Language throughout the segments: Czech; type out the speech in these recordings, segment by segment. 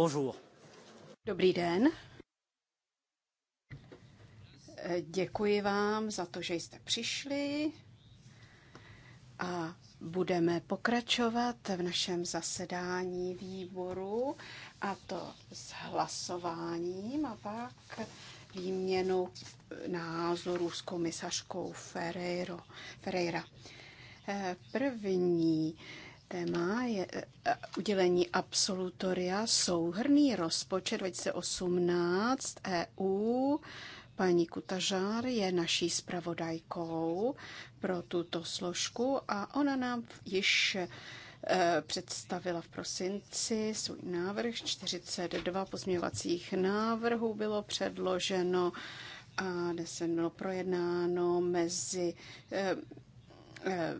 Bonjour. Dobrý den. Eh, děkuji vám za to, že jste přišli a budeme pokračovat v našem zasedání výboru a to s hlasováním a pak výměnou názoru s komisařkou Ferreira. Eh, první téma je e, e, udělení absolutoria souhrný rozpočet 2018 EU. Paní Kutažár je naší zpravodajkou pro tuto složku a ona nám již e, představila v prosinci svůj návrh. 42 pozměňovacích návrhů bylo předloženo a dnes bylo projednáno mezi Eh,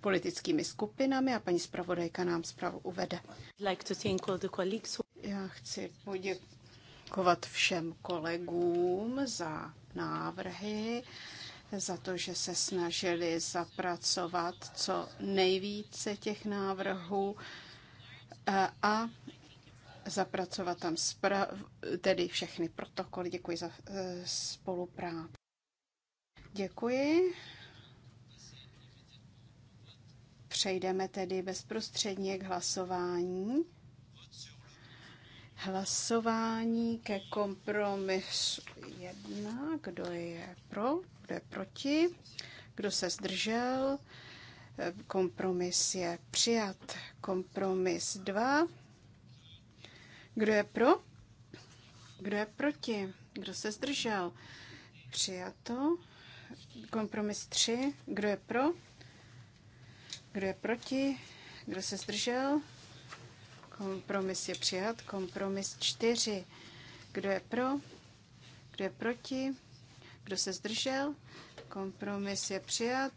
politickými skupinami a paní zpravodajka nám zprávu uvede. Já chci poděkovat všem kolegům za návrhy, za to, že se snažili zapracovat co nejvíce těch návrhů eh, a zapracovat tam tedy všechny protokoly. Děkuji za eh, spolupráci. Děkuji. Přejdeme tedy bezprostředně k hlasování. Hlasování ke kompromisu 1. Kdo je pro, kdo je proti, kdo se zdržel. Kompromis je přijat. Kompromis 2. Kdo je pro? Kdo je proti? Kdo se zdržel? Přijato. Kompromis 3. Kdo je pro? Kdo je proti? Kdo se zdržel? Kompromis je přijat. Kompromis 4. Kdo je pro? Kdo je proti? Kdo se zdržel? Kompromis je přijat.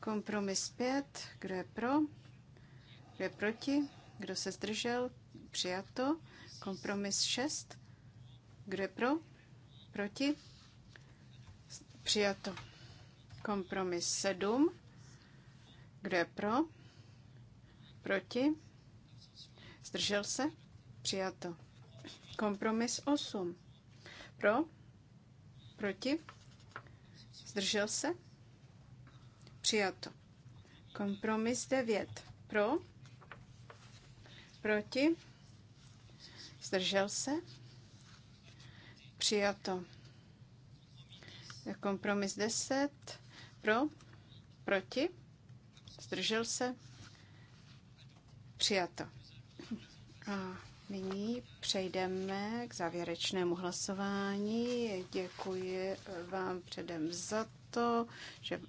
Kompromis 5. Kdo je pro? Kdo je proti? Kdo se zdržel? Přijato. Kompromis 6. Kdo je pro? Proti? Přijato. Kompromis 7. Kdo je pro? Proti? Zdržel se? Přijato. Kompromis 8. Pro? Proti? Zdržel se? Přijato. Kompromis 9. Pro? Proti? Zdržel se? Přijato. Kompromis 10. Pro? Proti? zdržel se, přijato. A nyní přejdeme k závěrečnému hlasování. Děkuji vám předem za to, že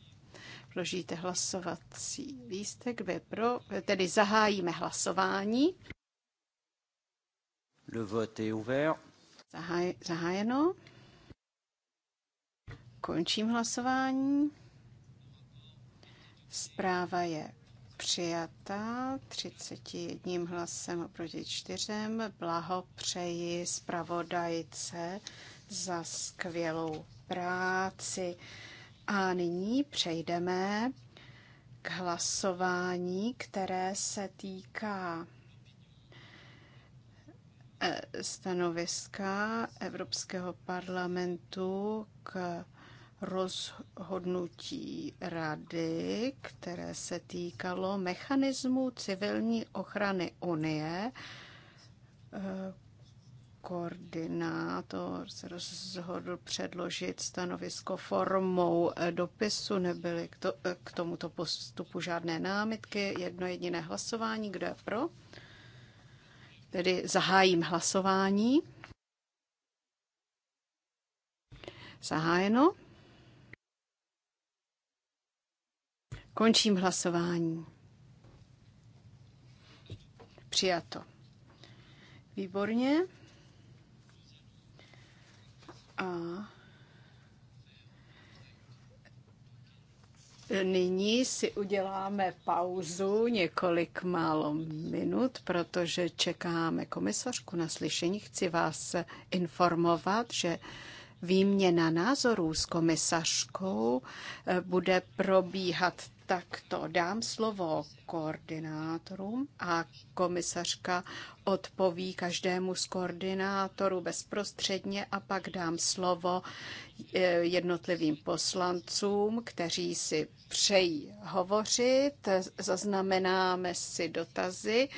vložíte hlasovací lístek, Ve pro, tedy zahájíme hlasování. Le vote est ouvert. Zahaj, zahájeno. Končím hlasování. Zpráva je přijata 31 hlasem proti čtyřem. Blahopřeji zpravodajce za skvělou práci. A nyní přejdeme k hlasování, které se týká eh, stanoviska Evropského parlamentu k rozhodnutí rady, které se týkalo mechanismu civilní ochrany Unie. Eh, koordinátor se rozhodl předložit stanovisko formou eh, dopisu. Nebyly k, to, eh, k tomuto postupu žádné námitky. Jedno jediné hlasování. Kdo je pro? Tedy zahájím hlasování. Zahájeno. Končím hlasování. Přijato. Výborně. A Nyní si uděláme pauzu několik málo minut, protože čekáme komisařku na slyšení. Chci vás informovat, že výměna názorů s komisařkou eh, bude probíhat tak to dám slovo koordinátorům a komisařka odpoví každému z koordinátorů bezprostředně a pak dám slovo eh, jednotlivým poslancům, kteří si přejí hovořit. Zaznamenáme si dotazy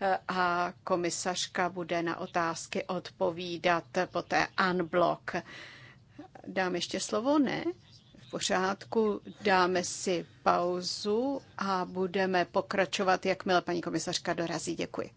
eh, a komisařka bude na otázky odpovídat poté unblock. Dám ještě slovo, ne? pořádku, dáme si pauzu a budeme pokračovat, jakmile paní komisařka dorazí. Děkuji.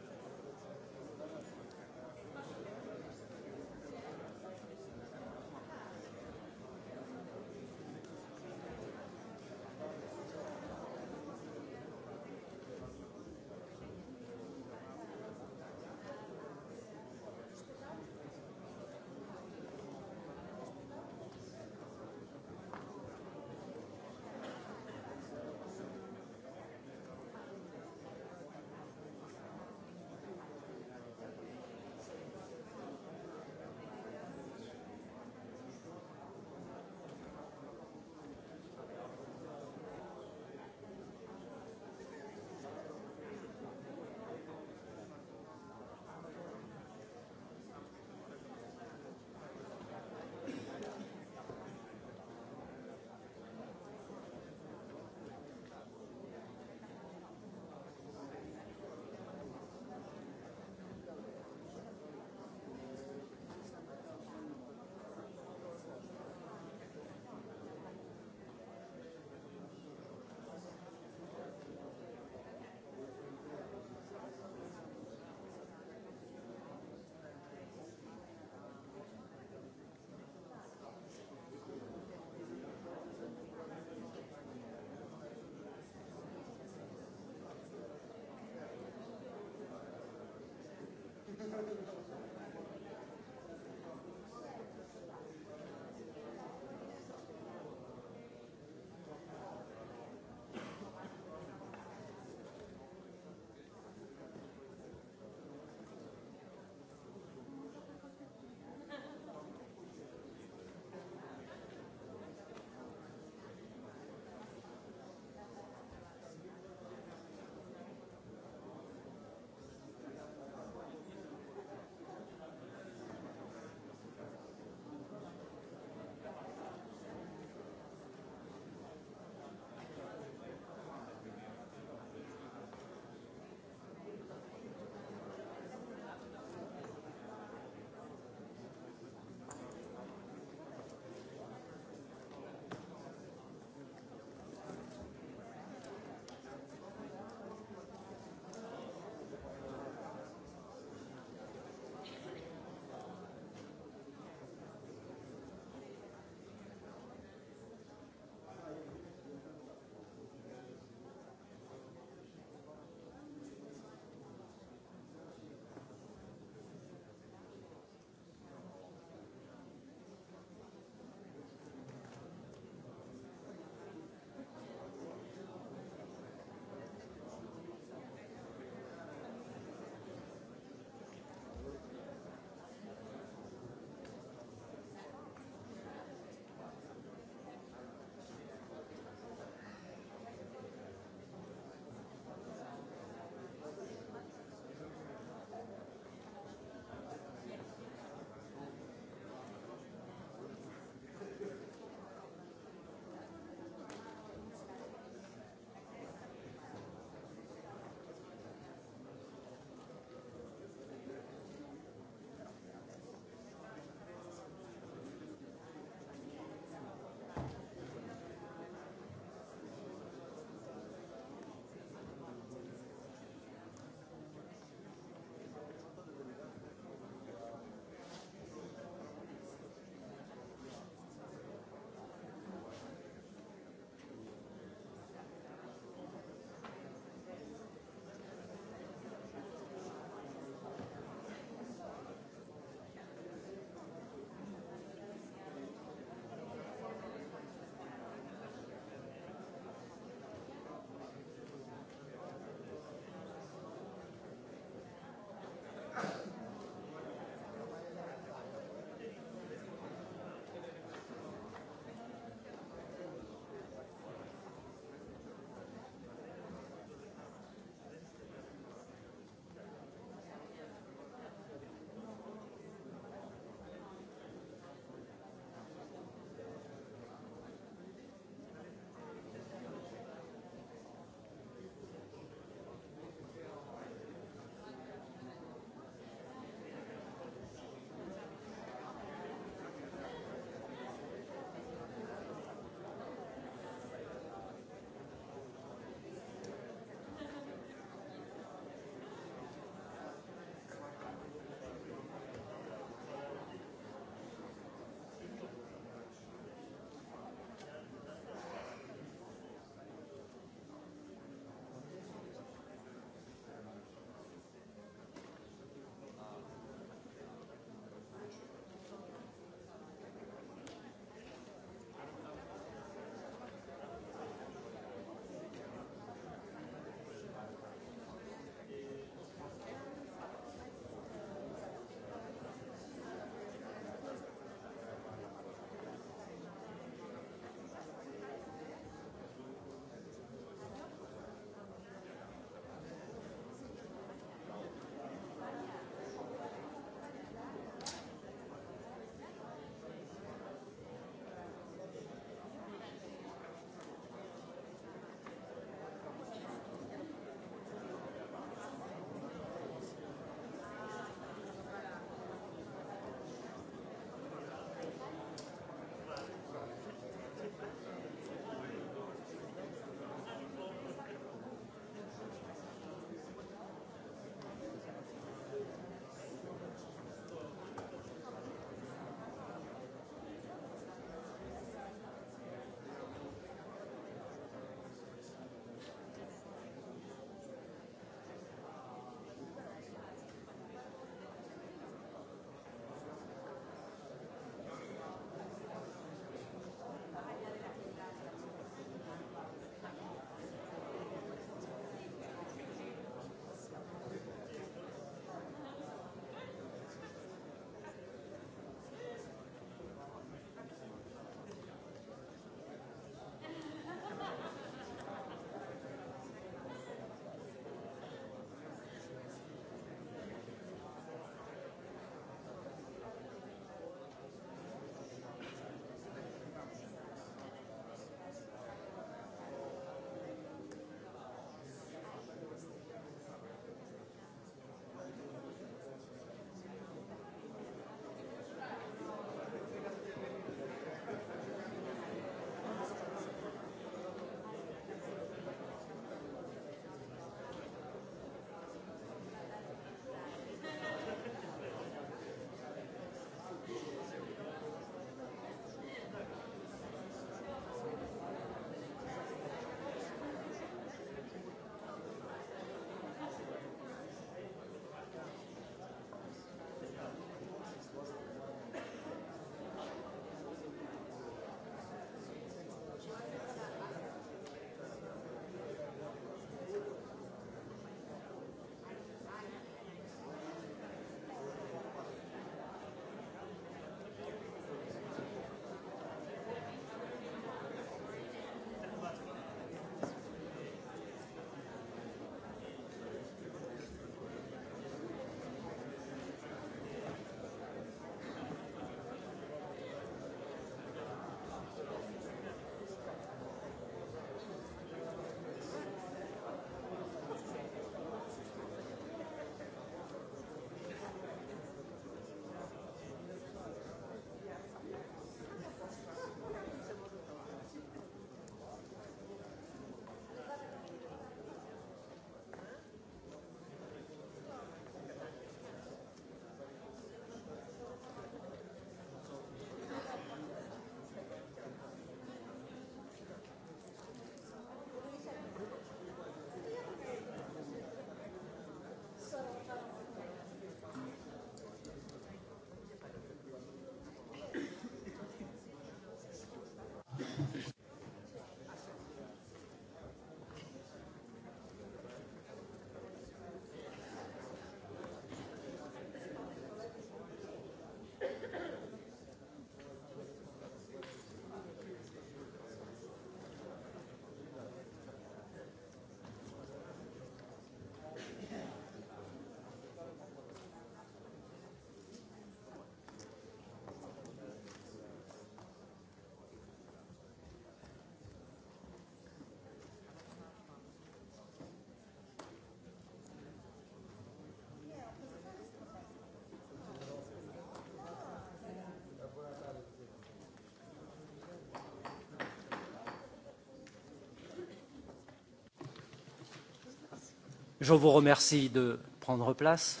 Je vous remercie de prendre place.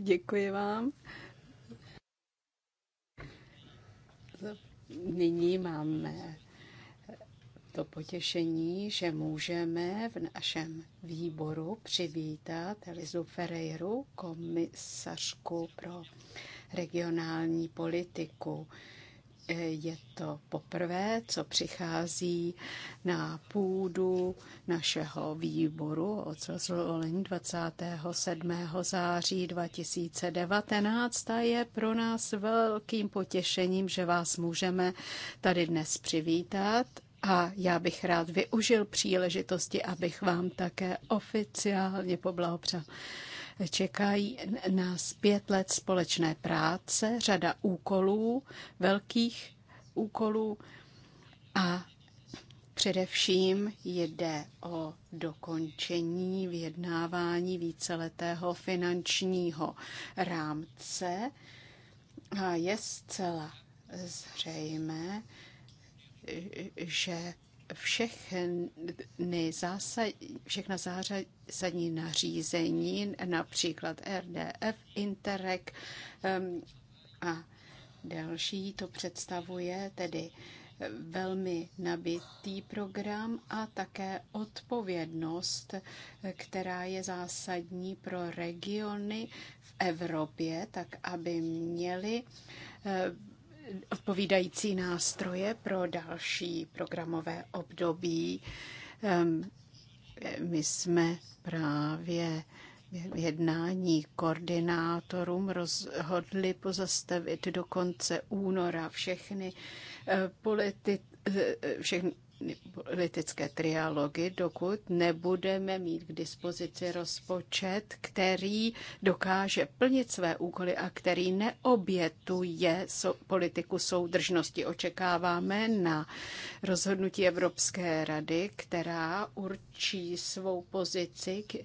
Děkuji vám. Nyní máme to potěšení, že můžeme v našem výboru přivítat Elizu Ferreiru, komisařku pro regionální politiku je to poprvé, co přichází na půdu našeho výboru od zvolení 27. září 2019 a je pro nás velkým potěšením, že vás můžeme tady dnes přivítat a já bych rád využil příležitosti, abych vám také oficiálně poblahopřál Čekají nás pět let společné práce, řada úkolů, velkých úkolů a Především jde o dokončení vyjednávání víceletého finančního rámce a je zcela zřejmé, že všechny zásad, všechna zásadní nařízení, například RDF, Interreg a další, to představuje tedy velmi nabitý program a také odpovědnost, která je zásadní pro regiony v Evropě, tak aby měly odpovídající nástroje pro další programové období. My jsme právě v jednání koordinátorům rozhodli pozastavit do konce února všechny eh, politi- eh, všechny politické trialogy, dokud nebudeme mít k dispozici rozpočet, který dokáže plnit své úkoly a který neobětuje politiku soudržnosti. Očekáváme na rozhodnutí Evropské rady, která určí svou pozici k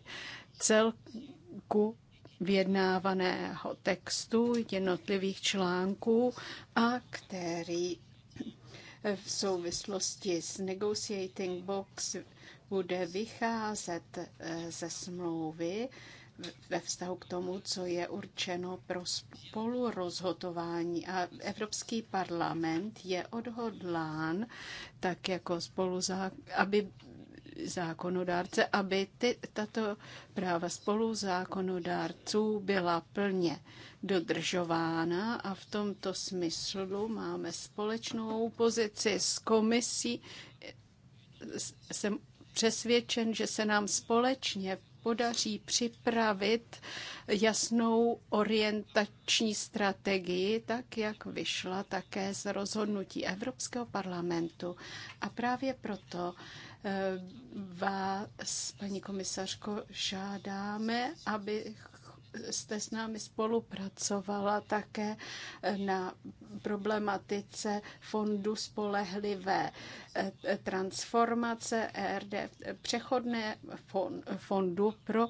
celku vyjednávaného textu jednotlivých článků a který v souvislosti s negotiating box bude vycházet eh, ze smlouvy ve vztahu k tomu, co je určeno pro spolurozhodování. A Evropský parlament je odhodlán, tak jako spolu, aby zákonodárce, aby ty, tato práva spolu zákonodárců byla plně dodržována a v tomto smyslu máme společnou pozici s komisí. Jsem přesvědčen, že se nám společně podaří připravit jasnou orientační strategii, tak jak vyšla také z rozhodnutí Evropského parlamentu. A právě proto Vás, paní komisařko, žádáme, aby jste s námi spolupracovala také na problematice fondu spolehlivé eh, transformace ERD, přechodné fondu pro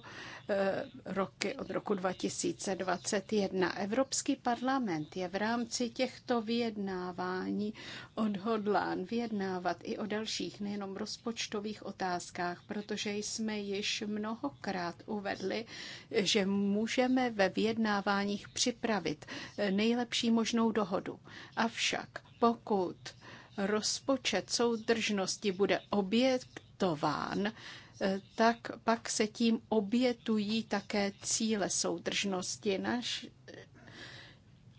Eh, roky od roku 2021. Evropský parlament je v rámci těchto vyjednávání odhodlán vyjednávat i o dalších, nejenom rozpočtových otázkách, protože jsme již mnohokrát uvedli, že můžeme ve vyjednáváních připravit eh, nejlepší možnou dohodu. Avšak pokud rozpočet soudržnosti bude objektován, Eh, tak pak se tím obětují také cíle soudržnosti. Náš eh,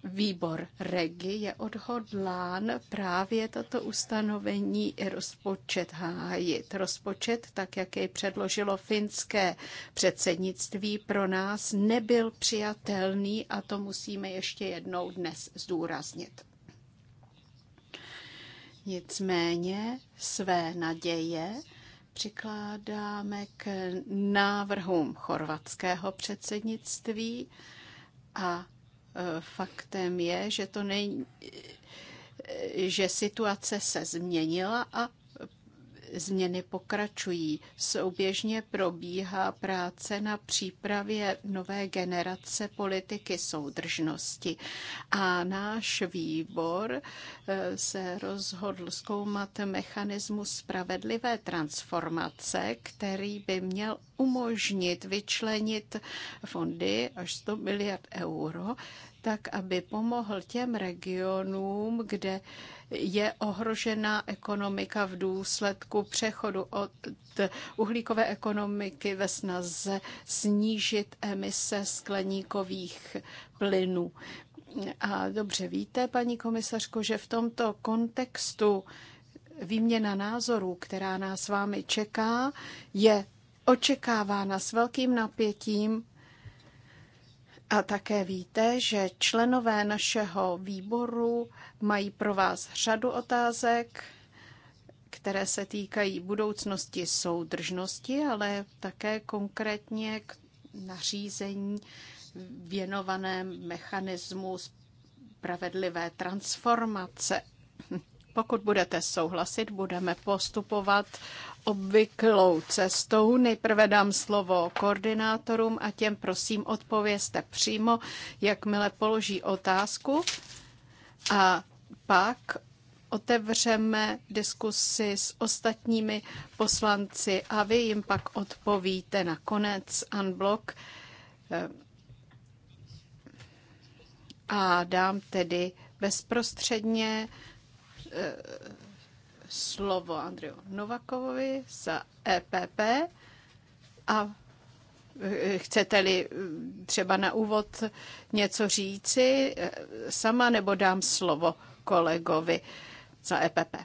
výbor REGI je odhodlán právě toto ustanovení rozpočet hájit. Rozpočet, tak jak jej předložilo finské předsednictví, pro nás nebyl přijatelný a to musíme ještě jednou dnes zdůraznit. Nicméně své naděje přikládáme k návrhům chorvatského předsednictví a e, faktem je, že to není, e, že situace se změnila a Změny pokračují. Souběžně probíhá práce na přípravě nové generace politiky soudržnosti a náš výbor eh, se rozhodl zkoumat mechanismus spravedlivé transformace, který by měl umožnit vyčlenit fondy až 100 miliard euro, tak aby pomohl těm regionům, kde je ohrožena ekonomika v důsledku přechodu od uhlíkové ekonomiky ve snaze snížit emise skleníkových plynů. A dobře víte, paní komisařko, že v tomto kontextu výměna názorů, která nás vámi čeká, je očekávána s velkým napětím a také víte, že členové našeho výboru mají pro vás řadu otázek, které se týkají budoucnosti soudržnosti, ale také konkrétně k nařízení věnovaném mechanismu spravedlivé transformace. Pokud budete souhlasit, budeme postupovat obvyklou cestou. Nejprve dám slovo koordinátorům a těm prosím odpověste přímo, jakmile položí otázku. A pak otevřeme diskusi s ostatními poslanci a vy jim pak odpovíte na konec unblock. A dám tedy bezprostředně eh, slovo Andriu Novakovovi za EPP a e, chcete-li e, třeba na úvod něco říci e, sama, nebo dám slovo kolegovi za EPP.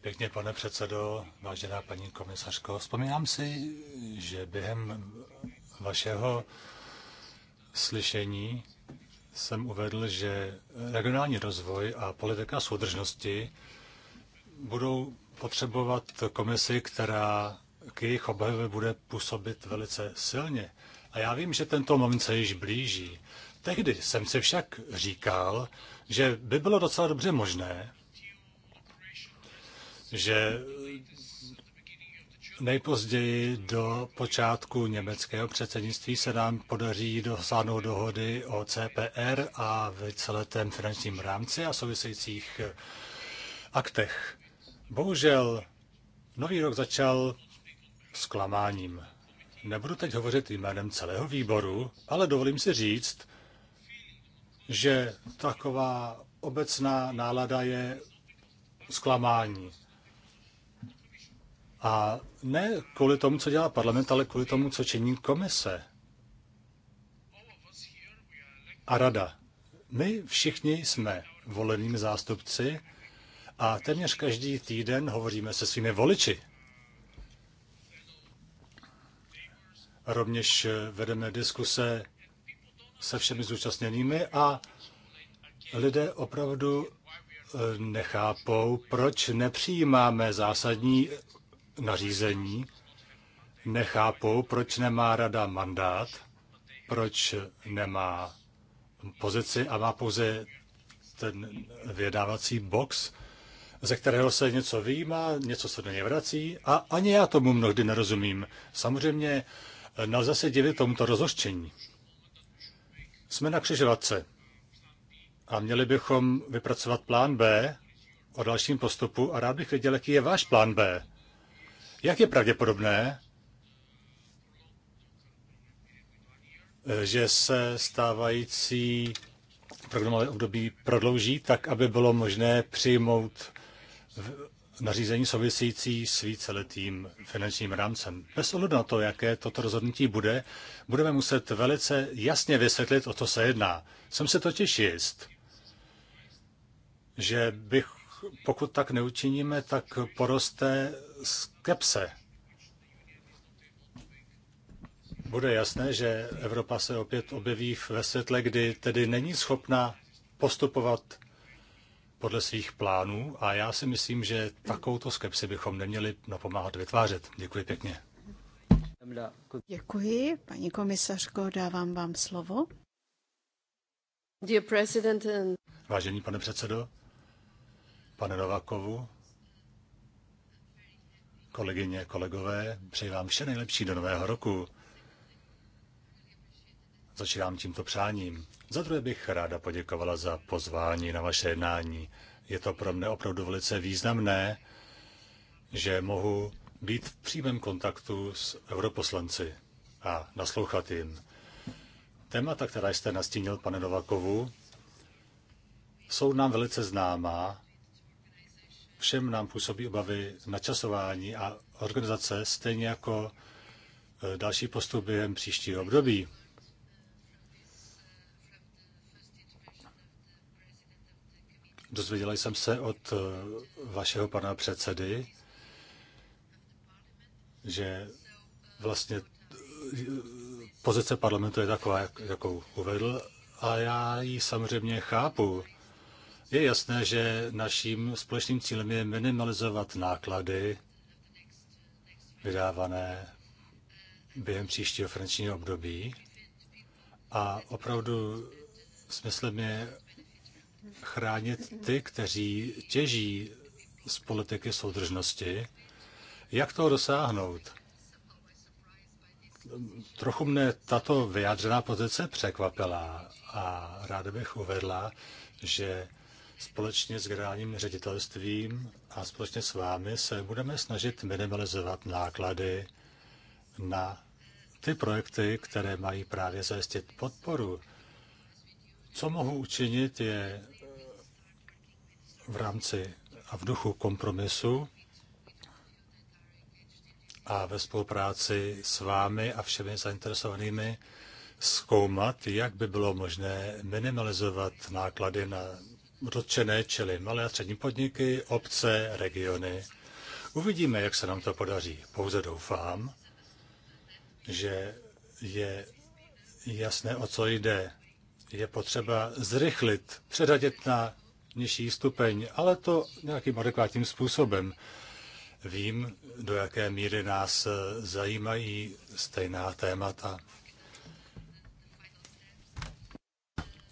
Pěkně, pane předsedo, vážená paní komisařko, vzpomínám si, že během vašeho slyšení jsem uvedl, že regionální rozvoj a politika soudržnosti budou potřebovat komisi, která k jejich obhajově bude působit velice silně. A já vím, že tento moment se již blíží. Tehdy jsem si však říkal, že by bylo docela dobře možné, že Nejpozději do počátku německého předsednictví se nám podaří dosáhnout dohody o CPR a v celém finančním rámci a souvisejících eh, aktech. Bohužel nový rok začal zklamáním. Nebudu teď hovořit jménem celého výboru, ale dovolím si říct, že taková obecná nálada je zklamání. A ne kvůli tomu, co dělá parlament, ale kvůli tomu, co činí komise a rada. My všichni jsme volenými zástupci a téměř každý týden hovoříme se svými voliči. Rovněž vedeme diskuse se všemi zúčastněnými a lidé opravdu eh, nechápou, proč nepřijímáme zásadní nařízení, nechápou, proč nemá rada mandát, proč nemá pozici a má pouze ten vědávací box, ze kterého se něco vyjímá, něco se do něj vrací a ani já tomu mnohdy nerozumím. Samozřejmě nelze se divit tomuto rozhoštění. Jsme na křižovatce a měli bychom vypracovat plán B o dalším postupu a rád bych věděl, jaký je váš plán B. Jak je pravděpodobné, že se stávající programové období prodlouží tak, aby bylo možné přijmout nařízení související s víceletým finančním rámcem. Bez ohledu na to, jaké toto rozhodnutí bude, budeme muset velice jasně vysvětlit, o co se jedná. Jsem se totiž jist, že bych, pokud tak neučiníme, tak poroste skepse, bude jasné, že Evropa se opět objeví ve světle, kdy tedy není schopna postupovat podle svých plánů a já si myslím, že takovouto skepsi bychom neměli napomáhat vytvářet. Děkuji pěkně. Děkuji. Paní komisařko, dávám vám slovo. Vážený pane předsedo, pane Novakovu, kolegyně, kolegové, přeji vám vše nejlepší do nového roku. Začínám tímto přáním. Za druhé bych ráda poděkovala za pozvání na vaše jednání. Je to pro mne opravdu velice významné, že mohu být v přímém kontaktu s europoslanci a naslouchat jim. Témata, která jste nastínil, pane Novakovu, jsou nám velice známá Všem nám působí obavy načasování a organizace, stejně jako e, další postup během příštího období. Dozvěděla jsem se od e, vašeho pana předsedy, že vlastně e, pozice parlamentu je taková, jakou uvedl, a já ji samozřejmě chápu. Je jasné, že naším společným cílem je minimalizovat náklady vydávané během příštího finančního období. A opravdu smyslem je chránit ty, kteří těží z politiky soudržnosti. Jak toho dosáhnout? Trochu mne tato vyjádřená pozice překvapila a ráda bych uvedla, že Společně s generálním ředitelstvím a společně s vámi se budeme snažit minimalizovat náklady na ty projekty, které mají právě zajistit podporu. Co mohu učinit je v rámci a v duchu kompromisu a ve spolupráci s vámi a všemi zainteresovanými zkoumat, jak by bylo možné minimalizovat náklady na dotčené, čili malé a střední podniky, obce, regiony. Uvidíme, jak se nám to podaří. Pouze doufám, že je jasné, o co jde. Je potřeba zrychlit, předadit na nižší stupeň, ale to nějakým adekvátním způsobem. Vím, do jaké míry nás zajímají stejná témata.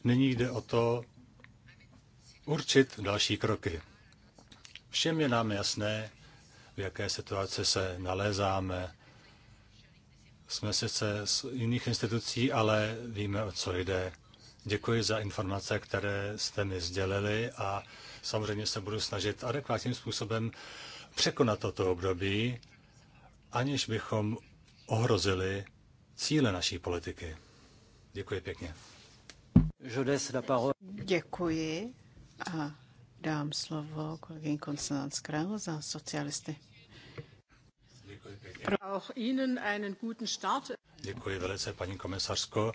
Nyní jde o to určit další kroky. Všem je nám jasné, v jaké situaci se nalézáme. Jsme sice z jiných institucí, ale víme, o co jde. Děkuji za informace, které jste mi sdělili a samozřejmě se budu snažit adekvátním způsobem překonat toto období, aniž bychom ohrozili cíle naší politiky. Děkuji pěkně. Děkuji. A dám slovo kolegyni Konstantin Král za socialisty. Děkuji velice, paní komisařko.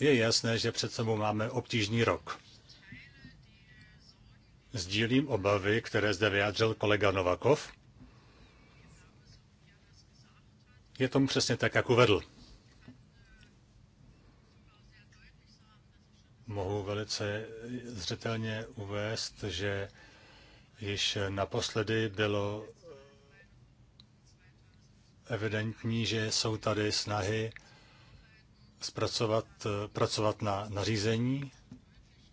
Je jasné, že před sebou máme obtížný rok. Sdílím obavy, které zde vyjádřil kolega Novakov. Je tomu přesně tak, jak uvedl. mohu velice zřetelně uvést, že již naposledy bylo evidentní, že jsou tady snahy zpracovat, pracovat na nařízení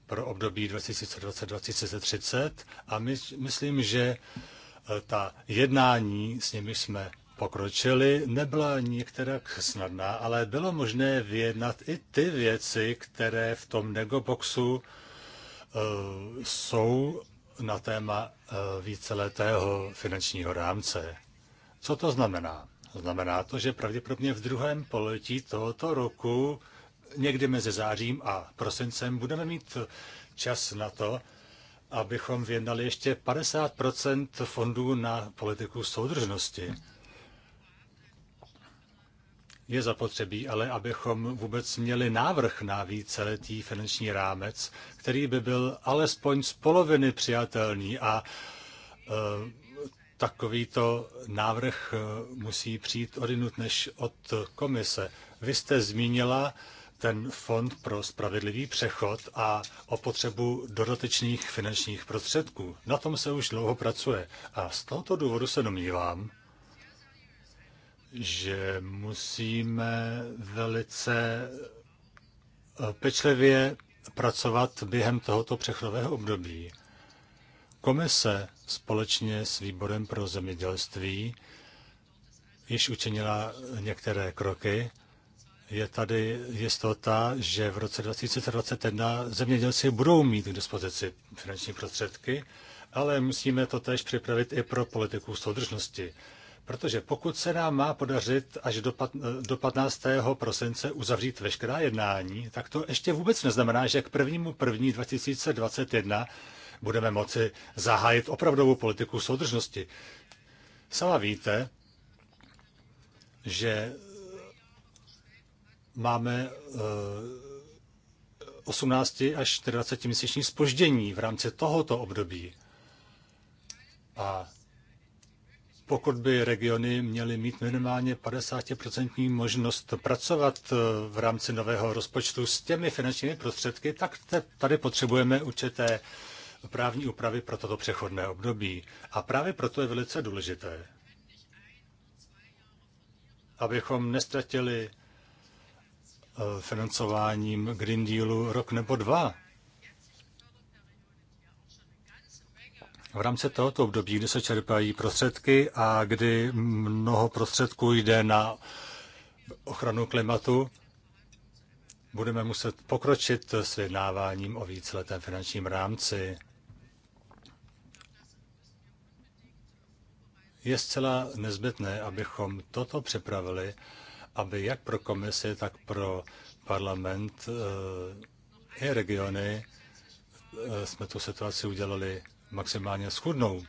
pro období 2020-2030 a my, myslím, že eh, ta jednání, s nimi jsme pokročili, nebyla některá snadná, ale bylo možné vyjednat i ty věci, které v tom negoboxu e, jsou na téma e, víceletého finančního rámce. Co to znamená? Znamená to, že pravděpodobně v druhém poletí tohoto roku, někdy mezi zářím a prosincem, budeme mít čas na to, abychom vyjednali ještě 50 fondů na politiku soudržnosti. Je zapotřebí ale, abychom vůbec měli návrh na víceletý finanční rámec, který by byl alespoň z poloviny přijatelný a e, takovýto návrh e, musí přijít odinut než od komise. Vy jste zmínila ten fond pro spravedlivý přechod a o potřebu dodatečných finančních prostředků. Na tom se už dlouho pracuje a z tohoto důvodu se domnívám, že musíme velice eh, pečlivě pracovat během tohoto přechodového období. Komise společně s Výborem pro zemědělství již učinila některé kroky. Je tady jistota, že v roce 2021 zemědělci budou mít k dispozici finanční prostředky, ale musíme to tež připravit i pro politiku soudržnosti. Protože pokud se nám má podařit až do, do 15. prosince uzavřít veškerá jednání, tak to ještě vůbec neznamená, že k 1. 1. 2021 budeme moci zahájit opravdovou politiku soudržnosti. Sama víte, že eh, máme 18 eh, až 24 měsíční spoždění v rámci tohoto období. A pokud by regiony měly mít minimálně 50% možnost pracovat eh, v rámci nového rozpočtu s těmi finančními prostředky, tak tady potřebujeme určité právní úpravy pro toto přechodné období. A právě proto je velice důležité, abychom nestratili eh, financováním Green Dealu rok nebo dva. V rámci tohoto období, kdy se čerpají prostředky a kdy mnoho prostředků jde na ochranu klimatu, budeme muset pokročit s vyjednáváním o víceletém finančním rámci. Je zcela nezbytné, abychom toto připravili, aby jak pro komisi, tak pro parlament eh, i regiony eh, jsme tu situaci udělali maximálně schudnou.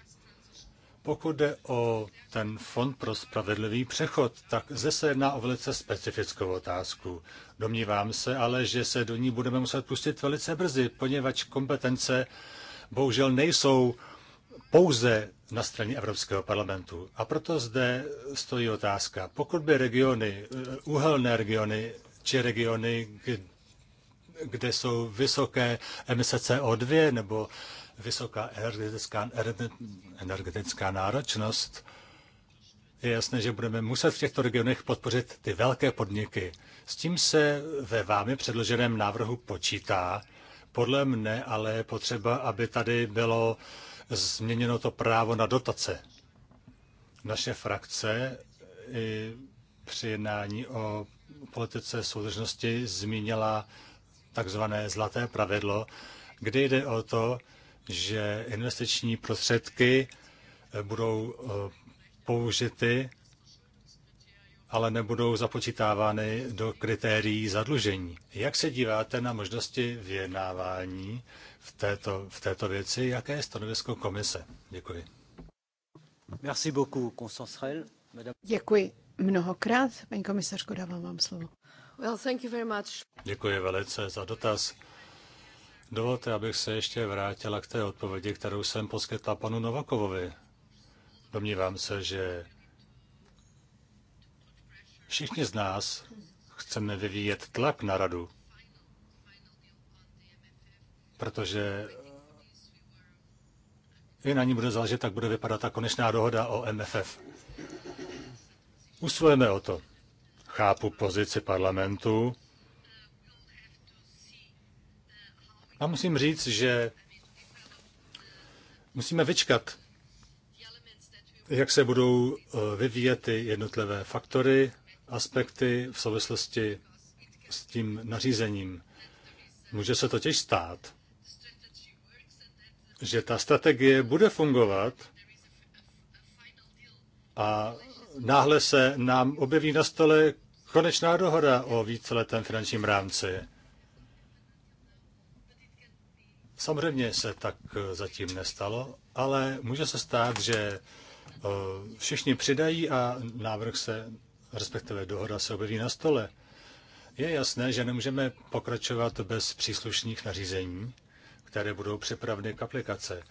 Pokud jde o ten fond pro spravedlivý přechod, tak zde se jedná o velice specifickou otázku. Domnívám se ale, že se do ní budeme muset pustit velice brzy, poněvadž kompetence bohužel nejsou pouze na straně Evropského parlamentu. A proto zde stojí otázka, pokud by regiony, eh, uhelné regiony či regiony, kde jsou vysoké emise CO2 nebo vysoká energetická, energetická náročnost, je jasné, že budeme muset v těchto regionech podpořit ty velké podniky. S tím se ve vámi předloženém návrhu počítá. Podle mne ale je potřeba, aby tady bylo změněno to právo na dotace. Naše frakce i při jednání o politice soudržnosti zmínila takzvané zlaté pravidlo, kde jde o to, že investiční prostředky eh, budou eh, použity, ale nebudou započítávány do kritérií zadlužení. Jak se díváte na možnosti vyjednávání v této, v této věci? Jaké je stanovisko komise? Děkuji. Merci beaucoup, Constance Rell. Děkuji mnohokrát. Paní komisařko, dávám vám slovo. Well, thank you very much. Děkuji velice za dotaz. Dovolte, abych se ještě vrátila k té odpovědi, kterou jsem poskytla panu Novakovovi. Domnívám se, že všichni z nás chceme vyvíjet tlak na radu, protože i na ní bude záležet, jak bude vypadat ta konečná dohoda o MFF. Usvojeme o to. Chápu pozici parlamentu, A musím říct, že musíme vyčkat, jak se budou eh, vyvíjet ty jednotlivé faktory, aspekty v souvislosti s tím nařízením. Může se totiž stát, že ta strategie bude fungovat a náhle se nám objeví na stole konečná dohoda o víceletém finančním rámci. Samozřejmě se tak eh, zatím nestalo, ale může se stát, že eh, všichni přidají a návrh se, respektive dohoda se objeví na stole. Je jasné, že nemůžeme pokračovat bez příslušných nařízení, které budou připravny k aplikace.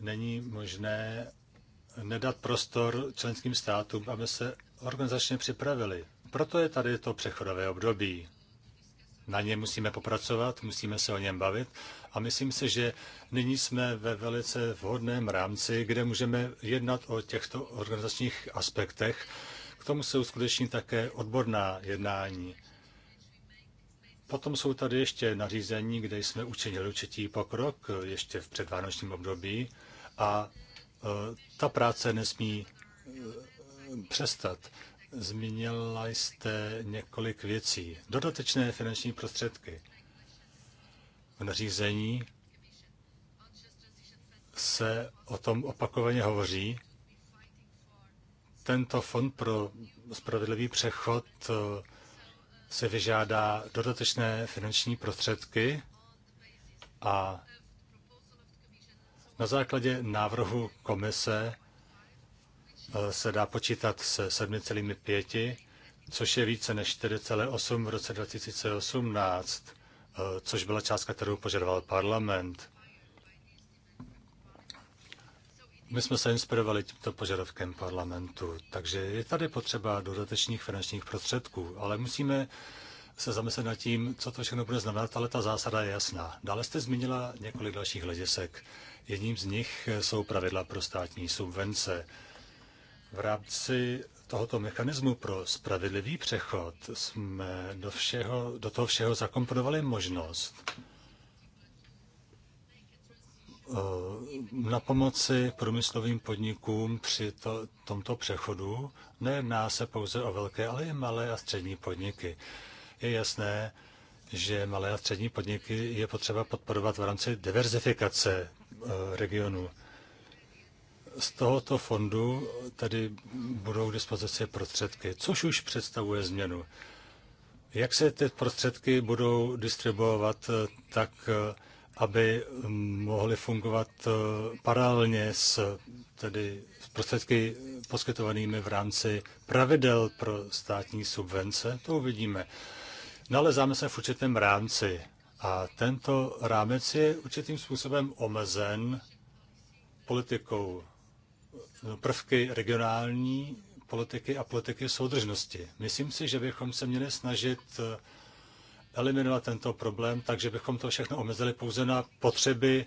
Není možné nedat prostor členským státům, aby se organizačně připravili. Proto je tady to přechodové období. Na ně musíme popracovat, musíme se o něm bavit a myslím si, že nyní jsme ve velice vhodném rámci, kde můžeme jednat o těchto organizačních aspektech. K tomu se uskuteční také odborná jednání. Potom jsou tady ještě nařízení, kde jsme učinili určitý pokrok, ještě v předvánočním období, a e, ta práce nesmí e, přestat. Zmínila jste několik věcí. Dodatečné finanční prostředky nařízení se o tom opakovaně hovoří. Tento fond pro spravedlivý přechod eh, se vyžádá dodatečné finanční prostředky a na základě návrhu komise eh, se dá počítat se 7,5, což je více než 4,8 v roce 2018. Eh, což byla částka, kterou požadoval parlament. My jsme se inspirovali tímto požadavkem parlamentu, takže je tady potřeba dodatečných finančních prostředků, ale musíme se zamyslet nad tím, co to všechno bude znamenat, ale ta zásada je jasná. Dále jste zmínila několik dalších hledisek. Jedním z nich jsou pravidla pro státní subvence. V rámci tohoto mechanismu pro spravedlivý přechod jsme do, všeho, do toho všeho zakomponovali možnost eh, na pomoci průmyslovým podnikům při to, tomto přechodu. Nejedná se pouze o velké, ale i malé a střední podniky. Je jasné, že malé a střední podniky je potřeba podporovat v rámci diverzifikace eh, regionu z tohoto fondu tedy budou k dispozici prostředky, což už představuje změnu. Jak se ty prostředky budou distribuovat eh, tak, eh, aby mohly fungovat eh, paralelně s tedy prostředky poskytovanými v rámci pravidel pro státní subvence, to uvidíme. Nalezáme se v určitém rámci a tento rámec je určitým způsobem omezen politikou prvky regionální politiky a politiky soudržnosti. Myslím si, že bychom se měli snažit eh, eliminovat tento problém, takže bychom to všechno omezili pouze na potřeby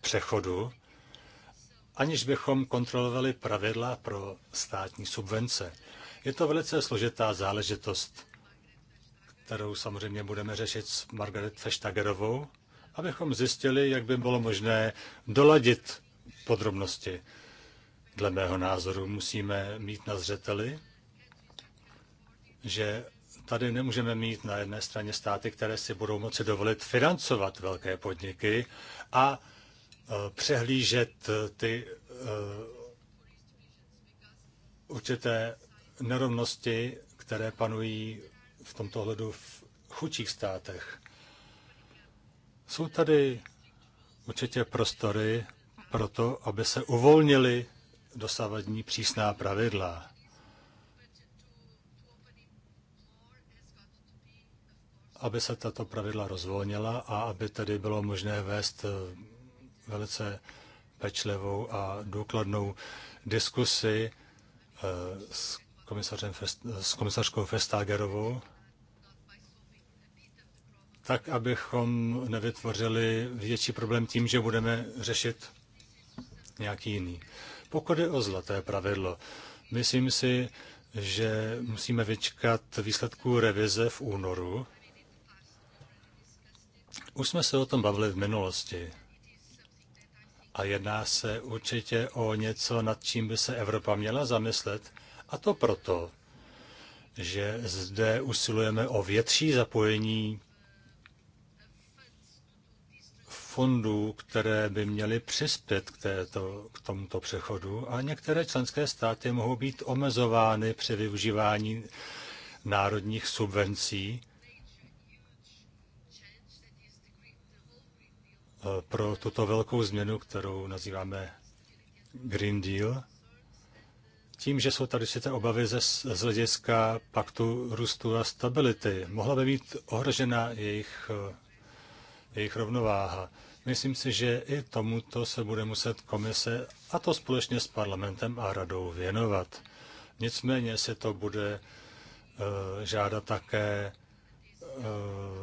přechodu, aniž bychom kontrolovali pravidla pro státní subvence. Je to velice složitá záležitost, kterou samozřejmě budeme řešit s Margaret Feštagerovou, abychom zjistili, jak by bylo možné doladit podrobnosti dle mého názoru musíme mít na zřeteli, že tady nemůžeme mít na jedné straně státy, které si budou moci dovolit financovat velké podniky a e, přehlížet e, ty e, určité nerovnosti, které panují v tomto hledu v chudších státech. Jsou tady určitě prostory pro to, aby se uvolnili dosavadní přísná pravidla. Aby se tato pravidla rozvolnila a aby tedy bylo možné vést eh, velice pečlivou a důkladnou diskusi eh, s, komisařem Fest, s komisařkou Festagerovou, tak abychom nevytvořili větší problém tím, že budeme řešit nějaký jiný. Pokud je o zlaté pravidlo, myslím si, že musíme vyčkat výsledků revize v únoru. Už jsme se o tom bavili v minulosti. A jedná se určitě o něco, nad čím by se Evropa měla zamyslet. A to proto, že zde usilujeme o větší zapojení fondů, které by měly přispět k, této, k tomuto přechodu a některé členské státy mohou být omezovány při využívání národních subvencí eh, pro tuto velkou změnu, kterou nazýváme Green Deal. Tím, že jsou tady určité obavy ze, z hlediska paktu růstu a stability, mohla by být ohrožena jejich eh, jejich rovnováha. Myslím si, že i tomuto se bude muset komise, a to společně s parlamentem a radou, věnovat. Nicméně se to bude eh, žádat také eh,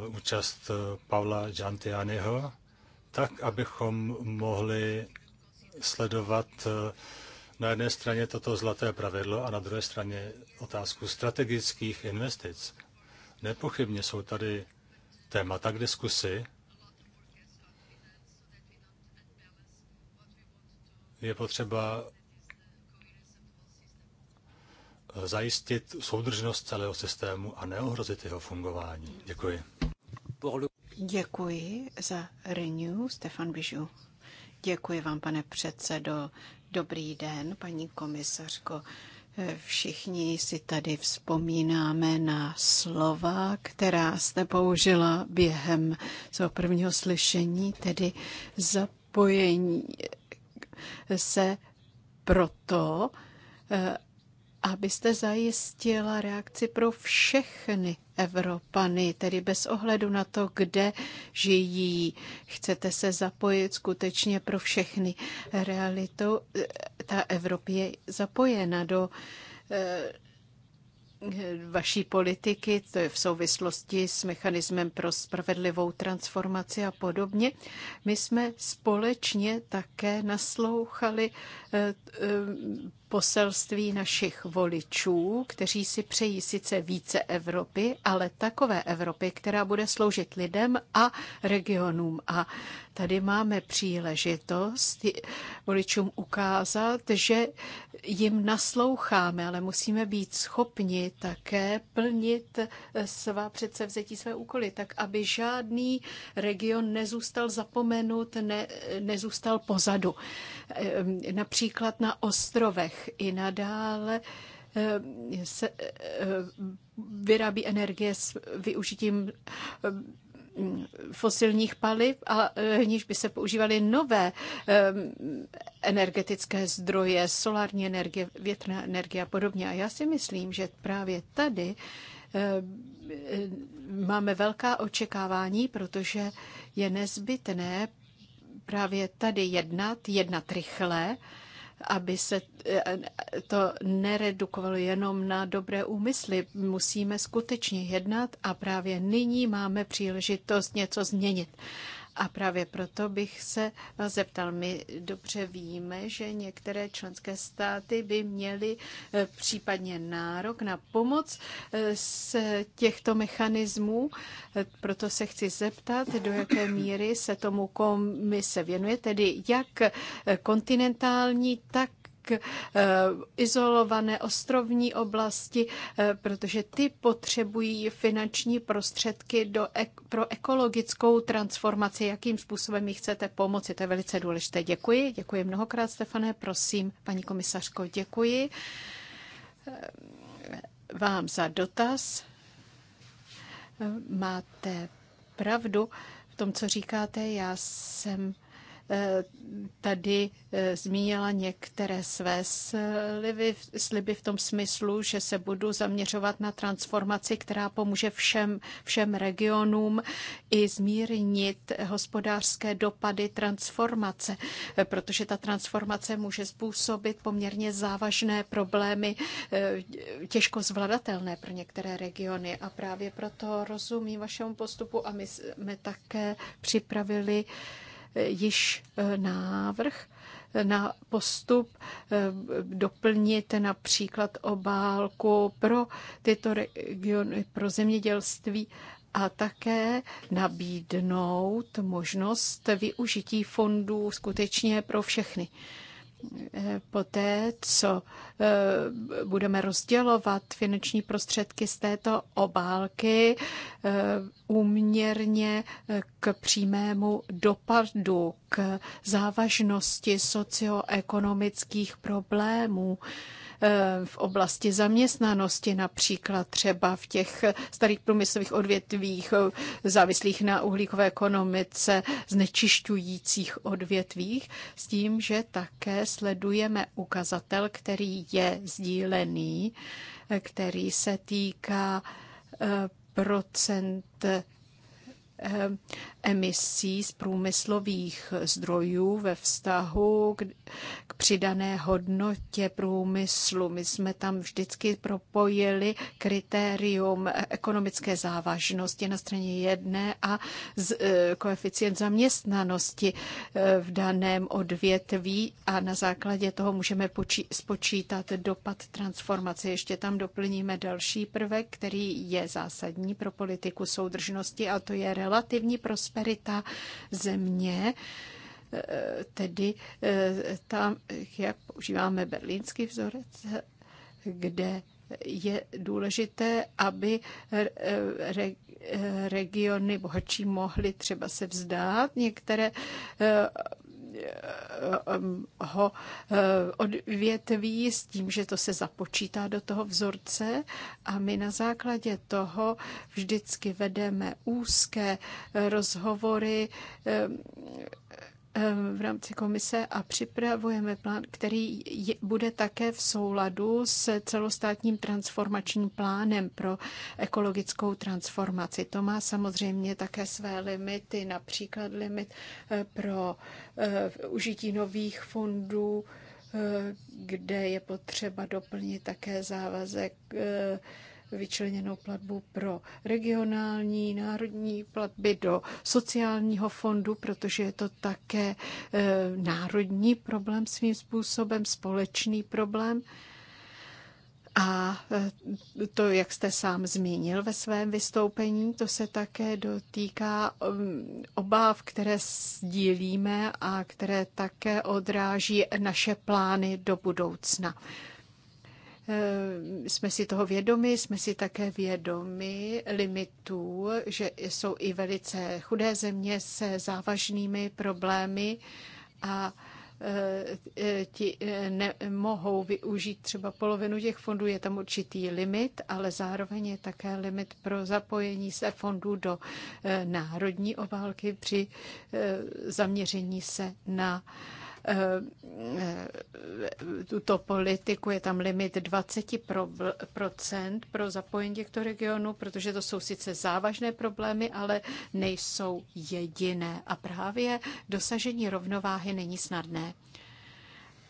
účast eh, Pavla Giantianiho, tak, abychom mohli sledovat na jedné straně toto zlaté pravidlo a na druhé straně otázku strategických investic. Nepochybně jsou tady témata k diskusi, je potřeba zajistit soudržnost celého systému a neohrozit jeho fungování. Děkuji. Děkuji za Renew, Stefan Bižu. Děkuji vám, pane předsedo. Dobrý den, paní komisařko. Všichni si tady vzpomínáme na slova, která jste použila během svého prvního slyšení, tedy zapojení se proto, eh, abyste zajistila reakci pro všechny Evropany, tedy bez ohledu na to, kde žijí. Chcete se zapojit skutečně pro všechny. realitu. Eh, ta Evropa je zapojena do eh, vaší politiky, to je v souvislosti s mechanismem pro spravedlivou transformaci a podobně. My jsme společně také naslouchali eh, eh, poselství našich voličů, kteří si přejí sice více Evropy, ale takové Evropy, která bude sloužit lidem a regionům. A tady máme příležitost voličům ukázat, že jim nasloucháme, ale musíme být schopni také plnit svá předsevzetí, své úkoly, tak aby žádný region nezůstal zapomenut, ne, nezůstal pozadu. Například na ostrovech i nadále eh, se eh, vyrábí energie s využitím eh, fosilních paliv, a níž by se používaly nové energetické zdroje, solární energie, větrná energie a podobně. A já si myslím, že právě tady máme velká očekávání, protože je nezbytné právě tady jednat, jednat rychle, aby se eh, eh, to neredukovalo jenom na dobré úmysly. Musíme skutečně jednat a právě nyní máme příležitost něco změnit. A právě proto bych se zeptal, my dobře víme, že některé členské státy by měly eh, případně nárok na pomoc eh, z těchto mechanismů. Eh, proto se chci zeptat, do jaké míry se tomu komise věnuje, tedy jak kontinentální, tak Eh, izolované ostrovní oblasti, eh, protože ty potřebují finanční prostředky do, pro ekologickou transformaci. Jakým způsobem jí chcete pomoci? To je velice důležité. Děkuji. Děkuji mnohokrát, Stefane. Prosím, paní komisařko, děkuji eh, vám za dotaz. Máte pravdu v tom, co říkáte. Já jsem Eh, tady eh, zmínila některé své sliby, sliby v tom smyslu, že se budu zaměřovat na transformaci, která pomůže všem, všem regionům i zmírnit hospodářské dopady transformace, eh, protože ta transformace může způsobit poměrně závažné problémy, těžko zvladatelné pro některé regiony. A právě proto rozumím vašemu postupu a my jsme také připravili již eh, návrh na postup eh, doplnit například obálku pro tyto regiony, pro zemědělství a také nabídnout možnost využití fondů skutečně pro všechny poté, co eh, budeme rozdělovat finanční prostředky z této obálky eh, úměrně eh, k přímému dopadu, k závažnosti socioekonomických problémů, Eh, v oblasti zaměstnanosti, například třeba v těch starých průmyslových odvětvích eh, závislých na uhlíkové ekonomice, znečišťujících odvětvích, s tím, že také sledujeme ukazatel, který je sdílený, eh, který se týká procent Eh, emisí z průmyslových zdrojů ve vztahu k přidané hodnotě průmyslu. My jsme tam vždycky propojili kritérium ekonomické závažnosti na straně jedné a z eh, koeficient zaměstnanosti eh, v daném odvětví a na základě toho můžeme spočítat dopad transformace. Ještě tam doplníme další prvek, který je zásadní pro politiku soudržnosti a to je relativní prosperita země, eh, tedy eh, tam, jak používáme berlínský vzorec, kde je důležité, aby re, eh, regiony bohatší mohly třeba se vzdát některé Eh, eh, ho eh, odvětví s tím, že to se započítá do toho vzorce a my na základě toho vždycky vedeme úzké rozhovory Eh, v rámci komise a připravujeme plán, který je, bude také v souladu s celostátním transformačním plánem pro ekologickou transformaci. To má samozřejmě také své limity, například limit eh, pro uh, užití nových fondů, uh, kde je potřeba doplnit také závazek uh, vyčleněnou platbu pro regionální, národní platby do sociálního fondu, protože je to také e, národní problém svým způsobem, společný problém. A e, to, jak jste sám zmínil ve svém vystoupení, to se také dotýká um, obáv, které sdílíme a které také odráží naše plány do budoucna. Eh, jsme si toho vědomi, jsme si také vědomi limitů, že jsou i velice chudé země se závažnými problémy a eh, eh, ti nemohou využít třeba polovinu těch fondů. Je tam určitý limit, ale zároveň je také limit pro zapojení se fondů do národní obálky při zaměření se na Eh, eh, tuto politiku. Je tam limit 20% pro zapojení těchto regionů, protože to jsou sice závažné problémy, ale nejsou jediné. A právě dosažení rovnováhy není snadné.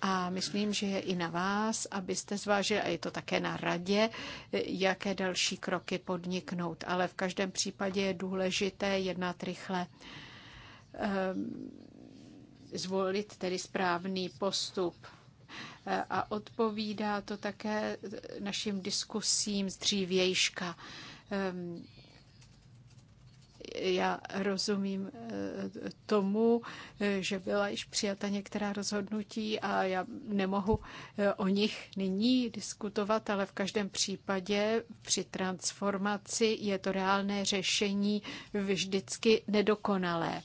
A myslím, že je i na vás, abyste zvážili, a je to také na radě, jaké další kroky podniknout. Ale v každém případě je důležité jednat rychle. Um, zvolit tedy správný postup. E, a odpovídá to také našim diskusím z dřívějška. Ehm, já rozumím e, tomu, e, že byla již přijata některá rozhodnutí a já nemohu o nich nyní diskutovat, ale v každém případě při transformaci je to reálné řešení vždycky nedokonalé.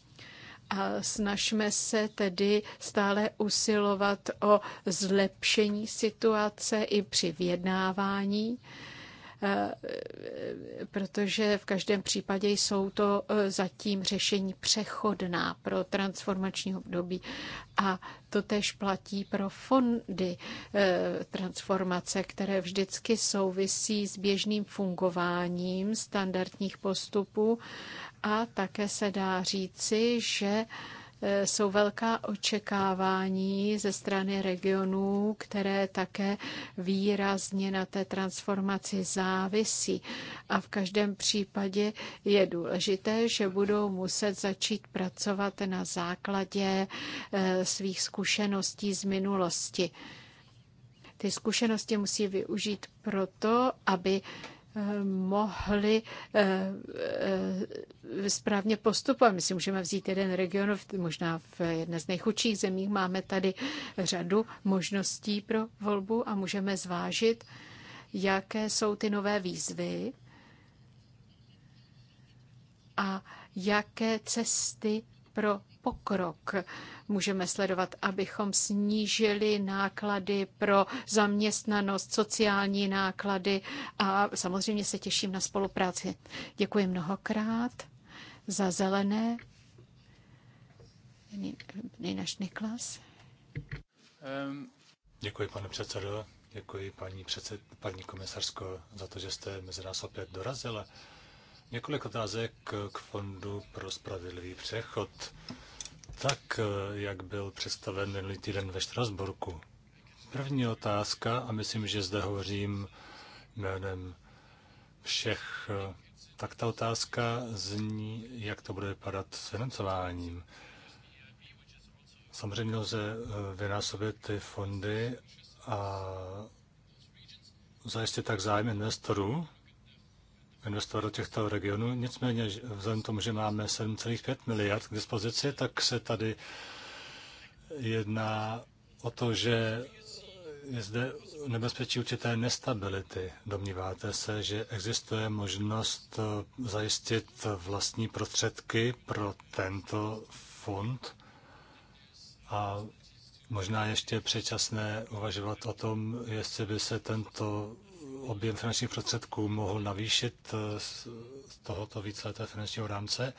A snažme se tedy stále usilovat o zlepšení situace i při vyjednávání eh, protože v každém případě jsou to eh, zatím řešení přechodná pro transformační období. A to tež platí pro fondy eh, transformace, které vždycky souvisí s běžným fungováním standardních postupů a také se dá říci, že e, jsou velká očekávání ze strany regionů, které také výrazně na té transformaci závisí. A v každém případě je důležité, že budou muset začít pracovat na základě e, svých zkušeností z minulosti. Ty zkušenosti musí využít proto, aby mohli eh, eh, správně postupovat. My si můžeme vzít jeden region, možná v jedné z nejchudších zemí máme tady řadu možností pro volbu a můžeme zvážit, jaké jsou ty nové výzvy a jaké cesty pro pokrok můžeme sledovat, abychom snížili náklady pro zaměstnanost, sociální náklady a samozřejmě se těším na spolupráci. Děkuji mnohokrát za zelené. Nejnaš Niklas. Um, děkuji, pane předsedo. Děkuji, paní, předsed, paní komisařko, za to, že jste mezi nás opět dorazila. Několik otázek k Fondu pro spravedlivý přechod tak, eh, jak byl představen minulý týden ve Štrasburku. První otázka, a myslím, že zde hovořím jménem všech, eh, tak ta otázka zní, jak to bude vypadat s financováním. Samozřejmě lze eh, vynásobit ty fondy a zajistit tak zájem investorů, investovat do těchto regionů. Nicméně, vzhledem tomu, že máme 7,5 miliard k dispozici, tak se tady jedná o to, že je zde nebezpečí určité nestability. Domníváte se, že existuje možnost eh, zajistit vlastní prostředky pro tento fond a možná ještě předčasné uvažovat o tom, jestli by se tento objem finančních prostředků mohl navýšit eh, z tohoto víceletého finančního rámce,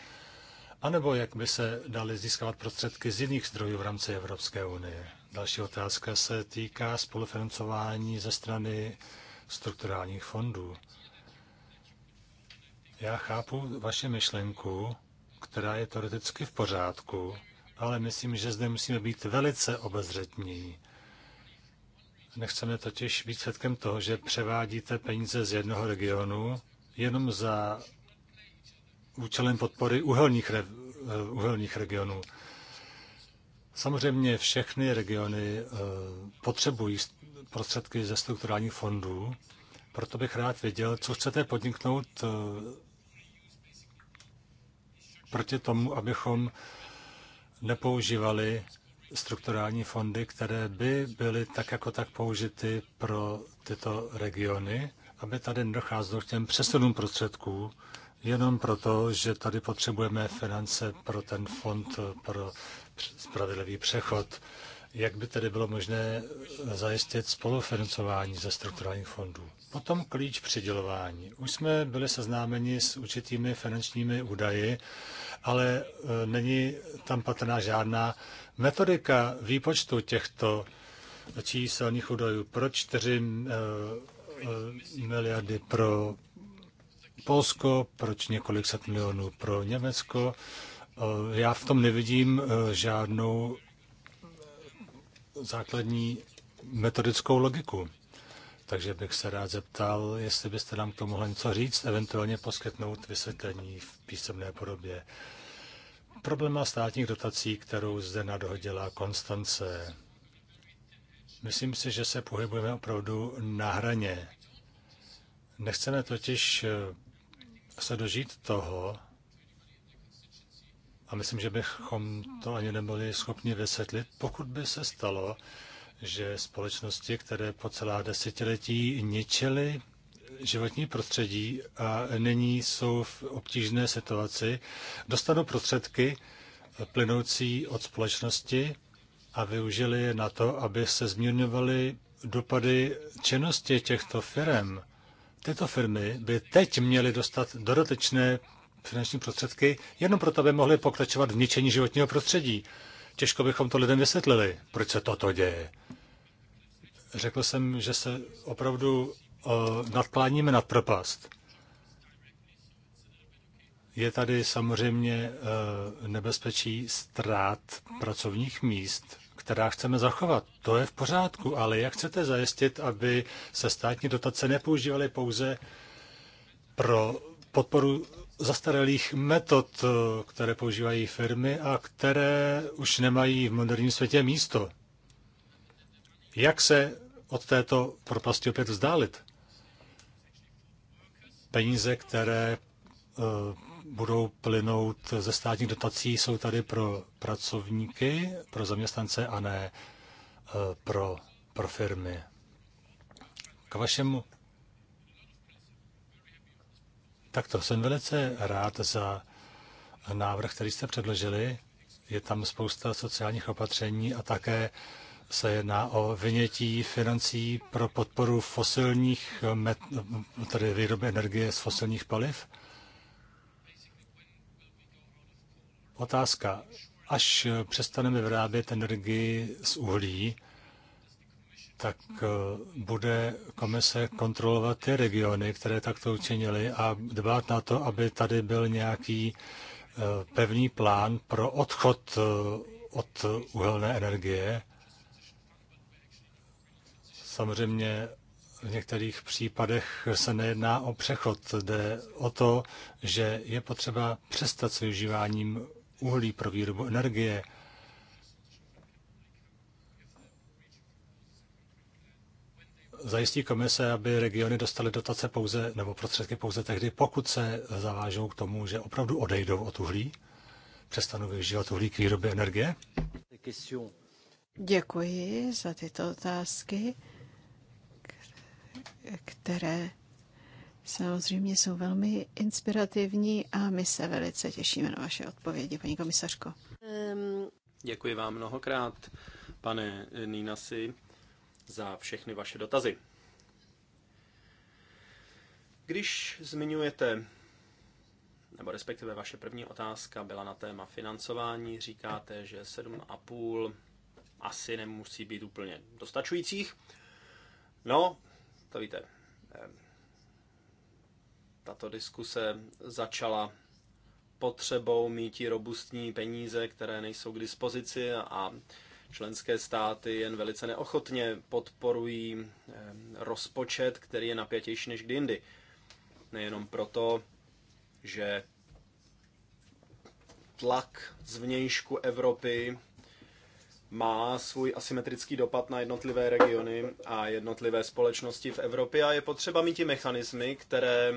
anebo jak by se daly získávat prostředky z jiných zdrojů v rámci Evropské unie. Další otázka se týká spolufinancování ze strany strukturálních fondů. Já chápu vaši myšlenku, která je teoreticky v pořádku, ale myslím, že zde musíme být velice obezřetní. Nechceme totiž být svědkem toho, že převádíte peníze z jednoho regionu jenom za účelem podpory uhelných, re, eh, uhelných regionů. Samozřejmě všechny regiony eh, potřebují prostředky ze strukturálních fondů, proto bych rád věděl, co chcete podniknout eh, proti tomu, abychom nepoužívali strukturální fondy, které by byly tak jako tak použity pro tyto regiony, aby tady nedocházelo k těm přesunům prostředků, jenom proto, že tady potřebujeme finance pro ten fond pro spravedlivý přechod. Jak by tedy bylo možné zajistit spolufinancování ze strukturálních fondů? Potom klíč přidělování. Už jsme byli seznámeni s určitými finančními údaji, ale e, není tam patrná žádná Metodika výpočtu těchto číselných údajů pro 4 eh, eh, miliardy pro Polsko, proč několik set milionů pro Německo. Eh, já v tom nevidím žádnou základní metodickou logiku. Takže bych se rád zeptal, jestli byste nám k tomu mohli něco říct, eventuálně poskytnout vysvětlení v písemné podobě problema státních dotací, kterou zde nadhodila Konstance. Myslím si, že se pohybujeme opravdu na hraně. Nechceme totiž eh, se dožít toho, a myslím, že bychom to ani nebyli schopni vysvětlit, pokud by se stalo, že společnosti, které po celá desetiletí ničily životní prostředí a nyní jsou v obtížné situaci, dostanou prostředky plynoucí od společnosti a využili je na to, aby se zmírňovaly dopady činnosti těchto firm. Tyto firmy by teď měly dostat dodatečné finanční prostředky jenom proto, aby mohly pokračovat v ničení životního prostředí. Těžko bychom to lidem vysvětlili, proč se toto děje. Řekl jsem, že se opravdu Eh, nadkláníme nad propast. Je tady samozřejmě eh, nebezpečí ztrát pracovních míst, která chceme zachovat. To je v pořádku, ale jak chcete zajistit, aby se státní dotace nepoužívaly pouze pro podporu zastaralých metod, eh, které používají firmy a které už nemají v moderním světě místo? Jak se od této propasti opět vzdálit? Peníze, které eh, budou plynout ze státních dotací, jsou tady pro pracovníky, pro zaměstnance a ne eh, pro, pro firmy. K vašemu. Takto, jsem velice rád za návrh, který jste předložili. Je tam spousta sociálních opatření a také se jedná o vynětí financí pro podporu fosilních, met, tedy výroby energie z fosilních paliv? Otázka. Až přestaneme vyrábět energii z uhlí, tak eh, bude komise kontrolovat ty regiony, které takto učinili a dbát na to, aby tady byl nějaký eh, pevný plán pro odchod eh, od uhelné energie Samozřejmě v některých případech se nejedná o přechod, jde o to, že je potřeba přestat s využíváním uhlí pro výrobu energie. Zajistí komise, aby regiony dostaly dotace pouze nebo prostředky pouze tehdy, pokud se zavážou k tomu, že opravdu odejdou od uhlí, přestanou využívat uhlí k výrobě energie? Děkuji za tyto otázky které samozřejmě jsou velmi inspirativní a my se velice těšíme na vaše odpovědi, paní komisařko. Ehm. Děkuji vám mnohokrát, pane Nínasi, za všechny vaše dotazy. Když zmiňujete, nebo respektive vaše první otázka byla na téma financování, říkáte, že 7,5 asi nemusí být úplně dostačujících. No, to víte, ehm, tato diskuse začala potřebou i robustní peníze, které nejsou k dispozici a členské státy jen velice neochotně podporují ehm, rozpočet, který je napětější než kdy jindy. Nejenom proto, že tlak zvnějšku Evropy má svůj asymetrický dopad na jednotlivé regiony a jednotlivé společnosti v Evropě a je potřeba mít i mechanismy, které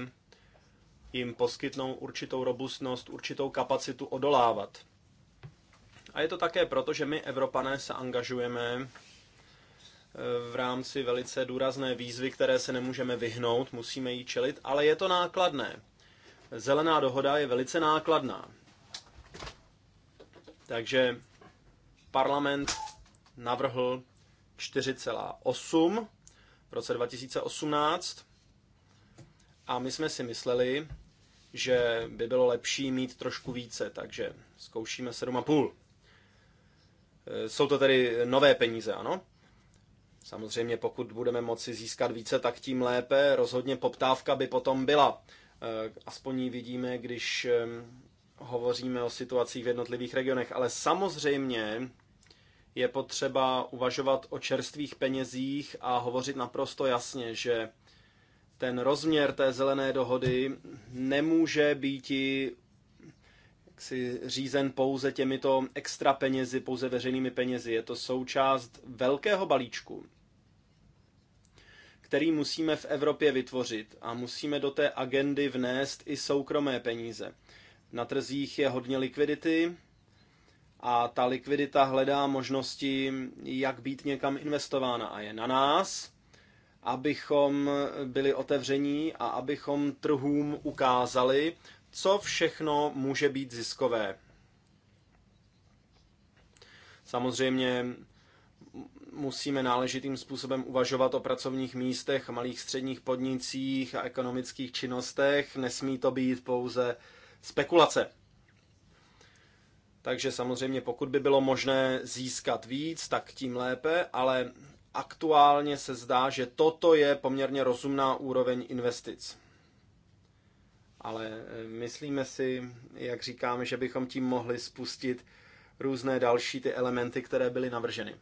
jim poskytnou určitou robustnost, určitou kapacitu odolávat. A je to také proto, že my, Evropané, se angažujeme eh, v rámci velice důrazné výzvy, které se nemůžeme vyhnout, musíme jí čelit, ale je to nákladné. Zelená dohoda je velice nákladná. Takže parlament navrhl 4,8 v roce 2018 a my jsme si mysleli, že by bylo lepší mít trošku více, takže zkoušíme 7,5. E, jsou to tedy nové peníze, ano? Samozřejmě pokud budeme moci získat více, tak tím lépe. Rozhodně poptávka by potom byla. E, aspoň ji vidíme, když e, hovoříme o situacích v jednotlivých regionech. Ale samozřejmě je potřeba uvažovat o čerstvých penězích a hovořit naprosto jasně, že ten rozměr té zelené dohody nemůže být si řízen pouze těmito extra penězi, pouze veřejnými penězi. Je to součást velkého balíčku, který musíme v Evropě vytvořit a musíme do té agendy vnést i soukromé peníze. Na trzích je hodně likvidity, a ta likvidita hledá možnosti, jak být někam investována. A je na nás, abychom byli otevření a abychom trhům ukázali, co všechno může být ziskové. Samozřejmě musíme náležitým způsobem uvažovat o pracovních místech, malých středních podnicích a ekonomických činnostech. Nesmí to být pouze spekulace. Takže samozřejmě, pokud by bylo možné získat víc, tak tím lépe, ale aktuálně se zdá, že toto je poměrně rozumná úroveň investic. Ale eh, myslíme si, jak říkáme, že bychom tím mohli spustit různé další ty elementy, které byly navrženy.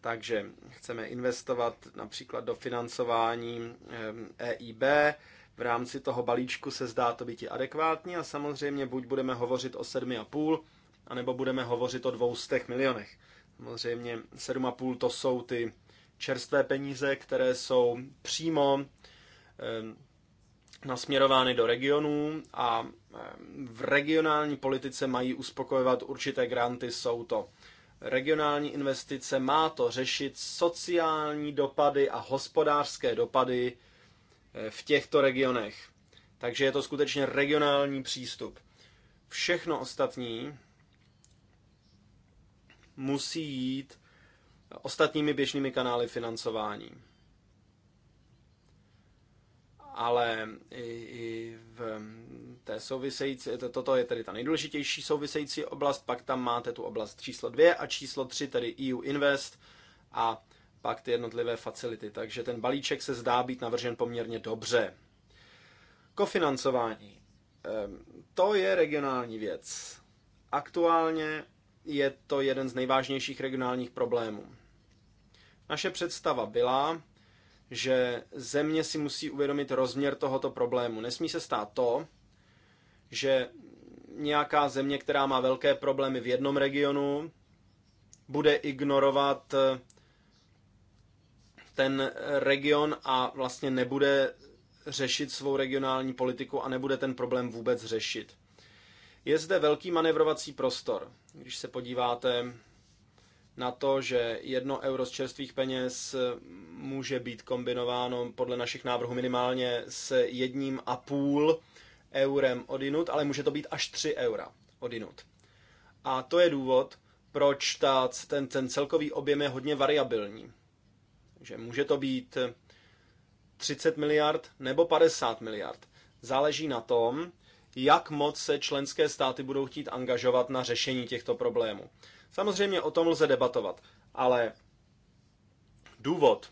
Takže chceme investovat například do financování EIB, eh, e v rámci toho balíčku se zdá to být adekvátní a samozřejmě buď budeme hovořit o 7,5, anebo budeme hovořit o 200 milionech. Samozřejmě 7,5 to jsou ty čerstvé peníze, které jsou přímo ehm, nasměrovány do regionů a ehm, v regionální politice mají uspokojovat určité granty, jsou to regionální investice, má to řešit sociální dopady a hospodářské dopady Eh, v těchto regionech. Takže je to skutečně regionální přístup. Všechno ostatní musí jít ostatními běžnými kanály financování. Ale i, i v té související, toto je tedy ta nejdůležitější související oblast, pak tam máte tu oblast číslo 2 a číslo 3, tedy EU Invest a pak ty jednotlivé facility. Takže ten balíček se zdá být navržen poměrně dobře. Kofinancování. Ehm, to je regionální věc. Aktuálně je to jeden z nejvážnějších regionálních problémů. Naše představa byla, že země si musí uvědomit rozměr tohoto problému. Nesmí se stát to, že nějaká země, která má velké problémy v jednom regionu, bude ignorovat ten region a vlastně nebude řešit svou regionální politiku a nebude ten problém vůbec řešit. Je zde velký manevrovací prostor. Když se podíváte na to, že jedno euro z čerstvých peněz může být kombinováno podle našich návrhů minimálně s jedním a půl eurem odinut, ale může to být až 3 eura odinut. A to je důvod, proč ta, ten, ten celkový objem je hodně variabilní že může to být 30 miliard nebo 50 miliard. Záleží na tom, jak moc se členské státy budou chtít angažovat na řešení těchto problémů. Samozřejmě o tom lze debatovat, ale důvod,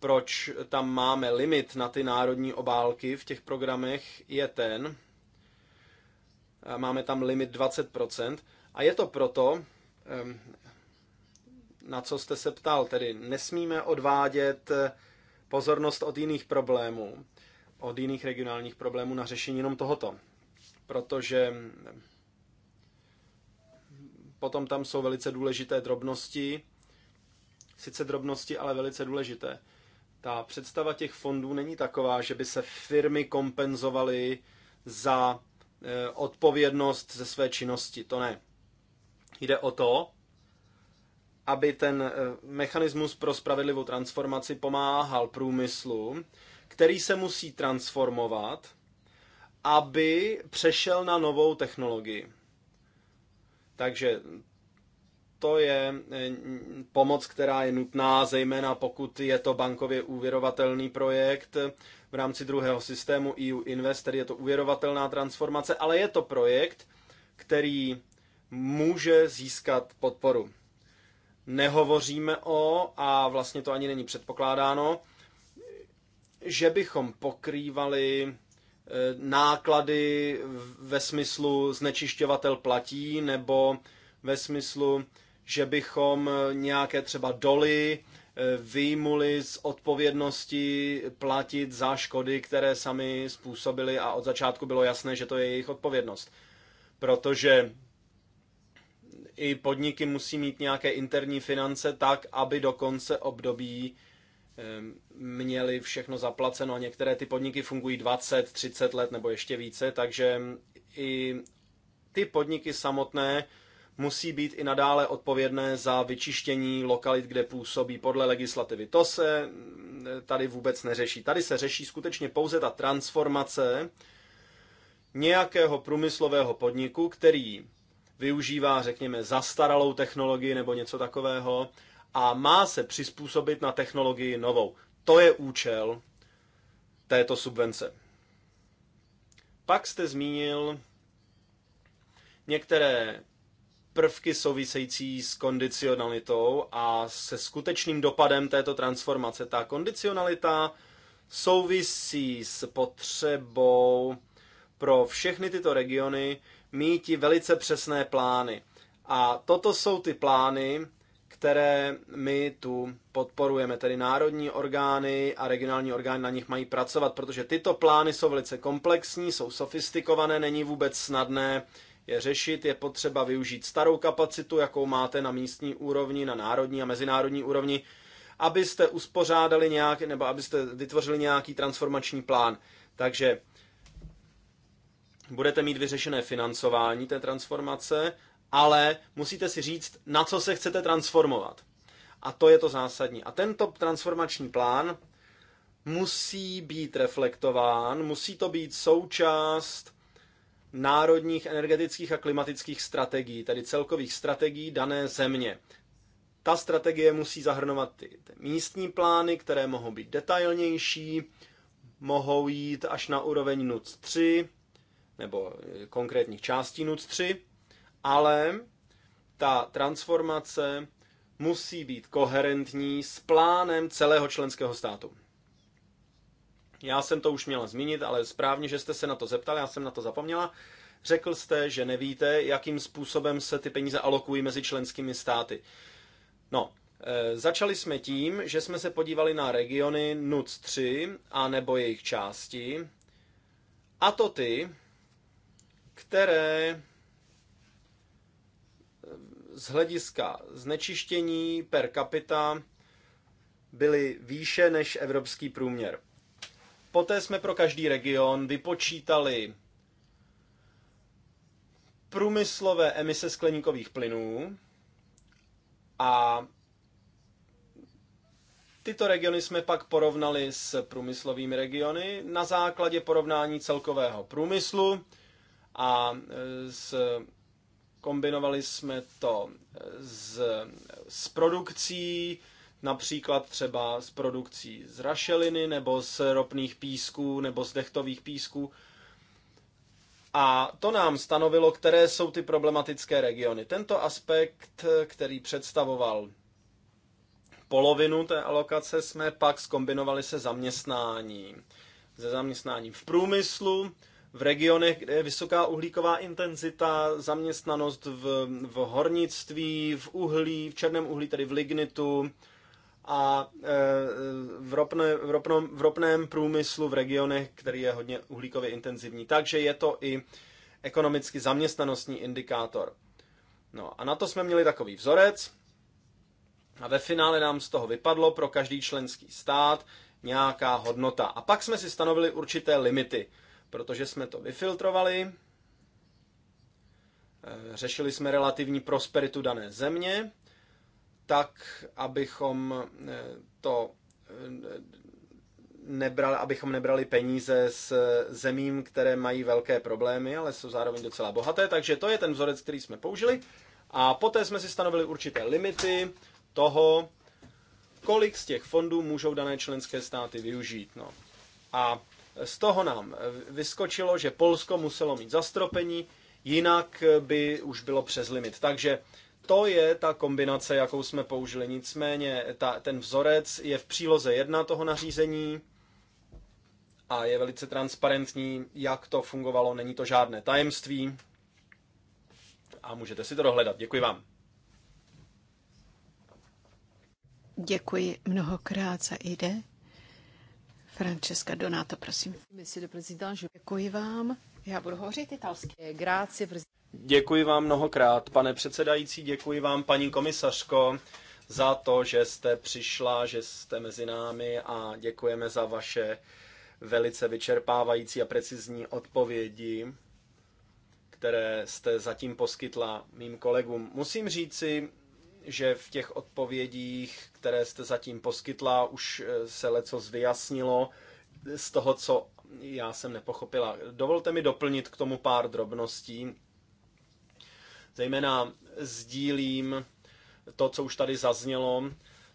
proč tam máme limit na ty národní obálky v těch programech, je ten, máme tam limit 20%, a je to proto, na co jste se ptal, tedy nesmíme odvádět eh, pozornost od jiných problémů, od jiných regionálních problémů na řešení jenom tohoto. Protože mm, potom tam jsou velice důležité drobnosti, sice drobnosti, ale velice důležité. Ta představa těch fondů není taková, že by se firmy kompenzovaly za eh, odpovědnost ze své činnosti. To ne. Jde o to, aby ten eh, mechanismus pro spravedlivou transformaci pomáhal průmyslu, který se musí transformovat, aby přešel na novou technologii. Takže to je eh, pomoc, která je nutná, zejména pokud je to bankově úvěrovatelný projekt v rámci druhého systému EU Invest, tedy je to úvěrovatelná transformace, ale je to projekt, který může získat podporu nehovoříme o, a vlastně to ani není předpokládáno, že bychom pokrývali e, náklady ve smyslu znečišťovatel platí nebo ve smyslu, že bychom nějaké třeba doly e, vyjmuli z odpovědnosti platit za škody, které sami způsobili a od začátku bylo jasné, že to je jejich odpovědnost. Protože i podniky musí mít nějaké interní finance tak, aby do konce období měli všechno zaplaceno a některé ty podniky fungují 20, 30 let nebo ještě více, takže i ty podniky samotné musí být i nadále odpovědné za vyčištění lokalit, kde působí podle legislativy. To se mm, tady vůbec neřeší. Tady se řeší skutečně pouze ta transformace nějakého průmyslového podniku, který využívá, řekněme, zastaralou technologii nebo něco takového a má se přizpůsobit na technologii novou. To je účel této subvence. Pak jste zmínil některé prvky související s kondicionalitou a se skutečným dopadem této transformace. Ta kondicionalita souvisí s potřebou pro všechny tyto regiony míti velice přesné plány. A toto jsou ty plány, které my tu podporujeme, tedy národní orgány a regionální orgány na nich mají pracovat, protože tyto plány jsou velice komplexní, jsou sofistikované, není vůbec snadné je řešit, je potřeba využít starou kapacitu, jakou máte na místní úrovni, na národní a mezinárodní úrovni, abyste uspořádali nějak, nebo abyste vytvořili nějaký transformační plán. Takže budete mít vyřešené financování té transformace, ale musíte si říct, na co se chcete transformovat. A to je to zásadní. A tento transformační plán musí být reflektován, musí to být součást národních energetických a klimatických strategií, tedy celkových strategií dané země. Ta strategie musí zahrnovat ty, ty místní plány, které mohou být detailnější, mohou jít až na úroveň NUC 3, nebo eh, konkrétních částí NUC 3, ale ta transformace musí být koherentní s plánem celého členského státu. Já jsem to už měla zmínit, ale správně, že jste se na to zeptal, já jsem na to zapomněla. Řekl jste, že nevíte, jakým způsobem se ty peníze alokují mezi členskými státy. No, eh, začali jsme tím, že jsme se podívali na regiony NUC 3 a nebo jejich části, a to ty, které eh, z hlediska znečištění per capita byly výše než evropský průměr. Poté jsme pro každý region vypočítali průmyslové emise skleníkových plynů a tyto regiony jsme pak porovnali s průmyslovými regiony na základě porovnání celkového průmyslu a e, z, kombinovali jsme to s, s produkcí, například třeba s produkcí z rašeliny nebo z ropných písků nebo z dechtových písků. A to nám stanovilo, které jsou ty problematické regiony. Tento aspekt, který představoval polovinu té alokace, jsme pak skombinovali se zaměstnáním. Se zaměstnáním v průmyslu, v regionech, kde je vysoká uhlíková intenzita, zaměstnanost v, v hornictví, v uhlí, v černém uhlí, tedy v lignitu a e, v, ropne, v, ropnom, v ropném průmyslu v regionech, který je hodně uhlíkově intenzivní. Takže je to i ekonomicky zaměstnanostní indikátor. No a na to jsme měli takový vzorec a ve finále nám z toho vypadlo pro každý členský stát nějaká hodnota. A pak jsme si stanovili určité limity – protože jsme to vyfiltrovali, eh, řešili jsme relativní prosperitu dané země, tak, abychom eh, to eh, nebrali, abychom nebrali peníze s zemím, které mají velké problémy, ale jsou zároveň docela bohaté. Takže to je ten vzorec, který jsme použili. A poté jsme si stanovili určité limity toho, kolik z těch fondů můžou dané členské státy využít. No. A z toho nám vyskočilo, že Polsko muselo mít zastropení, jinak by už bylo přes limit. Takže to je ta kombinace, jakou jsme použili. Nicméně ta, ten vzorec je v příloze jedna toho nařízení a je velice transparentní, jak to fungovalo. Není to žádné tajemství a můžete si to dohledat. Děkuji vám. Děkuji mnohokrát za ide. Francesca Donato, prosím. Děkuji vám. Já budu hovořit italsky. Děkuji vám mnohokrát, pane předsedající, děkuji vám, paní komisařko, za to, že jste přišla, že jste mezi námi a děkujeme za vaše velice vyčerpávající a precizní odpovědi, které jste zatím poskytla mým kolegům. Musím říci, že v těch odpovědích, které jste zatím poskytla, už eh, se leco vyjasnilo z toho, co já jsem nepochopila. Dovolte mi doplnit k tomu pár drobností. Zejména sdílím to, co už tady zaznělo,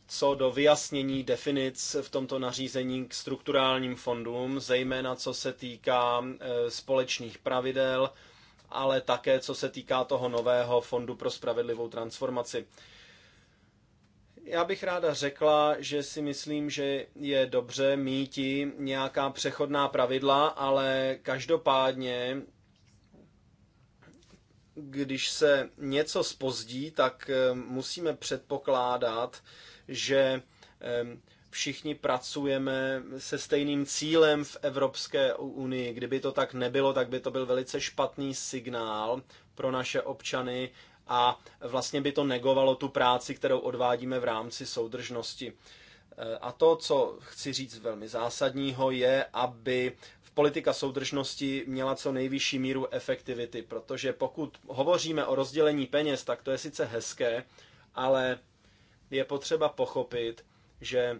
co do vyjasnění definic v tomto nařízení k strukturálním fondům, zejména co se týká eh, společných pravidel, ale také co se týká toho nového Fondu pro spravedlivou transformaci. Já bych ráda řekla, že si myslím, že je dobře i nějaká přechodná pravidla, ale každopádně, když se něco spozdí, tak eh, musíme předpokládat, že eh, všichni pracujeme se stejným cílem v Evropské unii. Kdyby to tak nebylo, tak by to byl velice špatný signál pro naše občany a vlastně by to negovalo tu práci, kterou odvádíme v rámci soudržnosti. E, a to, co chci říct velmi zásadního, je, aby politika soudržnosti měla co nejvyšší míru efektivity, protože pokud hovoříme o rozdělení peněz, tak to je sice hezké, ale je potřeba pochopit, že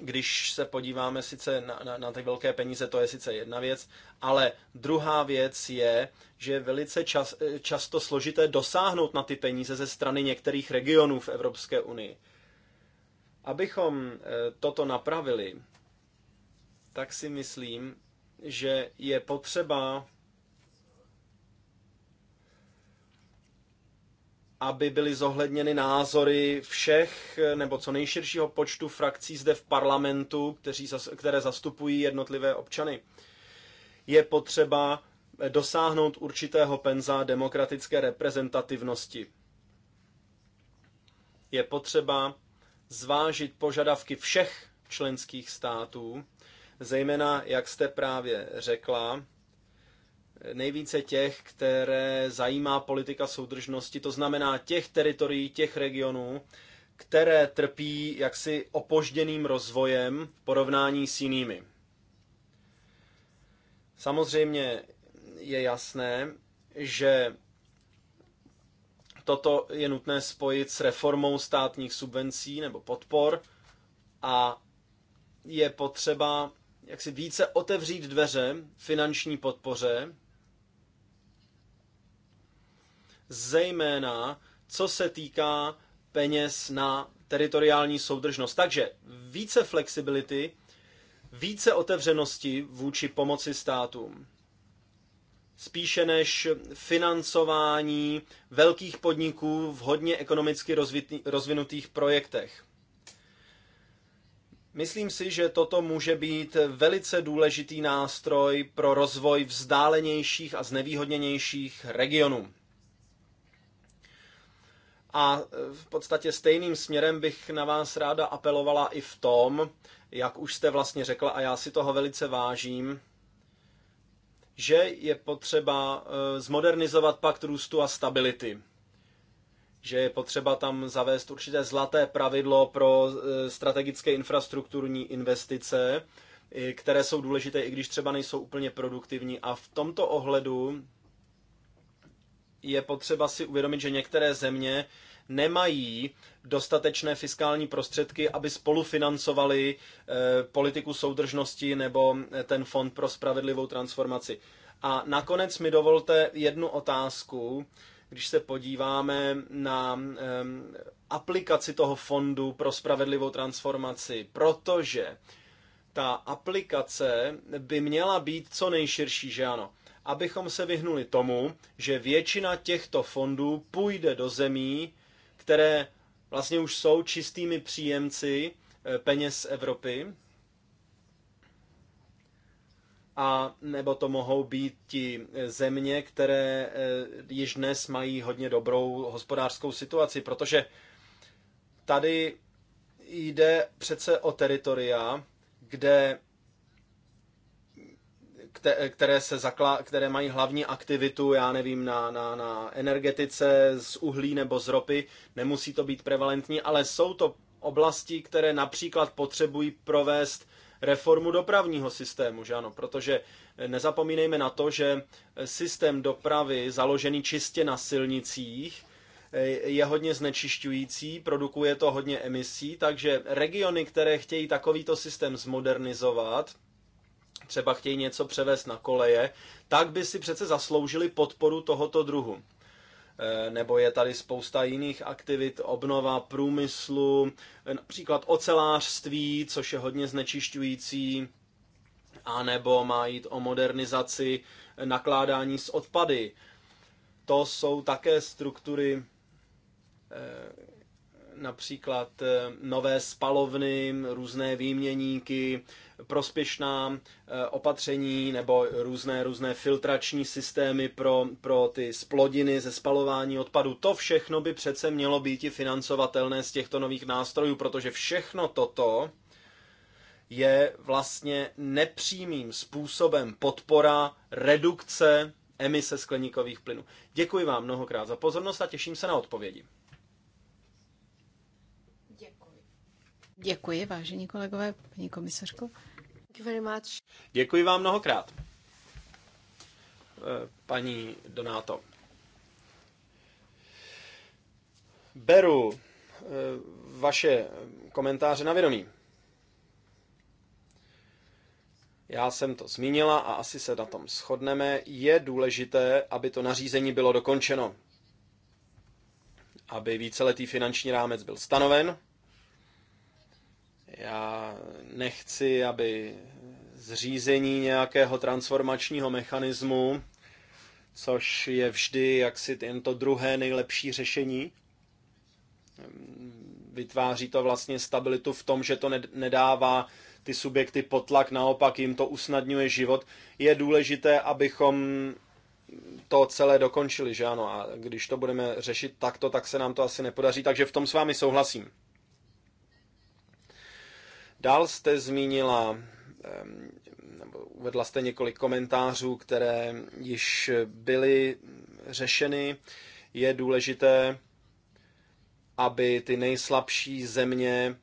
když se podíváme sice na, na, na ty velké peníze, to je sice jedna věc, ale druhá věc je, že je velice čas, eh, často složité dosáhnout na ty peníze ze strany některých regionů v Evropské unii. Abychom eh, toto napravili, tak si myslím, že je potřeba aby byly zohledněny názory všech eh, nebo co nejširšího počtu frakcí zde v parlamentu, kteří, které zastupují jednotlivé občany. Je potřeba eh, dosáhnout určitého penza demokratické reprezentativnosti. Je potřeba zvážit požadavky všech členských států, zejména, jak jste právě řekla, nejvíce těch, které zajímá politika soudržnosti, to znamená těch teritorií, těch regionů, které trpí jaksi opožděným rozvojem v porovnání s jinými. Samozřejmě je jasné, že toto je nutné spojit s reformou státních subvencí nebo podpor a je potřeba jak si více otevřít dveře finanční podpoře zejména co se týká peněz na teritoriální soudržnost. Takže více flexibility, více otevřenosti vůči pomoci státům. Spíše než financování velkých podniků v hodně ekonomicky rozvinutých projektech. Myslím si, že toto může být velice důležitý nástroj pro rozvoj vzdálenějších a znevýhodněnějších regionů. A v podstatě stejným směrem bych na vás ráda apelovala i v tom, jak už jste vlastně řekla, a já si toho velice vážím, že je potřeba eh, zmodernizovat pakt růstu a stability. Že je potřeba tam zavést určité zlaté pravidlo pro eh, strategické infrastrukturní investice, které jsou důležité, i když třeba nejsou úplně produktivní. A v tomto ohledu je potřeba si uvědomit, že některé země nemají dostatečné fiskální prostředky, aby spolufinancovali eh, politiku soudržnosti nebo eh, ten fond pro spravedlivou transformaci. A nakonec mi dovolte jednu otázku, když se podíváme na eh, aplikaci toho fondu pro spravedlivou transformaci, protože ta aplikace by měla být co nejširší, že ano? abychom se vyhnuli tomu, že většina těchto fondů půjde do zemí, které vlastně už jsou čistými příjemci eh, peněz z Evropy, a nebo to mohou být ti eh, země, které eh, již dnes mají hodně dobrou hospodářskou situaci, protože tady jde přece o teritoria, kde které, se zakla, které mají hlavní aktivitu, já nevím, na, na, na energetice z uhlí nebo z ropy, nemusí to být prevalentní, ale jsou to oblasti, které například potřebují provést reformu dopravního systému, že ano? Protože eh, nezapomínejme na to, že eh, systém dopravy založený čistě na silnicích eh, je hodně znečišťující, produkuje to hodně emisí, takže regiony, které chtějí takovýto systém zmodernizovat, třeba chtějí něco převést na koleje, tak by si přece zasloužili podporu tohoto druhu. E, nebo je tady spousta jiných aktivit, obnova průmyslu, e, například ocelářství, což je hodně znečišťující, anebo má jít o modernizaci e, nakládání s odpady. To jsou také struktury, například nové spalovny, různé výměníky, prospěšná eh, opatření nebo různé, různé filtrační systémy pro, pro ty splodiny ze spalování odpadu. To všechno by přece mělo být i financovatelné z těchto nových nástrojů, protože všechno toto je vlastně nepřímým způsobem podpora redukce emise skleníkových plynů. Děkuji vám mnohokrát za pozornost a těším se na odpovědi. Děkuji, vážení kolegové, paní komisařko. Děkuji vám mnohokrát, eh, paní Donáto. Beru eh, vaše komentáře na vědomí. Já jsem to zmínila a asi se na tom shodneme. Je důležité, aby to nařízení bylo dokončeno. Aby víceletý finanční rámec byl stanoven já nechci, aby zřízení nějakého transformačního mechanismu, což je vždy jaksi jen to druhé nejlepší řešení, vytváří to vlastně stabilitu v tom, že to nedává ty subjekty potlak, naopak jim to usnadňuje život. Je důležité, abychom to celé dokončili, že ano? A když to budeme řešit takto, tak se nám to asi nepodaří, takže v tom s vámi souhlasím. Dál jste zmínila, nebo uvedla jste několik komentářů, které již byly řešeny. Je důležité, aby ty nejslabší země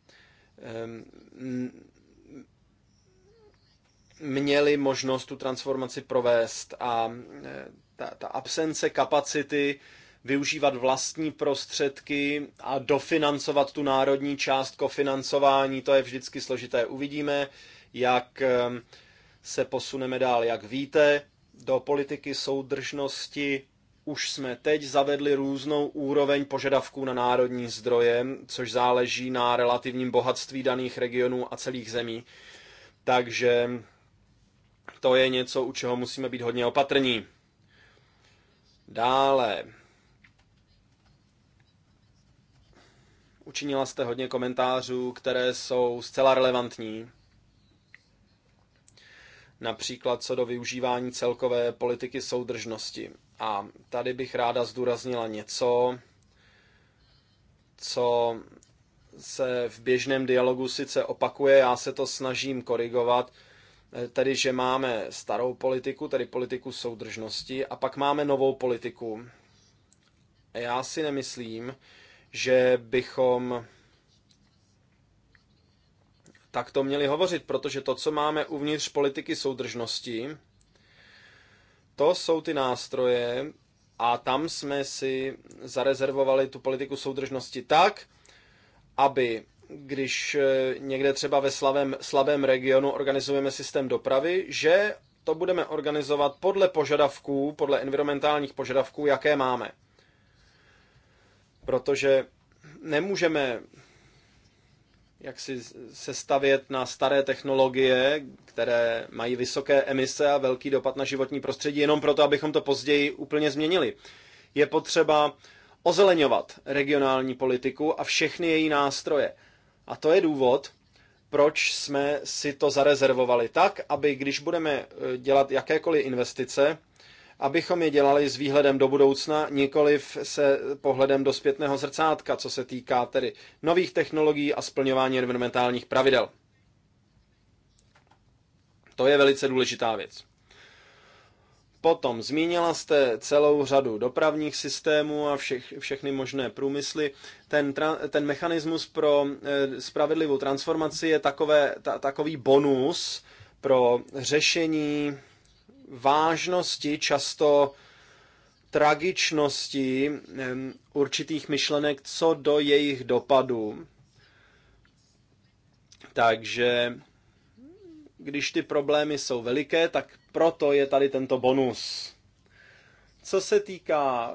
měly možnost tu transformaci provést a e, ta, ta absence kapacity využívat vlastní prostředky a dofinancovat tu národní část kofinancování, to je vždycky složité. Uvidíme, jak ehm, se posuneme dál. Jak víte, do politiky soudržnosti už jsme teď zavedli různou úroveň požadavků na národní zdroje, což záleží na relativním bohatství daných regionů a celých zemí. Takže to je něco, u čeho musíme být hodně opatrní. Dále, Učinila jste hodně komentářů, které jsou zcela relevantní. Například co do využívání celkové politiky soudržnosti. A tady bych ráda zdůraznila něco, co se v běžném dialogu sice opakuje, já se to snažím korigovat, tedy že máme starou politiku, tedy politiku soudržnosti, a pak máme novou politiku. Já si nemyslím, že bychom takto měli hovořit, protože to, co máme uvnitř politiky soudržnosti, to jsou ty nástroje a tam jsme si zarezervovali tu politiku soudržnosti tak, aby když eh, někde třeba ve slavém, slabém regionu organizujeme systém dopravy, že to budeme organizovat podle požadavků, podle environmentálních požadavků, jaké máme protože nemůžeme jak si se stavět na staré technologie, které mají vysoké emise a velký dopad na životní prostředí, jenom proto, abychom to později úplně změnili. Je potřeba ozeleňovat regionální politiku a všechny její nástroje. A to je důvod, proč jsme si to zarezervovali tak, aby když budeme eh, dělat jakékoliv investice, abychom je dělali s výhledem do budoucna, nikoliv se pohledem do zpětného zrcátka, co se týká tedy nových technologií a splňování environmentálních pravidel. To je velice důležitá věc. Potom zmínila jste celou řadu dopravních systémů a všech, všechny možné průmysly. Ten, ten mechanismus pro eh, spravedlivou transformaci je takové, ta, takový bonus pro řešení vážnosti, často tragičnosti určitých myšlenek, co do jejich dopadů. Takže když ty problémy jsou veliké, tak proto je tady tento bonus. Co se týká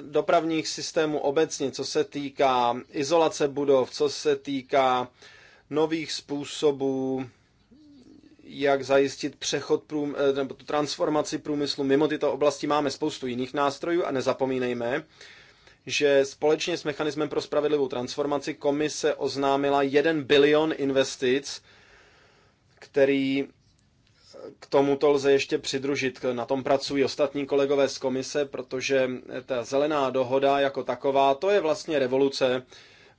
dopravních systémů obecně, co se týká izolace budov, co se týká nových způsobů jak zajistit přechod prům, eh, nebo tu transformaci průmyslu mimo tyto oblasti. Máme spoustu jiných nástrojů a nezapomínejme, že společně s mechanismem pro spravedlivou transformaci komise oznámila 1 bilion investic, který eh, k tomuto lze ještě přidružit. Na tom pracují ostatní kolegové z komise, protože ta zelená dohoda jako taková, to je vlastně revoluce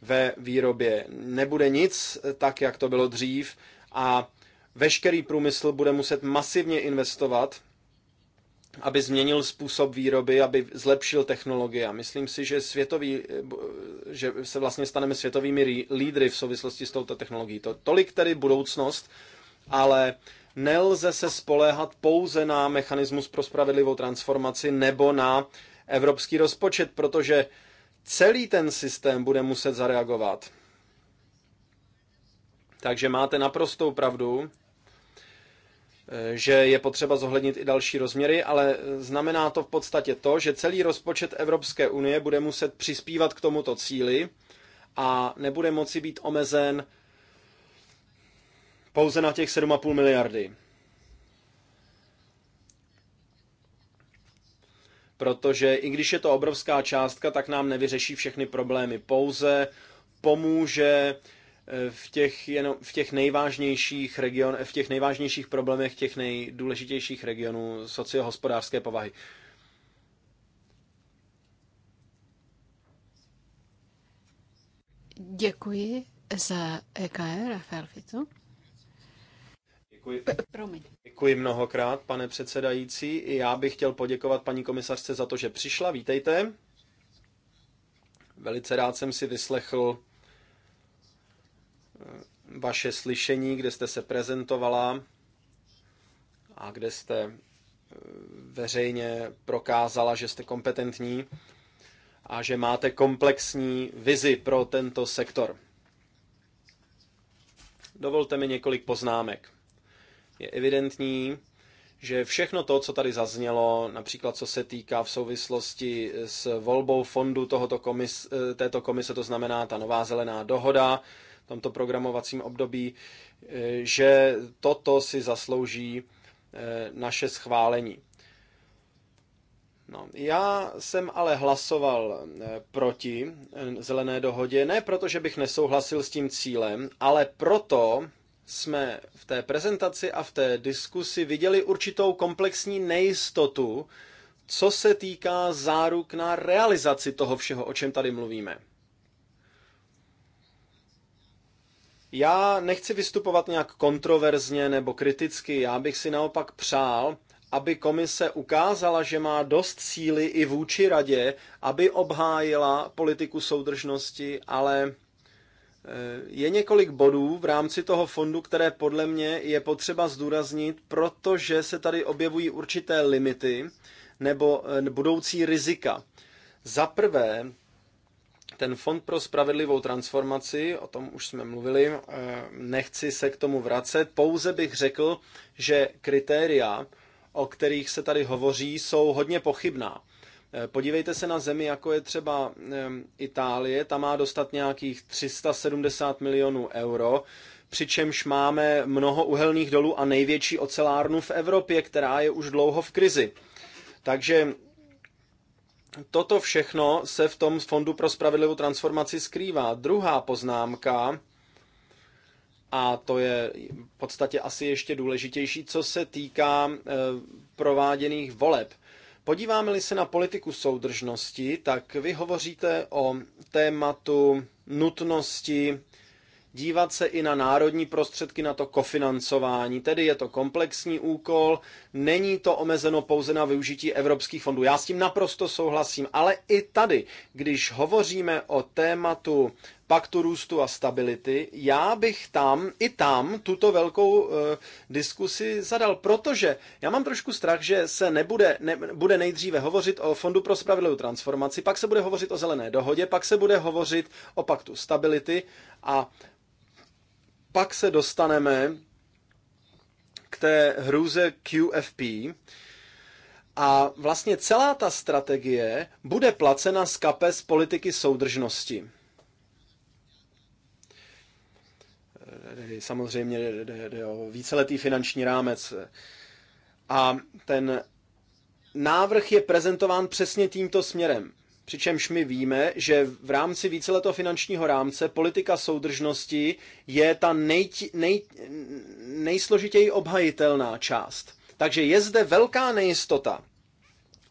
ve výrobě. Nebude nic tak, jak to bylo dřív a Veškerý průmysl bude muset masivně investovat, aby změnil způsob výroby, aby zlepšil technologie. A myslím si, že, světový, že se vlastně staneme světovými lídry v souvislosti s touto technologií. To, tolik tedy budoucnost, ale nelze se spoléhat pouze na mechanismus pro spravedlivou transformaci nebo na evropský rozpočet, protože celý ten systém bude muset zareagovat. Takže máte naprostou pravdu že je potřeba zohlednit i další rozměry, ale znamená to v podstatě to, že celý rozpočet Evropské unie bude muset přispívat k tomuto cíli a nebude moci být omezen pouze na těch 7,5 miliardy. Protože i když je to obrovská částka, tak nám nevyřeší všechny problémy. Pouze pomůže v těch, jenom, v těch nejvážnějších region, v těch nejvážnějších problémech těch nejdůležitějších regionů sociohospodářské povahy. Děkuji za EKR, Rafael Fico. Děkuji. Promiň. Děkuji mnohokrát, pane předsedající. Já bych chtěl poděkovat paní komisařce za to, že přišla. Vítejte. Velice rád jsem si vyslechl vaše slyšení, kde jste se prezentovala a kde jste eh, veřejně prokázala, že jste kompetentní a že máte komplexní vizi pro tento sektor. Dovolte mi několik poznámek. Je evidentní, že všechno to, co tady zaznělo, například co se týká v souvislosti s volbou fondu tohoto komis, eh, této komise, to znamená ta nová zelená dohoda, tomto programovacím období, e, že toto si zaslouží e, naše schválení. No, já jsem ale hlasoval e, proti zelené dohodě, ne proto, že bych nesouhlasil s tím cílem, ale proto jsme v té prezentaci a v té diskusi viděli určitou komplexní nejistotu, co se týká záruk na realizaci toho všeho, o čem tady mluvíme. Já nechci vystupovat nějak kontroverzně nebo kriticky, já bych si naopak přál, aby komise ukázala, že má dost síly i vůči radě, aby obhájila politiku soudržnosti, ale e, je několik bodů v rámci toho fondu, které podle mě je potřeba zdůraznit, protože se tady objevují určité limity nebo e, budoucí rizika. Za prvé, ten fond pro spravedlivou transformaci, o tom už jsme mluvili, eh, nechci se k tomu vracet, pouze bych řekl, že kritéria, o kterých se tady hovoří, jsou hodně pochybná. Eh, podívejte se na zemi, jako je třeba eh, Itálie, ta má dostat nějakých 370 milionů euro, přičemž máme mnoho uhelných dolů a největší ocelárnu v Evropě, která je už dlouho v krizi. Takže toto všechno se v tom Fondu pro spravedlivou transformaci skrývá. Druhá poznámka, a to je v podstatě asi ještě důležitější, co se týká e, prováděných voleb. Podíváme-li se na politiku soudržnosti, tak vy hovoříte o tématu nutnosti dívat se i na národní prostředky na to kofinancování. Tedy je to komplexní úkol, není to omezeno pouze na využití evropských fondů. Já s tím naprosto souhlasím, ale i tady, když hovoříme o tématu paktu růstu a stability, já bych tam i tam tuto velkou eh, diskusi zadal, protože já mám trošku strach, že se nebude ne, bude nejdříve hovořit o Fondu pro spravedlivou transformaci, pak se bude hovořit o zelené dohodě, pak se bude hovořit o paktu stability a pak se dostaneme k té hrůze QFP a vlastně celá ta strategie bude placena z kapes politiky soudržnosti. Samozřejmě jde o víceletý finanční rámec. A ten návrh je prezentován přesně tímto směrem. Přičemž my víme, že v rámci víceletého finančního rámce politika soudržnosti je ta nej, nej, nejsložitěji obhajitelná část. Takže je zde velká nejistota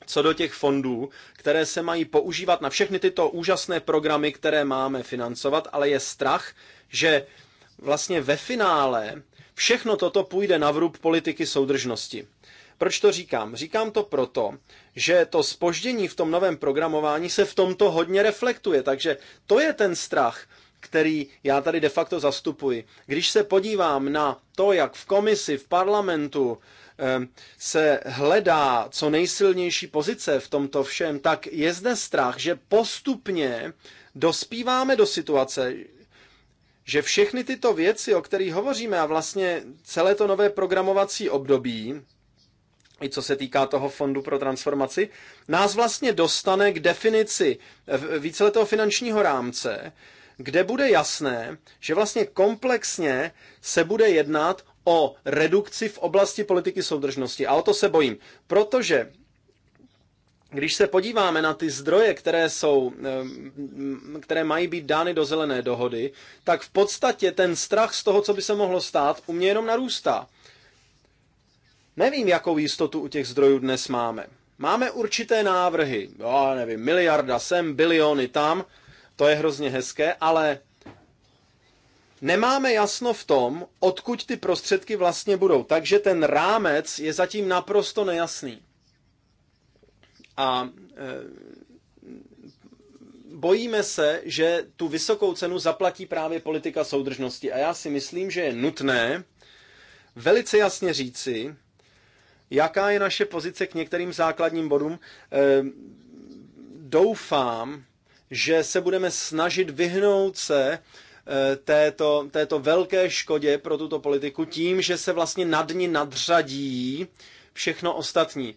co do těch fondů, které se mají používat na všechny tyto úžasné programy, které máme financovat, ale je strach, že vlastně ve finále všechno toto půjde na vrub politiky soudržnosti. Proč to říkám? Říkám to proto, že to spoždění v tom novém programování se v tomto hodně reflektuje, takže to je ten strach, který já tady de facto zastupuji. Když se podívám na to, jak v komisi, v parlamentu ehm, se hledá co nejsilnější pozice v tomto všem, tak je zde strach, že postupně dospíváme do situace, že všechny tyto věci, o kterých hovoříme a vlastně celé to nové programovací období, i co se týká toho fondu pro transformaci, nás vlastně dostane k definici víceletého finančního rámce, kde bude jasné, že vlastně komplexně se bude jednat o redukci v oblasti politiky soudržnosti. A o to se bojím, protože když se podíváme na ty zdroje, které, jsou, ehm, které mají být dány do zelené dohody, tak v podstatě ten strach z toho, co by se mohlo stát, u mě jenom narůstá. Nevím, jakou jistotu u těch zdrojů dnes máme. Máme určité návrhy, jo, nevím, miliarda sem, biliony tam, to je hrozně hezké, ale nemáme jasno v tom, odkud ty prostředky vlastně budou. Takže ten rámec je zatím naprosto nejasný. A e, bojíme se, že tu vysokou cenu zaplatí právě politika soudržnosti. A já si myslím, že je nutné velice jasně říci, Jaká je naše pozice k některým základním bodům? Eh, doufám, že se budeme snažit vyhnout se eh, této, této velké škodě pro tuto politiku tím, že se vlastně nad ní nadřadí všechno ostatní.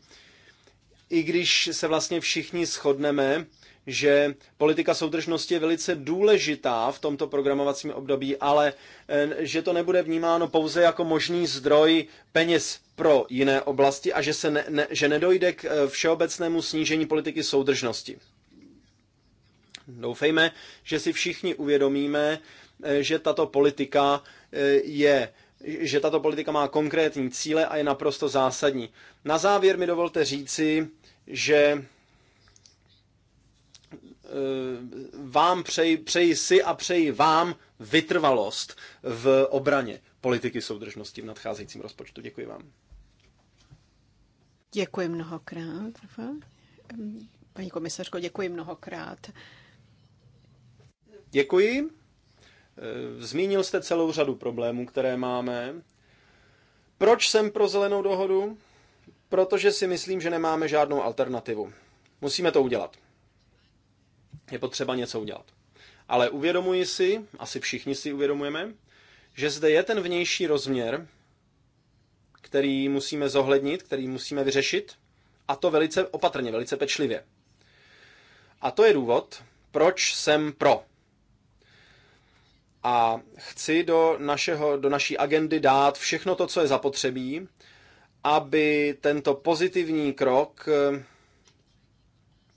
I když se vlastně všichni shodneme, že politika soudržnosti je velice důležitá v tomto programovacím období, ale eh, že to nebude vnímáno pouze jako možný zdroj peněz pro jiné oblasti a že, se ne, ne, že nedojde k eh, všeobecnému snížení politiky soudržnosti. Doufejme, že si všichni uvědomíme, eh, že tato politika je že tato politika má konkrétní cíle a je naprosto zásadní. Na závěr mi dovolte říci, že E, vám přeji, přeji si a přeji vám vytrvalost v obraně politiky soudržnosti v nadcházejícím rozpočtu. Děkuji vám. Děkuji mnohokrát. Paní komisařko, děkuji mnohokrát. Děkuji. E, zmínil jste celou řadu problémů, které máme. Proč jsem pro zelenou dohodu? Protože si myslím, že nemáme žádnou alternativu. Musíme to udělat je potřeba něco udělat. Ale uvědomuji si, asi všichni si uvědomujeme, že zde je ten vnější rozměr, který musíme zohlednit, který musíme vyřešit, a to velice opatrně, velice pečlivě. A to je důvod, proč jsem pro. A chci do, našeho, do naší agendy dát všechno to, co je zapotřebí, aby tento pozitivní krok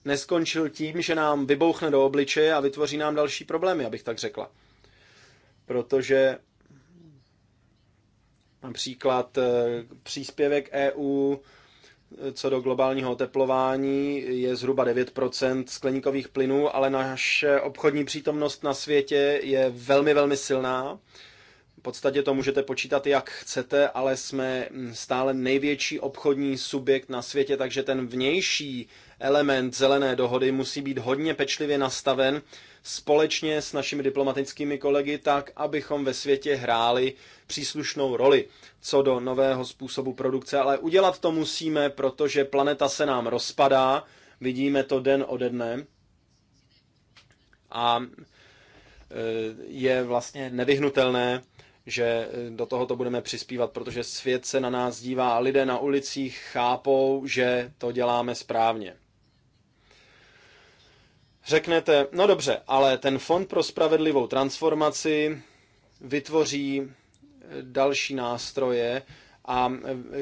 neskončil tím, že nám vybouchne do obličeje a vytvoří nám další problémy, abych tak řekla. Protože například eh, příspěvek EU eh, co do globálního oteplování je zhruba 9% skleníkových plynů, ale naše obchodní přítomnost na světě je velmi, velmi silná podstatě to můžete počítat, jak chcete, ale jsme mm, stále největší obchodní subjekt na světě, takže ten vnější element zelené dohody musí být hodně pečlivě nastaven společně s našimi diplomatickými kolegy, tak abychom ve světě hráli příslušnou roli co do nového způsobu produkce. Ale udělat to musíme, protože planeta se nám rozpadá, vidíme to den ode dne. A e, je vlastně nevyhnutelné, že eh, do tohoto budeme přispívat, protože svět se na nás dívá a lidé na ulicích chápou, že to děláme správně. Řeknete, no dobře, ale ten Fond pro spravedlivou transformaci vytvoří eh, další nástroje a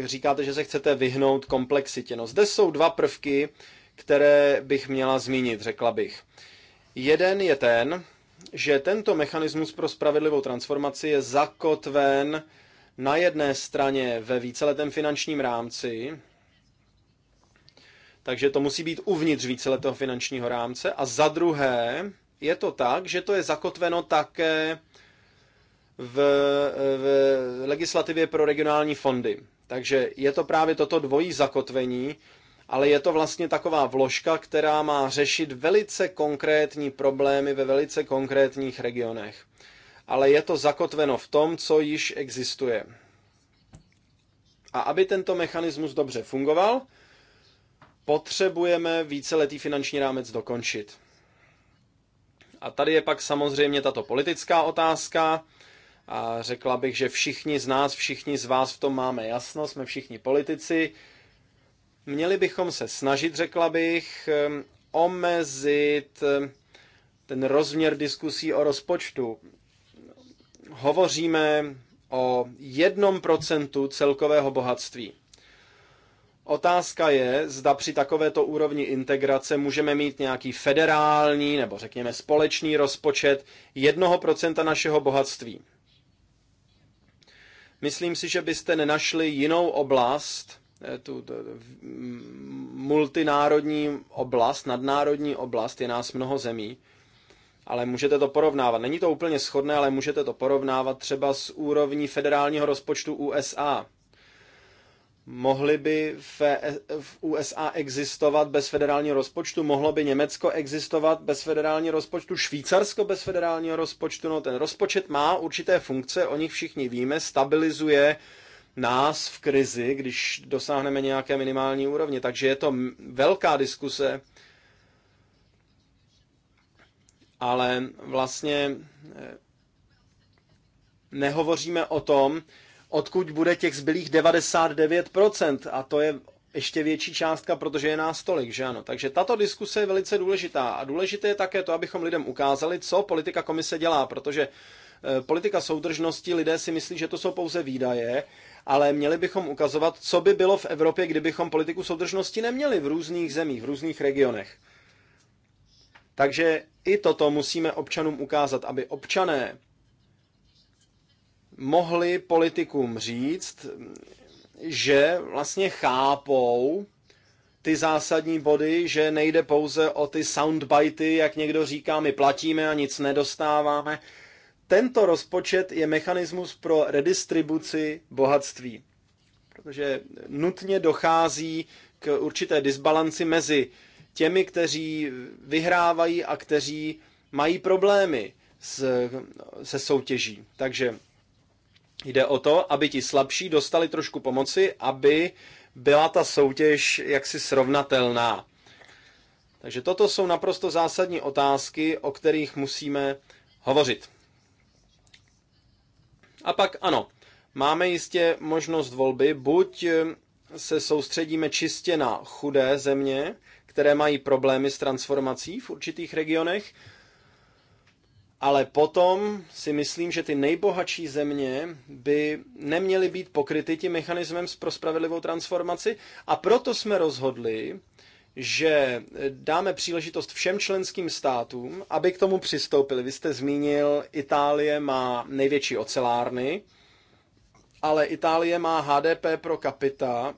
eh, říkáte, že se chcete vyhnout komplexitě. No zde jsou dva prvky, které bych měla zmínit, řekla bych. Jeden je ten, že tento mechanismus pro spravedlivou transformaci je zakotven na jedné straně ve víceletém finančním rámci, takže to musí být uvnitř víceletého finančního rámce, a za druhé je to tak, že to je zakotveno také v, v legislativě pro regionální fondy. Takže je to právě toto dvojí zakotvení, ale je to vlastně taková vložka, která má řešit velice konkrétní problémy ve velice konkrétních regionech. Ale je to zakotveno v tom, co již existuje. A aby tento mechanismus dobře fungoval, potřebujeme víceletý finanční rámec dokončit. A tady je pak samozřejmě tato politická otázka. A řekla bych, že všichni z nás, všichni z vás v tom máme jasno, jsme všichni politici, Měli bychom se snažit, řekla bych, omezit ten rozměr diskusí o rozpočtu. Hovoříme o jednom procentu celkového bohatství. Otázka je, zda při takovéto úrovni integrace můžeme mít nějaký federální nebo řekněme společný rozpočet jednoho procenta našeho bohatství. Myslím si, že byste nenašli jinou oblast, Eh, tu, tu multinárodní oblast, nadnárodní oblast, je nás mnoho zemí, ale můžete to porovnávat. Není to úplně shodné, ale můžete to porovnávat třeba s úrovní federálního rozpočtu USA. Mohly by v, USA existovat bez federálního rozpočtu? Mohlo by Německo existovat bez federálního rozpočtu? Švýcarsko bez federálního rozpočtu? No ten rozpočet má určité funkce, o nich všichni víme, stabilizuje uh, nás v krizi, když dosáhneme nějaké minimální úrovně. Takže je to velká diskuse, ale vlastně eh, nehovoříme o tom, odkud bude těch zbylých 99%, a to je ještě větší částka, protože je nás tolik, že ano. Takže tato diskuse je velice důležitá a důležité je také to, abychom lidem ukázali, co politika komise dělá, protože eh, politika soudržnosti lidé si myslí, že to jsou pouze výdaje ale měli bychom ukazovat, co by bylo v Evropě, kdybychom politiku soudržnosti neměli v různých zemích, v různých regionech. Takže i toto musíme občanům ukázat, aby občané mohli politikům říct, že vlastně chápou ty zásadní body, že nejde pouze o ty soundbity, jak někdo říká, my platíme a nic nedostáváme, tento rozpočet je mechanismus pro redistribuci bohatství, protože nutně dochází k určité disbalanci mezi těmi, kteří vyhrávají a kteří mají problémy s, se soutěží. Takže jde o to, aby ti slabší dostali trošku pomoci, aby byla ta soutěž jaksi srovnatelná. Takže toto jsou naprosto zásadní otázky, o kterých musíme hovořit. A pak ano, máme jistě možnost volby, buď eh, se soustředíme čistě na chudé země, které mají problémy s transformací v určitých regionech, ale potom si myslím, že ty nejbohatší země by neměly být pokryty tím mechanismem pro spravedlivou transformaci a proto jsme rozhodli, že dáme příležitost všem členským státům, aby k tomu přistoupili. Vy jste zmínil, Itálie má největší ocelárny, ale Itálie má HDP pro kapita,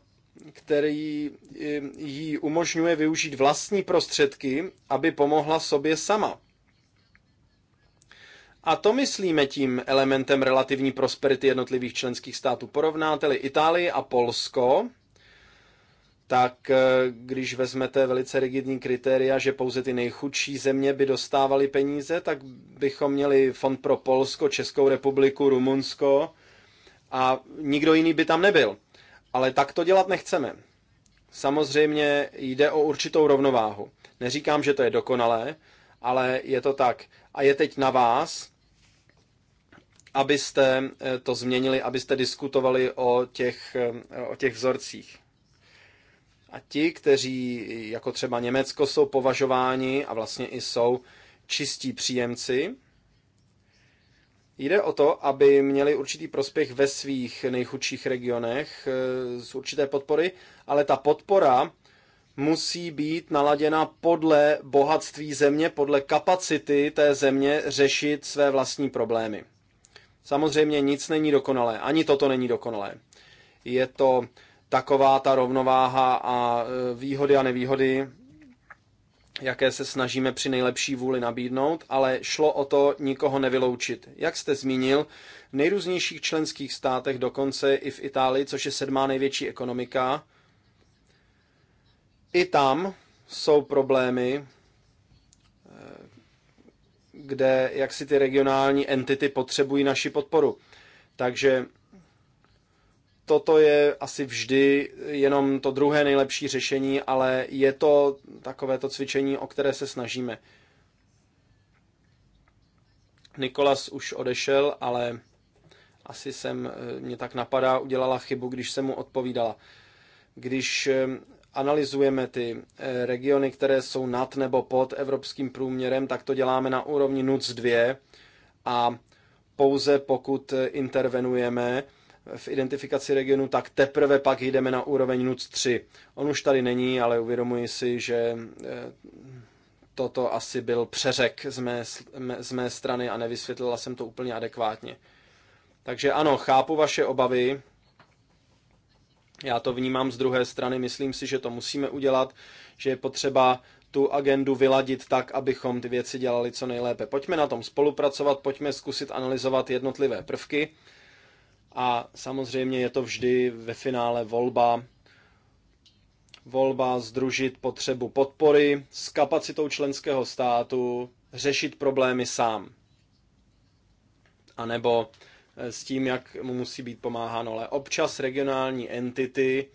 který eh, jí umožňuje využít vlastní prostředky, aby pomohla sobě sama. A to myslíme tím elementem relativní prosperity jednotlivých členských států. Porovnáte-li Itálii a Polsko, tak eh, když vezmete velice rigidní kritéria, že pouze ty nejchudší země by dostávaly peníze, tak bychom měli fond pro Polsko, Českou republiku, Rumunsko a nikdo jiný by tam nebyl. Ale tak to dělat nechceme. Samozřejmě jde o určitou rovnováhu. Neříkám, že to je dokonalé, ale je to tak. A je teď na vás, abyste eh, to změnili, abyste diskutovali o těch, eh, o těch vzorcích. A ti, kteří jako třeba Německo jsou považováni a vlastně i jsou čistí příjemci, Jde o to, aby měli určitý prospěch ve svých nejchudších regionech eh, z určité podpory, ale ta podpora musí být naladěna podle bohatství země, podle kapacity té země řešit své vlastní problémy. Samozřejmě nic není dokonalé, ani toto není dokonalé. Je to taková ta rovnováha a e, výhody a nevýhody, jaké se snažíme při nejlepší vůli nabídnout, ale šlo o to nikoho nevyloučit. Jak jste zmínil, v nejrůznějších členských státech, dokonce i v Itálii, což je sedmá největší ekonomika, i tam jsou problémy, e, kde jak si ty regionální entity potřebují naši podporu. Takže toto je asi vždy jenom to druhé nejlepší řešení, ale je to takové to cvičení, o které se snažíme. Nikolas už odešel, ale asi jsem, eh, mě tak napadá, udělala chybu, když jsem mu odpovídala. Když eh, analyzujeme ty eh, regiony, které jsou nad nebo pod evropským průměrem, tak to děláme na úrovni NUC 2 a pouze pokud intervenujeme, v identifikaci regionu, tak teprve pak jdeme na úroveň NUC 3. On už tady není, ale uvědomuji si, že eh, toto asi byl přeřek z mé, z mé strany a nevysvětlila jsem to úplně adekvátně. Takže ano, chápu vaše obavy. Já to vnímám z druhé strany. Myslím si, že to musíme udělat, že je potřeba tu agendu vyladit tak, abychom ty věci dělali co nejlépe. Pojďme na tom spolupracovat, pojďme zkusit analyzovat jednotlivé prvky a samozřejmě je to vždy ve finále volba, volba združit potřebu podpory s kapacitou členského státu, řešit problémy sám. A nebo eh, s tím, jak mu musí být pomáháno. Ale občas regionální entity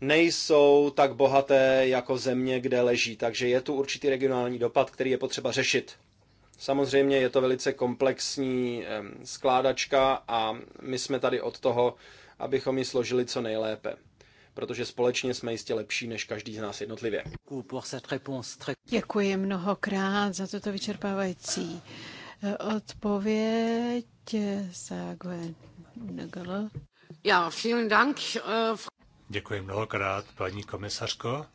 nejsou tak bohaté jako země, kde leží. Takže je tu určitý regionální dopad, který je potřeba řešit. Samozřejmě je to velice komplexní skládačka a my jsme tady od toho, abychom ji složili co nejlépe protože společně jsme jistě lepší než každý z nás jednotlivě. Děkuji mnohokrát za toto vyčerpávající e, odpověď. E, Já, vielen Dank. E, Děkuji mnohokrát, paní komisařko.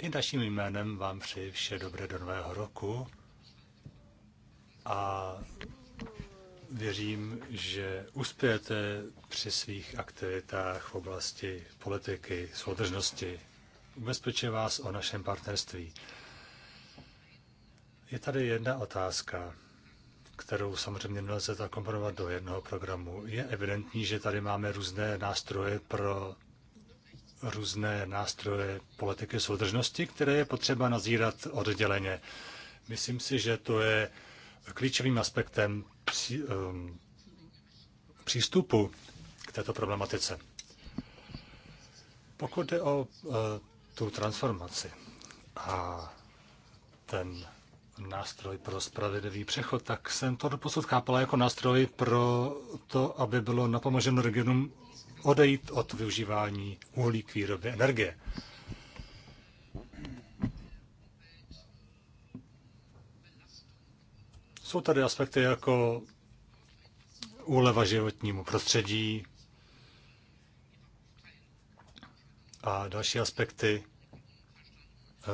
I naším jménem vám přeji vše dobré do nového roku a věřím, že uspějete při svých aktivitách v oblasti politiky, soudržnosti. Ubezpečuji vás o našem partnerství. Je tady jedna otázka, kterou samozřejmě nelze zakomponovat do jednoho programu. Je evidentní, že tady máme různé nástroje pro různé nástroje politiky soudržnosti, které je potřeba nazírat odděleně. Myslím si, že to je klíčovým aspektem při, um, přístupu k této problematice. Pokud jde o uh, tu transformaci a ten nástroj pro spravedlivý přechod, tak jsem to doposud chápala jako nástroj pro to, aby bylo napomoženo regionům odejít od využívání uhlí k výrobě energie. Jsou tady aspekty jako úleva životnímu prostředí a další aspekty,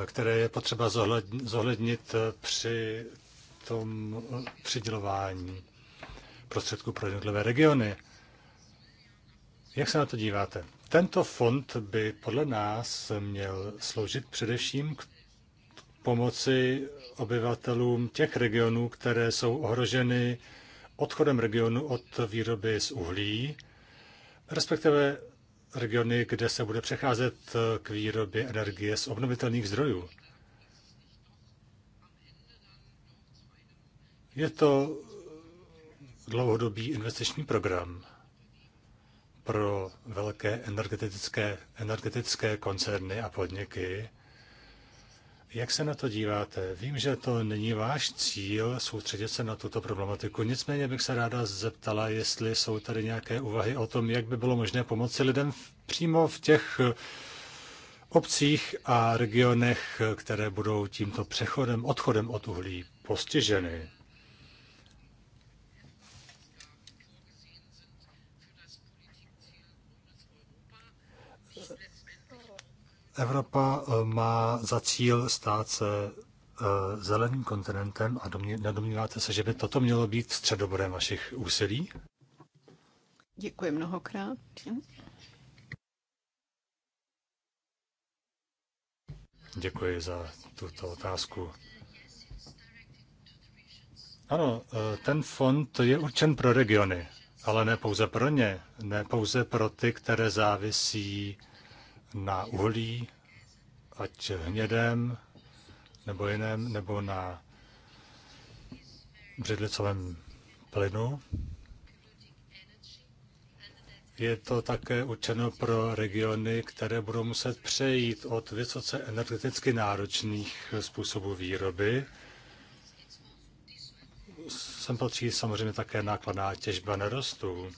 které je potřeba zohlednit při tom přidělování prostředků pro jednotlivé regiony. Jak se na to díváte? Tento fond by podle nás měl sloužit především k pomoci obyvatelům těch regionů, které jsou ohroženy odchodem regionu od výroby z uhlí, respektive regiony, kde se bude přecházet k výrobě energie z obnovitelných zdrojů. Je to dlouhodobý investiční program pro velké energetické, energetické koncerny a podniky. Jak se na to díváte? Vím, že to není váš cíl soustředit se na tuto problematiku, nicméně bych se ráda zeptala, jestli jsou tady nějaké úvahy o tom, jak by bylo možné pomoci lidem v, přímo v těch eh, obcích a regionech, eh, které budou tímto přechodem, odchodem od uhlí postiženy. Evropa eh, má za cíl stát se eh, zeleným kontinentem a nedomníváte se, že by toto mělo být středobodem vašich úsilí? Děkuji mnohokrát. Děkuji za tuto otázku. Ano, eh, ten fond je určen pro regiony, ale ne pouze pro ně, ne pouze pro ty, které závisí na uhlí, ať hnědém nebo jiném, nebo na břidlicovém plynu. Je to také určeno pro regiony, které budou muset přejít od vysoce energeticky náročných způsobů výroby. Sem patří samozřejmě také nákladná těžba nerostů.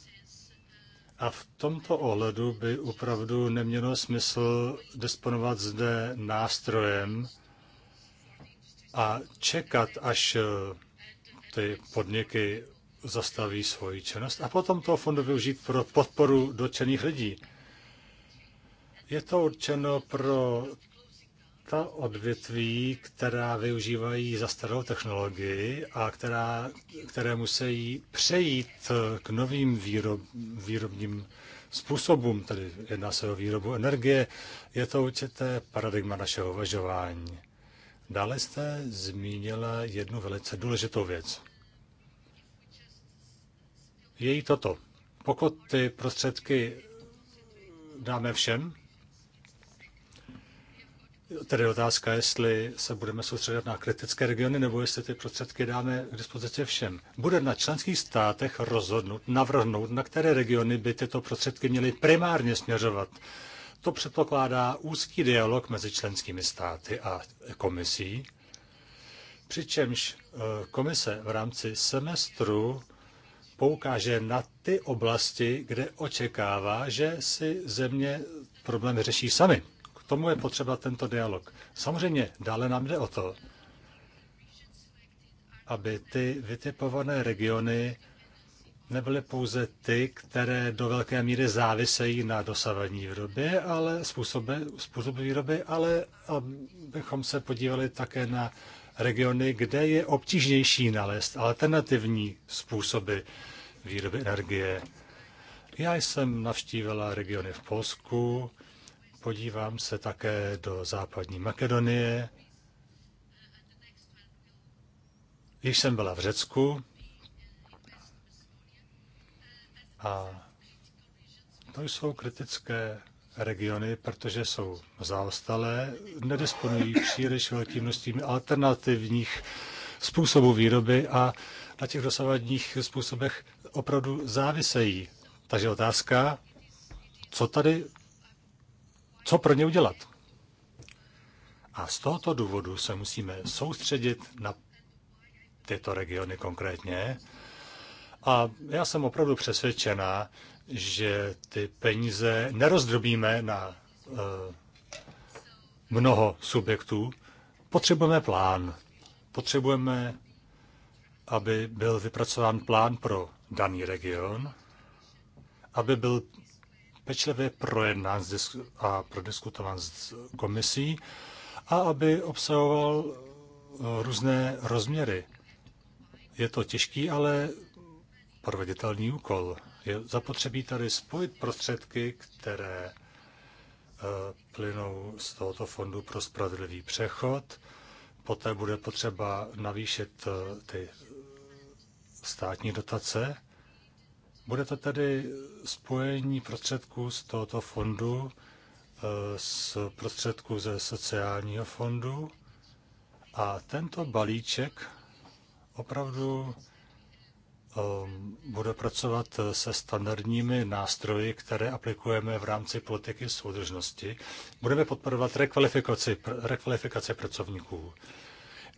A v tomto ohledu by opravdu nemělo smysl disponovat zde nástrojem a čekat, až eh, ty podniky zastaví svoji činnost a potom toho fondu využít pro podporu dotčených lidí. Je to určeno pro ta odvětví, která využívají za starou technologii a která, které musí přejít k novým výrob, výrobním způsobům, tedy jedná se o výrobu energie, je to určité paradigma našeho uvažování. Dále jste zmínila jednu velice důležitou věc. Její toto. Pokud ty prostředky dáme všem, Tedy otázka, jestli se budeme soustředit na kritické regiony, nebo jestli ty prostředky dáme k dispozici všem. Bude na členských státech rozhodnout, navrhnout, na které regiony by tyto prostředky měly primárně směřovat. To předpokládá úzký dialog mezi členskými státy a komisí, přičemž eh, komise v rámci semestru poukáže na ty oblasti, kde očekává, že si země problém řeší sami tomu je potřeba tento dialog. Samozřejmě dále nám jde o to, aby ty vytipované regiony nebyly pouze ty, které do velké míry závisejí na dosavadní výrobě, ale způsobe, způsoby výroby, ale abychom se podívali také na regiony, kde je obtížnější nalézt alternativní způsoby výroby energie. Já jsem navštívila regiony v Polsku, Podívám se také do západní Makedonie. Když jsem byla v Řecku a to jsou kritické regiony, protože jsou zaostalé, nedisponují příliš velkým množstvím alternativních způsobů výroby a na těch dosavadních způsobech opravdu závisejí. Takže otázka, co tady co pro ně udělat. A z tohoto důvodu se musíme soustředit na tyto regiony konkrétně. A já jsem opravdu přesvědčená, že ty peníze nerozdrobíme na uh, mnoho subjektů. Potřebujeme plán. Potřebujeme, aby byl vypracován plán pro daný region, aby byl pečlivě projednán a prodiskutován s komisí a aby obsahoval eh, různé rozměry. Je to těžký, ale proveditelný úkol. Je zapotřebí tady spojit prostředky, které eh, plynou z tohoto fondu pro spravedlivý přechod. Poté bude potřeba navýšit eh, ty státní dotace bude to tedy spojení prostředků z tohoto fondu s eh, prostředků ze sociálního fondu a tento balíček opravdu eh, bude pracovat se standardními nástroji, které aplikujeme v rámci politiky soudržnosti. Budeme podporovat rekvalifikaci, rekvalifikaci pracovníků,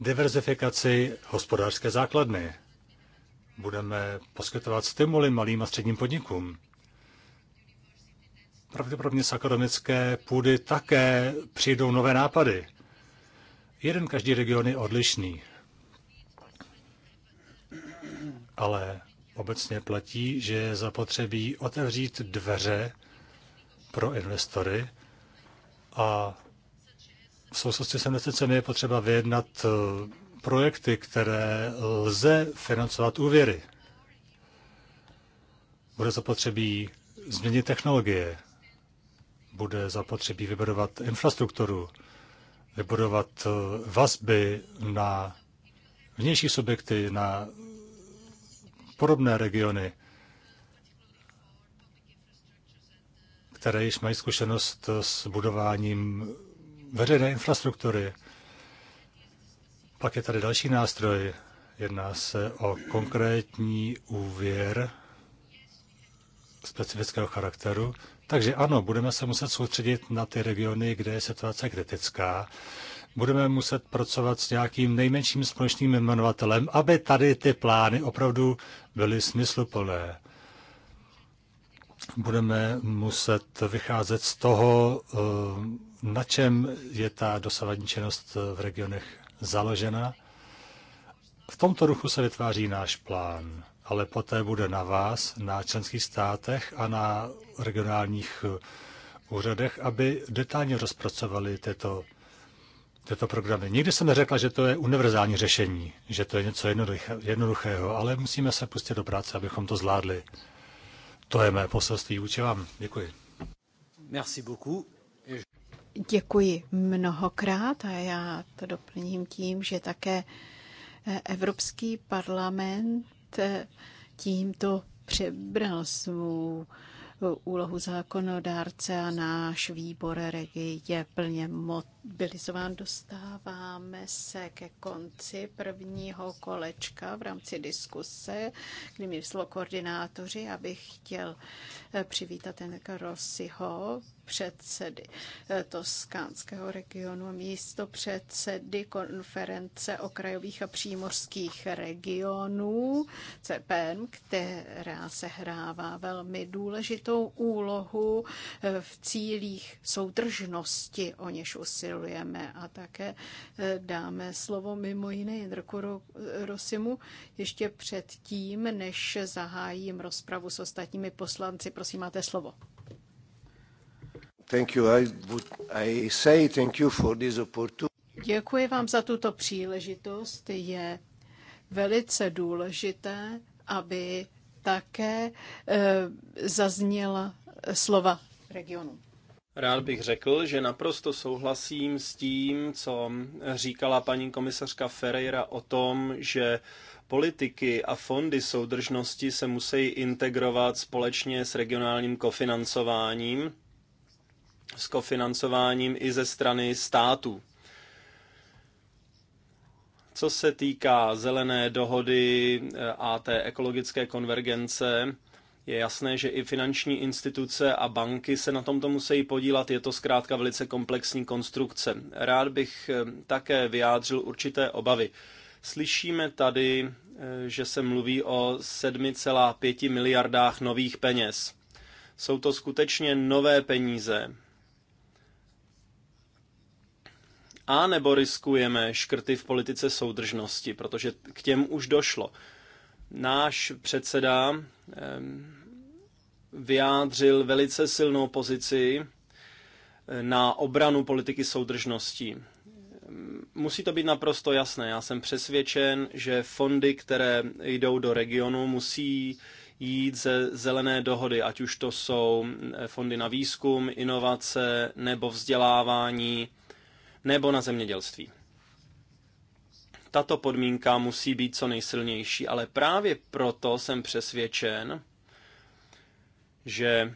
diverzifikaci hospodářské základny, budeme poskytovat stimuly malým a středním podnikům. Pravděpodobně z akademické půdy také přijdou nové nápady. Jeden každý region je odlišný. Ale obecně platí, že je zapotřebí otevřít dveře pro investory a v souvislosti s investicemi je potřeba vyjednat eh, projekty, které lze financovat úvěry. Bude zapotřebí změnit technologie, bude zapotřebí vybudovat infrastrukturu, vybudovat eh, vazby na vnější subjekty, na podobné regiony, které již mají zkušenost s budováním veřejné infrastruktury. Pak je tady další nástroj. Jedná se o konkrétní úvěr specifického charakteru. Takže ano, budeme se muset soustředit na ty regiony, kde je situace kritická. Budeme muset pracovat s nějakým nejmenším společným jmenovatelem, aby tady ty plány opravdu byly smysluplné. Budeme muset vycházet z toho, eh, na čem je ta dosavadní činnost v regionech založena. V tomto ruchu se vytváří náš plán, ale poté bude na vás, na členských státech a na regionálních eh, úřadech, aby detailně rozpracovali tyto, tyto programy. Nikdy jsem neřekla, že to je univerzální řešení, že to je něco jednoduchého, ale musíme se pustit do práce, abychom to zvládli. To je mé poselství vůči vám. Děkuji. Merci beaucoup. Děkuji mnohokrát a já to doplním tím, že také eh, Evropský parlament eh, tímto přebral svou eh, úlohu zákonodárce a náš výbor regi je plně mot Bilizován dostáváme se ke konci prvního kolečka v rámci diskuse, kdy mi vyslo koordinátoři, abych chtěl eh, přivítat ten Rossiho, předsedy eh, Toskánského regionu a místo předsedy konference okrajových a přímořských regionů CPN, která sehrává velmi důležitou úlohu eh, v cílích soudržnosti, o něž usiluje kontrolujeme a také eh, dáme slovo mimo jiné Jindrku eh, Rosimu ještě předtím, než zahájím rozpravu s ostatními poslanci. Prosím, máte slovo. Thank you. I would, I say thank you for this opportunity. Děkuji vám za tuto příležitost. Je velice důležité, aby také eh, zazněla slova regionu. Rád bych řekl, že naprosto souhlasím s tím, co říkala paní komisařka Ferreira o tom, že politiky a fondy soudržnosti se musí integrovat společně s regionálním kofinancováním, s kofinancováním i ze strany států. Co se týká zelené dohody a té ekologické konvergence, je jasné, že i finanční instituce a banky se na tomto musí podílat. Je to zkrátka velice komplexní konstrukce. Rád bych eh, také vyjádřil určité obavy. Slyšíme tady, eh, že se mluví o 7,5 miliardách nových peněz. Jsou to skutečně nové peníze. A nebo riskujeme škrty v politice soudržnosti, protože k těm už došlo. Náš předseda, eh, vyjádřil velice silnou pozici eh, na obranu politiky soudržnosti. Musí to být naprosto jasné. Já jsem přesvědčen, že fondy, které jdou do regionu, musí jít ze zelené dohody, ať už to jsou eh, fondy na výzkum, inovace nebo vzdělávání nebo na zemědělství. Tato podmínka musí být co nejsilnější, ale právě proto jsem přesvědčen, že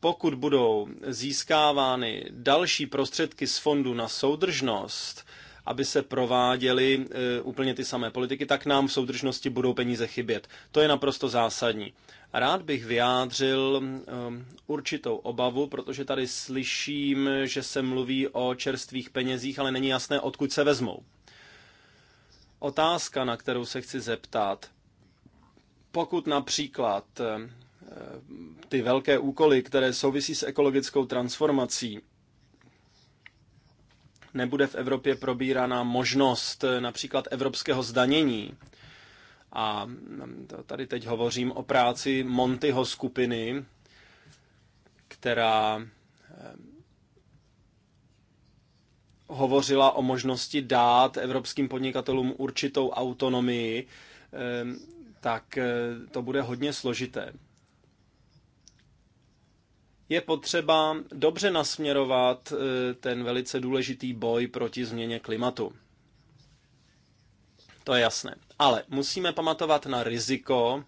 pokud budou získávány další prostředky z fondu na soudržnost, aby se prováděly e, úplně ty samé politiky, tak nám v soudržnosti budou peníze chybět. To je naprosto zásadní. Rád bych vyjádřil e, určitou obavu, protože tady slyším, že se mluví o čerstvých penězích, ale není jasné, odkud se vezmou. Otázka, na kterou se chci zeptat. Pokud například e, ty velké úkoly, které souvisí s ekologickou transformací, nebude v Evropě probírána možnost eh, například evropského zdanění. A mm, tady teď hovořím o práci Montyho skupiny, která eh, hovořila o možnosti dát evropským podnikatelům určitou autonomii, eh, tak to bude hodně složité je potřeba dobře nasměrovat eh, ten velice důležitý boj proti změně klimatu. To je jasné. Ale musíme pamatovat na riziko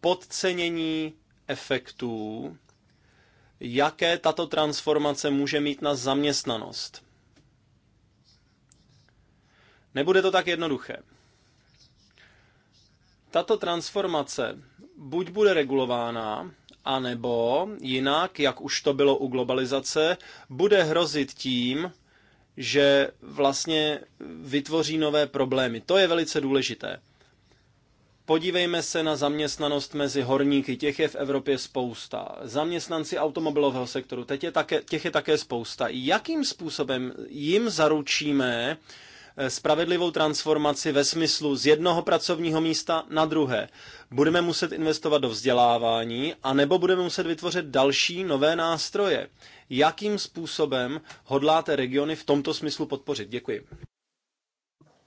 podcenění efektů, jaké tato transformace může mít na zaměstnanost. Nebude to tak jednoduché. Tato transformace buď bude regulována, a nebo jinak, jak už to bylo u globalizace, bude hrozit tím, že vlastně vytvoří nové problémy. To je velice důležité. Podívejme se na zaměstnanost mezi horníky, těch je v Evropě spousta. Zaměstnanci automobilového sektoru, teď je také, těch je také spousta. Jakým způsobem jim zaručíme, Eh, spravedlivou transformaci ve smyslu z jednoho pracovního místa na druhé. Budeme muset investovat do vzdělávání, anebo budeme muset vytvořit další nové nástroje. Jakým způsobem hodláte regiony v tomto smyslu podpořit? Děkuji.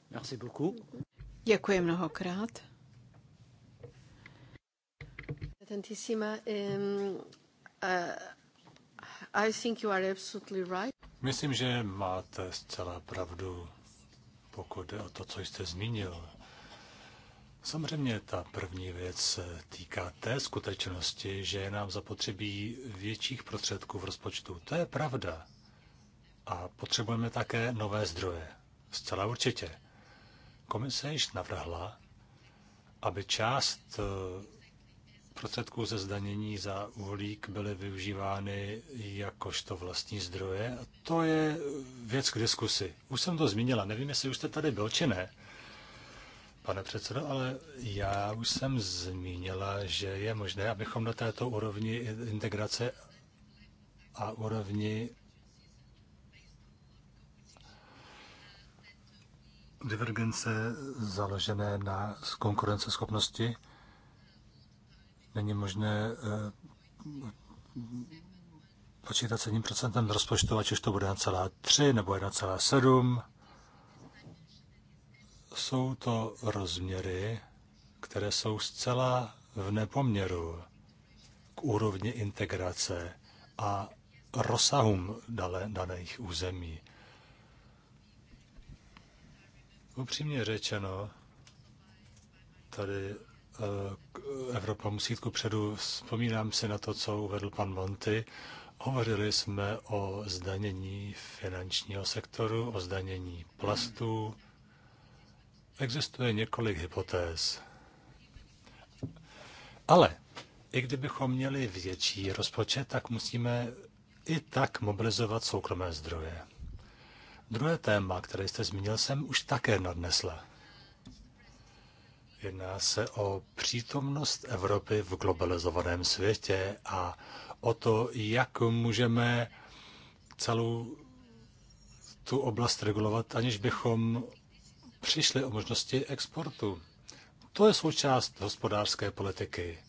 Merci beaucoup. Děkuji mnohokrát. Tantissima, eh, I think you are absolutely right. Myslím, že máte zcela pravdu pokud jde o to, co jste zmínil. Samozřejmě ta první věc týká té skutečnosti, že je nám zapotřebí větších prostředků v rozpočtu. To je pravda. A potřebujeme také nové zdroje. Zcela určitě. Komise již navrhla, aby část eh, prostředků ze zdanění za uhlík byly využívány jakožto vlastní zdroje. A to je věc k diskusi. Už jsem to zmínila, nevím, jestli už jste tady byl či ne, pane předsedo, ale já už jsem zmínila, že je možné, abychom na této úrovni integrace a úrovni divergence založené na konkurenceschopnosti není možné eh, počítat s jedním procentem rozpočtu, ať už to bude 1,3 nebo 1,7. Jsou to rozměry, které jsou zcela v nepoměru k úrovni integrace a rozsahům daných území. Upřímně řečeno, tady eh, Evropa musí jít kupředu. Vzpomínám si na to, co uvedl pan Monty. Hovořili jsme o zdanění finančního sektoru, o zdanění plastů. Existuje několik hypotéz. Ale i kdybychom měli větší rozpočet, tak musíme i tak mobilizovat soukromé zdroje. Druhé téma, které jste zmínil, jsem už také nadnesla. Jedná se o přítomnost Evropy v globalizovaném světě a o to, jak můžeme celou tu oblast regulovat, aniž bychom přišli o možnosti exportu. To je součást hospodářské politiky.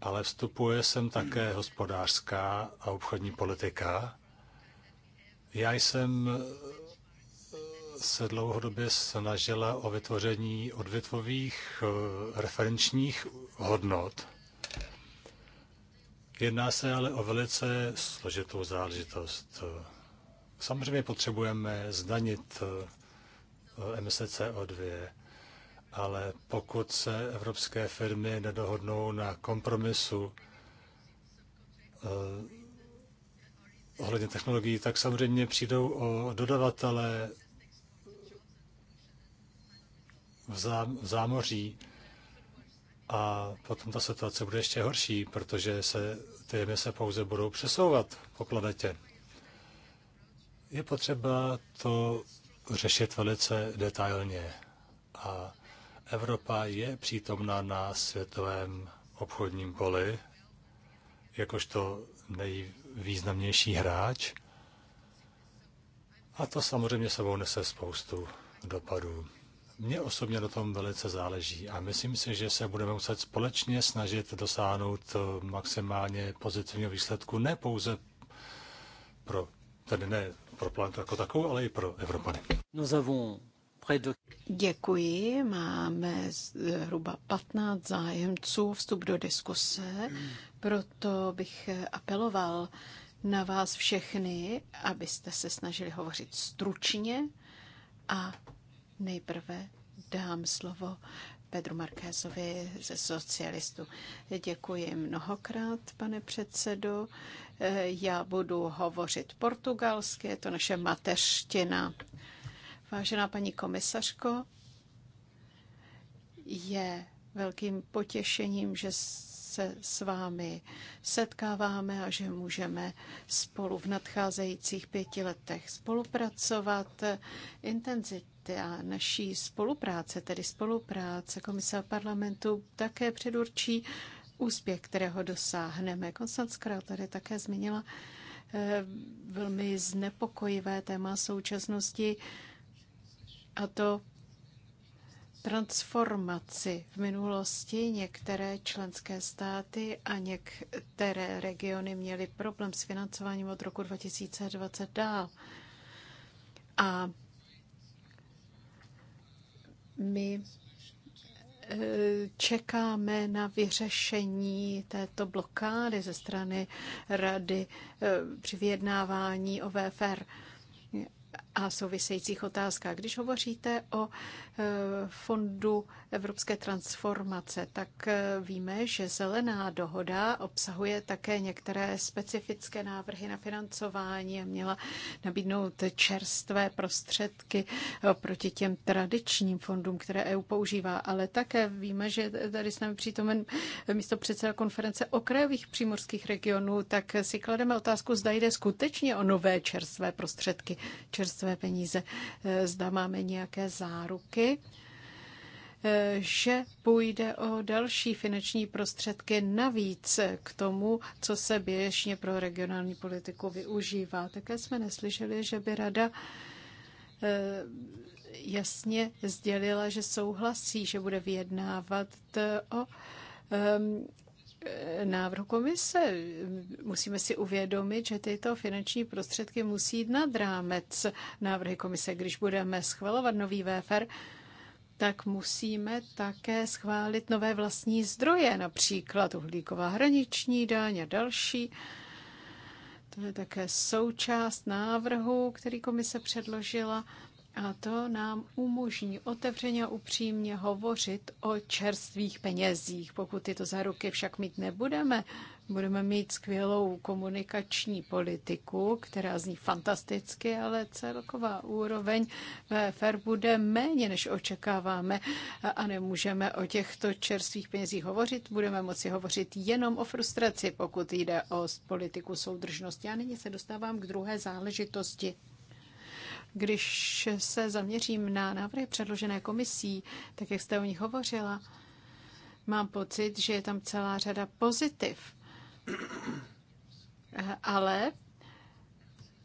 Ale vstupuje sem také hospodářská a obchodní politika. Já jsem se dlouhodobě snažila o vytvoření odvětvových eh, referenčních hodnot. Jedná se ale o velice složitou záležitost. Samozřejmě potřebujeme zdanit eh, emise CO2, ale pokud se evropské firmy nedohodnou na kompromisu eh, ohledně technologií, tak samozřejmě přijdou o dodavatele v zámoří. A potom ta situace bude ještě horší, protože se ty jemy se pouze budou přesouvat po planetě. Je potřeba to řešit velice detailně. A Evropa je přítomna na světovém obchodním poli, jakožto nejvýznamnější hráč. A to samozřejmě sebou nese spoustu dopadů. Mně osobně na tom velice záleží a myslím si, že se budeme muset společně snažit dosáhnout eh, maximálně pozitivního výsledku, ne pouze pro, tedy ne pro planetu jako takovou, ale i pro Evropany. Děkuji, máme zhruba 15 zájemců vstup do diskuse, proto bych eh, apeloval na vás všechny, abyste se snažili hovořit stručně a Nejprve dám slovo Pedru Markézovi ze socialistu. Děkuji mnohokrát, pane předsedo. Já budu hovořit portugalsky, je to naše mateřština. Vážená paní komisařko, je velkým potěšením, že se s vámi setkáváme a že můžeme spolu v nadcházejících pěti letech spolupracovat. a naší spolupráce, tedy spolupráce Komise a parlamentu, také předurčí úspěch, kterého dosáhneme. Konstant Král tady také zmínila eh, velmi znepokojivé téma současnosti a to transformaci. V minulosti některé členské státy a některé regiony měly problém s financováním od roku 2020 dál. A my eh, čekáme na vyřešení této blokády ze strany rady eh, při vyjednávání o VFR a souvisejících otázkách. Když hovoříte o Fondu Evropské transformace, tak eh, víme, že zelená dohoda obsahuje také některé specifické návrhy na financování a měla nabídnout čerstvé prostředky eh, proti těm tradičním fondům, které EU používá. Ale také víme, že tady s námi přítomen místo předseda konference okrajových přímorských regionů, tak si klademe otázku, zda jde skutečně o nové čerstvé prostředky, čerstvé peníze, eh, zda máme nějaké záruky že půjde o další finanční prostředky navíc k tomu, co se běžně pro regionální politiku využívá. Také jsme neslyšeli, že by rada eh, jasně sdělila, že souhlasí, že bude vyjednávat o ehm, eh, návrhu komise. Musíme si uvědomit, že tyto finanční prostředky musí jít nad rámec návrhy komise. Když budeme schvalovat nový VFR, tak musíme také schválit nové vlastní zdroje, například uhlíková hraniční daň a další. To je také součást návrhu, který komise předložila. A to nám umožní otevřeně a upřímně hovořit o čerstvých penězích. Pokud tyto záruky však mít nebudeme, budeme mít skvělou komunikační politiku, která zní fantasticky, ale celková úroveň VFR bude méně, než očekáváme a nemůžeme o těchto čerstvých penězích hovořit. Budeme moci hovořit jenom o frustraci, pokud jde o politiku soudržnosti. Já nyní se dostávám k druhé záležitosti. Když se zaměřím na návrhy předložené komisí, tak jak jste o nich hovořila, mám pocit, že je tam celá řada pozitiv Eh, ale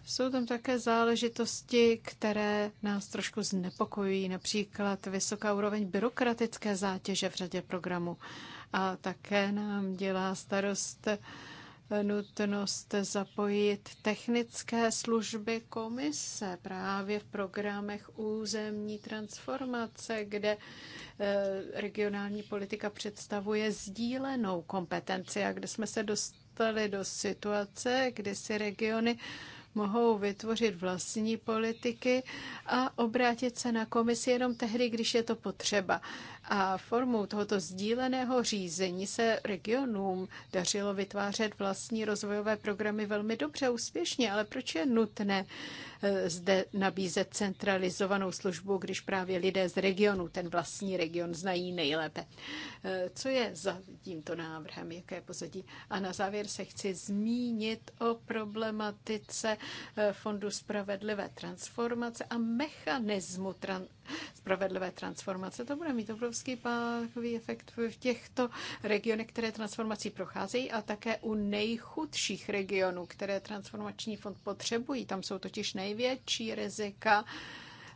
jsou tam také záležitosti, které nás trošku znepokojují, například vysoká úroveň byrokratické zátěže v řadě programů. A také nám dělá starost nutnost zapojit technické služby komise právě v programech územní transformace, kde eh, regionální politika představuje sdílenou kompetenci a kde jsme se dostali do situace, kdy si regiony mohou vytvořit vlastní politiky a obrátit se na komisi jenom tehdy, když je to potřeba. A formou tohoto sdíleného řízení se regionům dařilo vytvářet vlastní rozvojové programy velmi dobře, úspěšně, ale proč je nutné eh, zde nabízet centralizovanou službu, když právě lidé z regionu ten vlastní region znají nejlépe? Eh, co je za tímto návrhem, jaké pozadí? A na závěr se chci zmínit o problematice eh, Fondu spravedlivé transformace a mechanismu transformace spravedlivé transformace. To bude mít obrovský pákový efekt v těchto regionech, které transformací procházejí a také u nejchudších regionů, které transformační fond potřebují. Tam jsou totiž největší rizika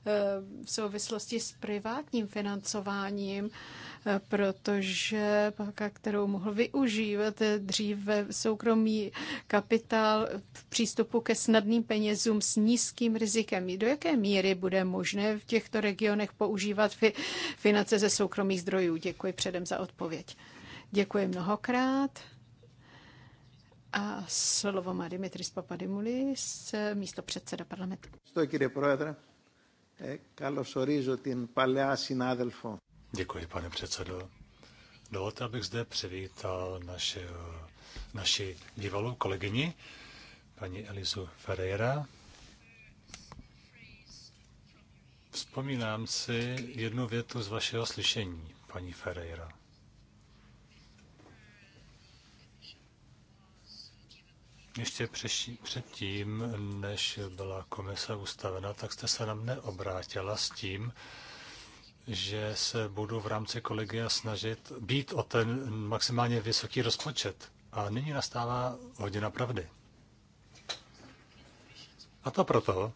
eh, v souvislosti s privátním financováním protože banka, kterou mohl využívat dříve soukromý kapitál v přístupu ke snadným penězům s nízkým rizikem. Do jaké míry bude možné v těchto regionech používat fi- finance ze soukromých zdrojů? Děkuji předem za odpověď. Děkuji mnohokrát. A slovo má Dimitris Papadimulis, místo předseda parlamentu. Stoj, kyrie Πρόεδρε. Ε, καλωσορίζω την synádelfo. Děkuji, pane předsedo. Dovolte, abych zde přivítal naši, naši bývalou kolegyni, paní Elizu Ferreira. Vzpomínám si jednu větu z vašeho slyšení, paní Ferreira. Ještě předtím, než byla komise ustavena, tak jste se na mne obrátila s tím, že se budu v rámci kolegia snažit být o ten maximálně vysoký rozpočet. A nyní nastává hodina pravdy. A to proto,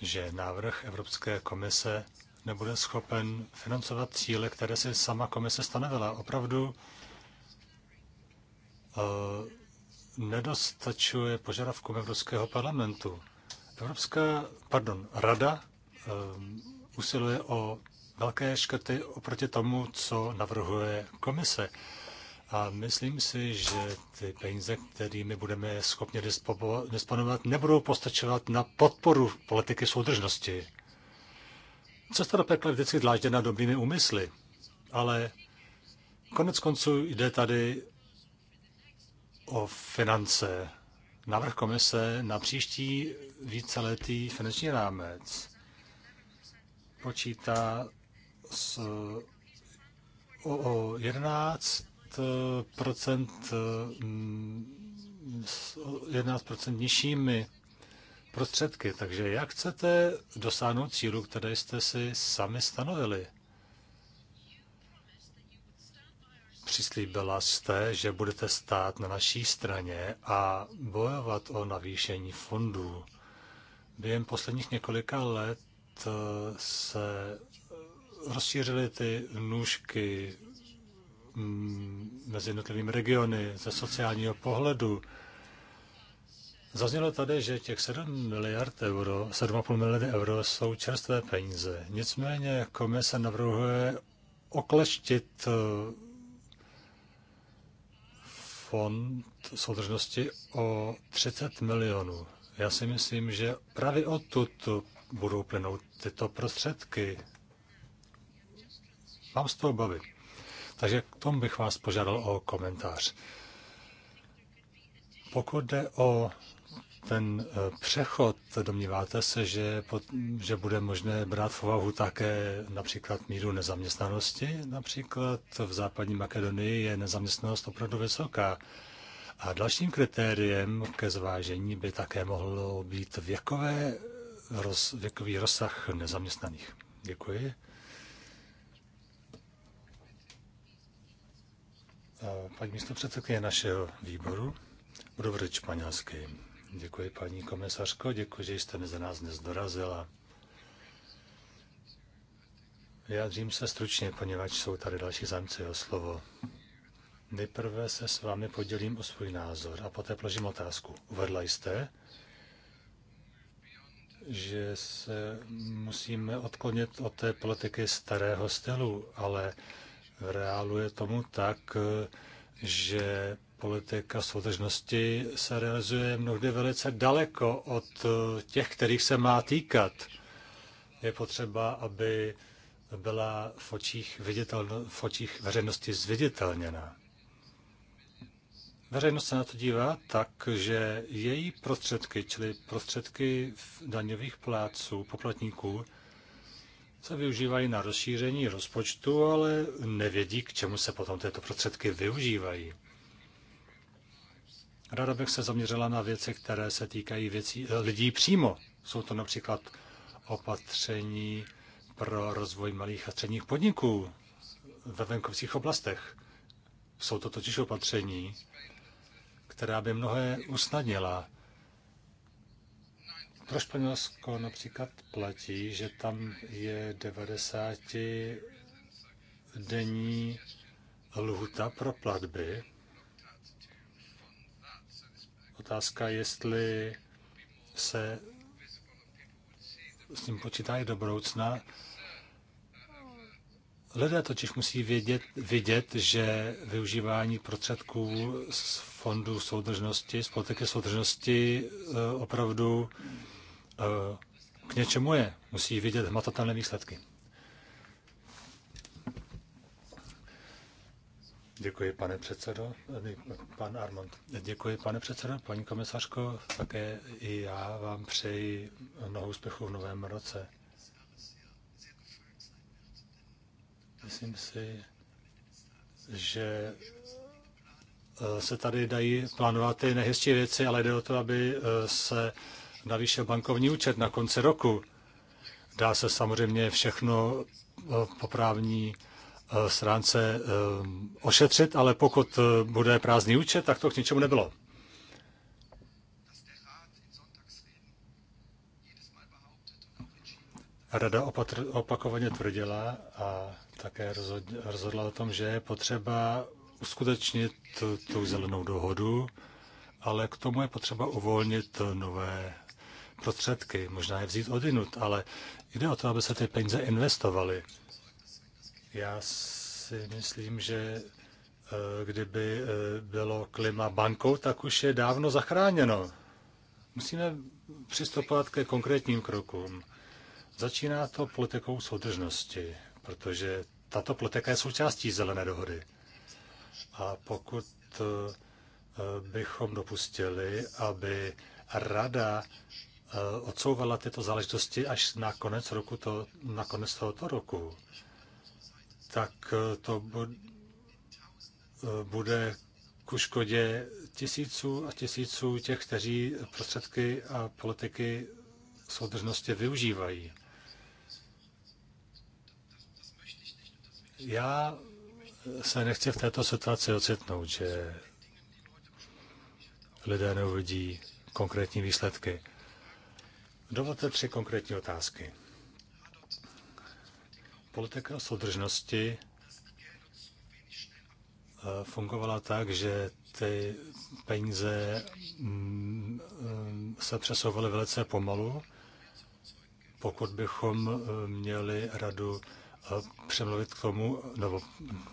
že návrh Evropské komise nebude schopen financovat cíle, které si sama komise stanovila. Opravdu uh, nedostačuje požadavkům Evropského parlamentu. Evropská, pardon, rada eh, usiluje o velké škrty oproti tomu, co navrhuje komise. A myslím si, že ty peníze, kterými budeme schopni disponovat, nebudou postačovat na podporu politiky soudržnosti. Cesta do pekla je vždycky dlážděna dobrými úmysly, ale konec konců jde tady o finance. Návrh komise na příští víceletý finanční rámec počítá s o 11 11 mm, nižšími prostředky. Takže jak chcete dosáhnout cílu, které jste si sami stanovili? Přislíbila jste, že budete stát na naší straně a bojovat o navýšení fondů. Během posledních několika let Eh, se eh, rozšířily ty nůžky mm, mezi jednotlivými regiony ze sociálního pohledu. Zaznělo tady, že těch 7 miliard euro, 7,5 miliardy euro jsou čerstvé peníze. Nicméně komise navrhuje okleštit eh, fond soudržnosti o 30 milionů. Já si myslím, že právě odtud budou plynout tyto prostředky. Mám z toho obavy. Takže k tomu bych vás požádal o komentář. Pokud jde o ten eh, přechod, domníváte se, že, pod, že bude možné brát v úvahu také například míru nezaměstnanosti? Například v západní Makedonii je nezaměstnanost opravdu vysoká. A dalším kritériem ke zvážení by také mohlo být věkové roz, věkový rozsah nezaměstnaných. Děkuji. Paní místo předsedkyně našeho výboru, budu mluvit španělsky. Děkuji, paní komisařko, děkuji, že jste mezi nás dnes dorazila. Vyjádřím se stručně, poněvadž jsou tady další zájemci o slovo. Nejprve se s vámi podělím o svůj názor a poté položím otázku. Uvedla jste, že se musíme odklonit od té politiky starého stylu, ale v reálu je tomu tak, že politika soudržnosti se realizuje mnohdy velice daleko od těch, kterých se má týkat. Je potřeba, aby byla v očích, v očích veřejnosti zviditelněná. Veřejnost se na to dívá tak, že její prostředky, čili prostředky daňových pláců, poplatníků, se využívají na rozšíření rozpočtu, ale nevědí, k čemu se potom tyto prostředky využívají. Ráda bych se zaměřila na věci, které se týkají věcí, eh, lidí přímo. Jsou to například opatření pro rozvoj malých a středních podniků ve venkovských oblastech. Jsou to totiž opatření, která by mnohé usnadnila. Pro Španělsko například platí, že tam je 90 denní lhuta pro platby. Otázka, jestli se s tím počítá i do budoucna. Lidé totiž musí vědět, vidět, že využívání prostředků z fondu soudržnosti, z politiky soudržnosti e, opravdu e, k něčemu je. Musí vidět hmatatelné výsledky. Děkuji, pane předsedo. Pan Armand. Děkuji, pane předsedo. Paní komisařko, také i já vám přeji mnoho úspěchů v novém roce. Myslím si, že eh, se tady dají plánovat ty nehezčí věci, ale jde o to, aby eh, se navýšil bankovní účet na konci roku. Dá se samozřejmě všechno eh, po právní stránce ošetřit, ale pokud bude prázdný účet, tak to k ničemu nebylo. Rada opakovaně tvrdila a také rozhodla o tom, že je potřeba uskutečnit tu, zelenou dohodu, ale k tomu je potřeba uvolnit nové prostředky, možná je vzít odinut, ale jde o to, aby se ty peníze investovaly. Já si myslím, že eh, kdyby eh, bylo klima bankou, tak už je dávno zachráněno. Musíme přistupovat ke konkrétním krokům. Začíná to politikou soudržnosti protože tato politika je součástí zelené dohody. A pokud eh, bychom dopustili, aby rada eh, odsouvala tyto záležitosti až na konec, roku to, na konec tohoto roku, tak eh, to bude ku škodě tisíců a tisíců těch, kteří prostředky a politiky soudržnosti využívají. Já se nechci v této situaci ocitnout, že lidé neuvidí konkrétní výsledky. Dovolte tři konkrétní otázky. Politika soudržnosti eh, fungovala tak, že ty peníze mm, eh, se přesouvaly velice pomalu. Pokud bychom eh, měli radu přemluvit k tomu, nebo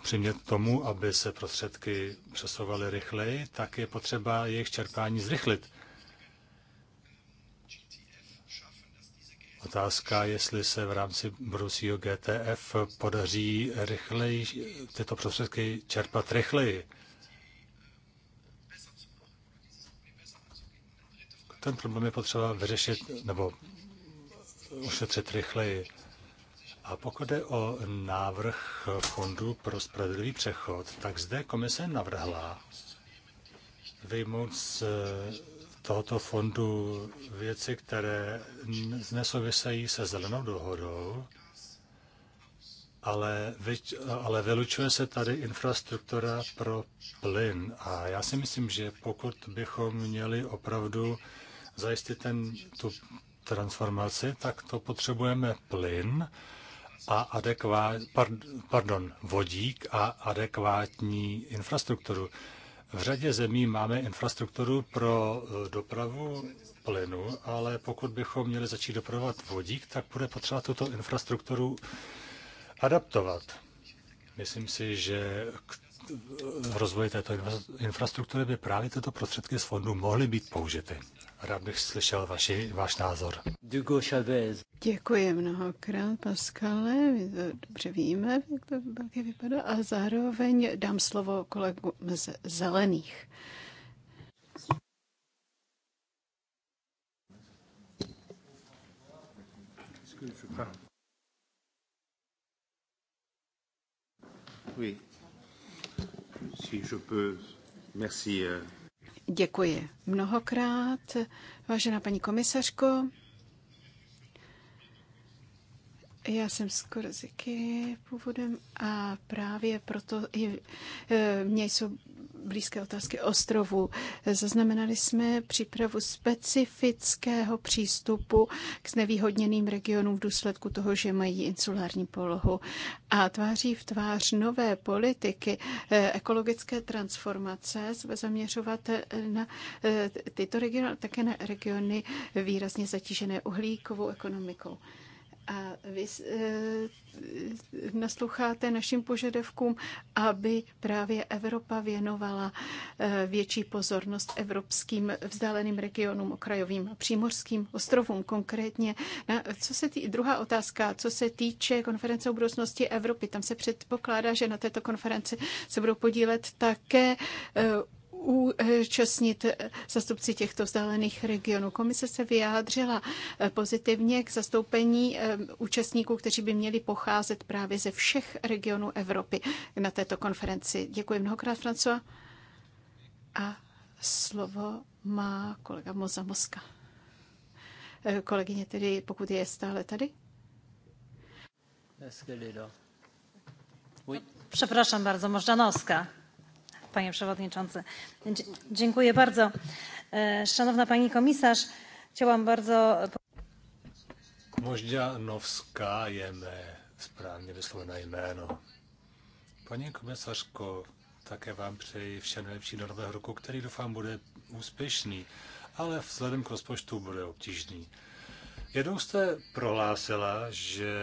přimět tomu, aby se prostředky přesouvaly rychleji, tak je potřeba jejich čerpání zrychlit. Otázka, jestli se v rámci budoucího GTF podaří rychleji tyto prostředky čerpat rychleji. Ten problém je potřeba vyřešit nebo ošetřit rychleji. A pokud jde o návrh Fondu pro spravedlivý přechod, tak zde komise navrhla vyjmout z tohoto fondu věci, které nesouvisejí se zelenou dohodou, ale, vy, ale vylučuje se tady infrastruktura pro plyn. A já si myslím, že pokud bychom měli opravdu zajistit ten, tu transformaci, tak to potřebujeme plyn, a adekvát, pardon, vodík a adekvátní infrastrukturu. V řadě zemí máme infrastrukturu pro e, dopravu plynu, ale pokud bychom měli začít dopravovat vodík, tak bude potřeba tuto infrastrukturu adaptovat. Myslím si, že k e, rozvoji této infrastruktury by právě tyto prostředky z fondu mohly být použity. Rád bych slyšel vaši, váš názor. Děkuji mnohokrát, Paskale. My to dobře víme, jak to velké vypadá. A zároveň dám slovo kolegům z Zelených. Oui. Si je peux. Merci. Euh... Děkuji mnohokrát, vážená paní komisařko. Já jsem z Korziky původem a právě proto i e, mě jsou blízké otázky ostrovů. Zaznamenali jsme přípravu specifického přístupu k znevýhodněným regionům v důsledku toho, že mají insulární polohu. A tváří v tvář nové politiky eh, ekologické transformace zaměřovat eh, na eh, tyto regiony, také na regiony výrazně zatížené uhlíkovou ekonomikou a vy e, nasloucháte našim požadavkům, aby právě Evropa věnovala e, větší pozornost evropským vzdáleným regionům, okrajovým a přímořským ostrovům konkrétně. Na, co se tý, druhá otázka, co se týče konference o budoucnosti Evropy, tam se předpokládá, že na této konferenci se budou podílet také e, účastnit zastupci těchto vzdálených regionů. Komise se vyjádřila pozitivně k zastoupení eh, účastníků, kteří by měli pocházet právě ze všech regionů Evropy na této konferenci. Děkuji mnohokrát, Francois. A slovo má kolega Moza Moska. Eh, kolegyně tedy, pokud je stále tady. Przepraszam bardzo, Możdanowska panie przewodniczący! dziękuję bardzo. E, szanowna pani komisarz chciałam bardzo. možďanovská novská mé správně vyslovené jméno. Paní komisařko, také vám přeji vše nejlepší do nového roku, který doufám bude úspěšný, ale vzhledem k rozpočtu bude obtížný. Jednou jste prohlásila, že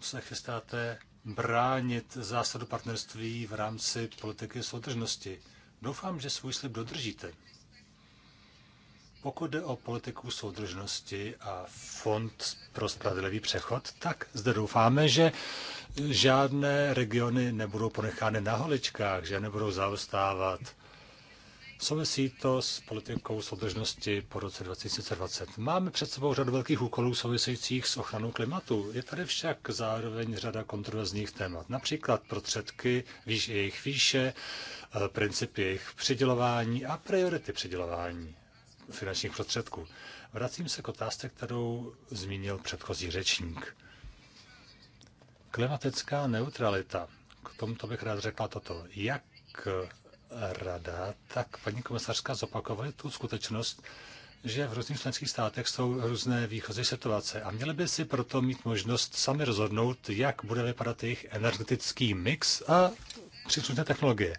se chystáte bránit zásadu partnerství v rámci politiky soudržnosti. Doufám, že svůj slib dodržíte. Pokud jde o politiku soudržnosti a fond pro spravedlivý přechod, tak zde doufáme, že žádné regiony nebudou ponechány na holičkách, že nebudou zaostávat. Souvisí to s politikou soudržnosti po roce 2020. Máme před sebou řadu velkých úkolů souvisejících s ochranou klimatu. Je tady však zároveň řada kontroverzních témat, například prostředky, výš jejich výše, eh, principy jejich přidělování a priority přidělování finančních prostředků. Vracím se k otázce, kterou zmínil předchozí řečník. Klimatická neutralita. K tomuto bych rád řekla toto. Jak eh, rada, tak paní komisařka zopakovala tu skutečnost, že v různých členských státech jsou různé výchozí situace a měli by si proto mít možnost sami rozhodnout, jak bude vypadat jejich energetický mix a příslušné technologie.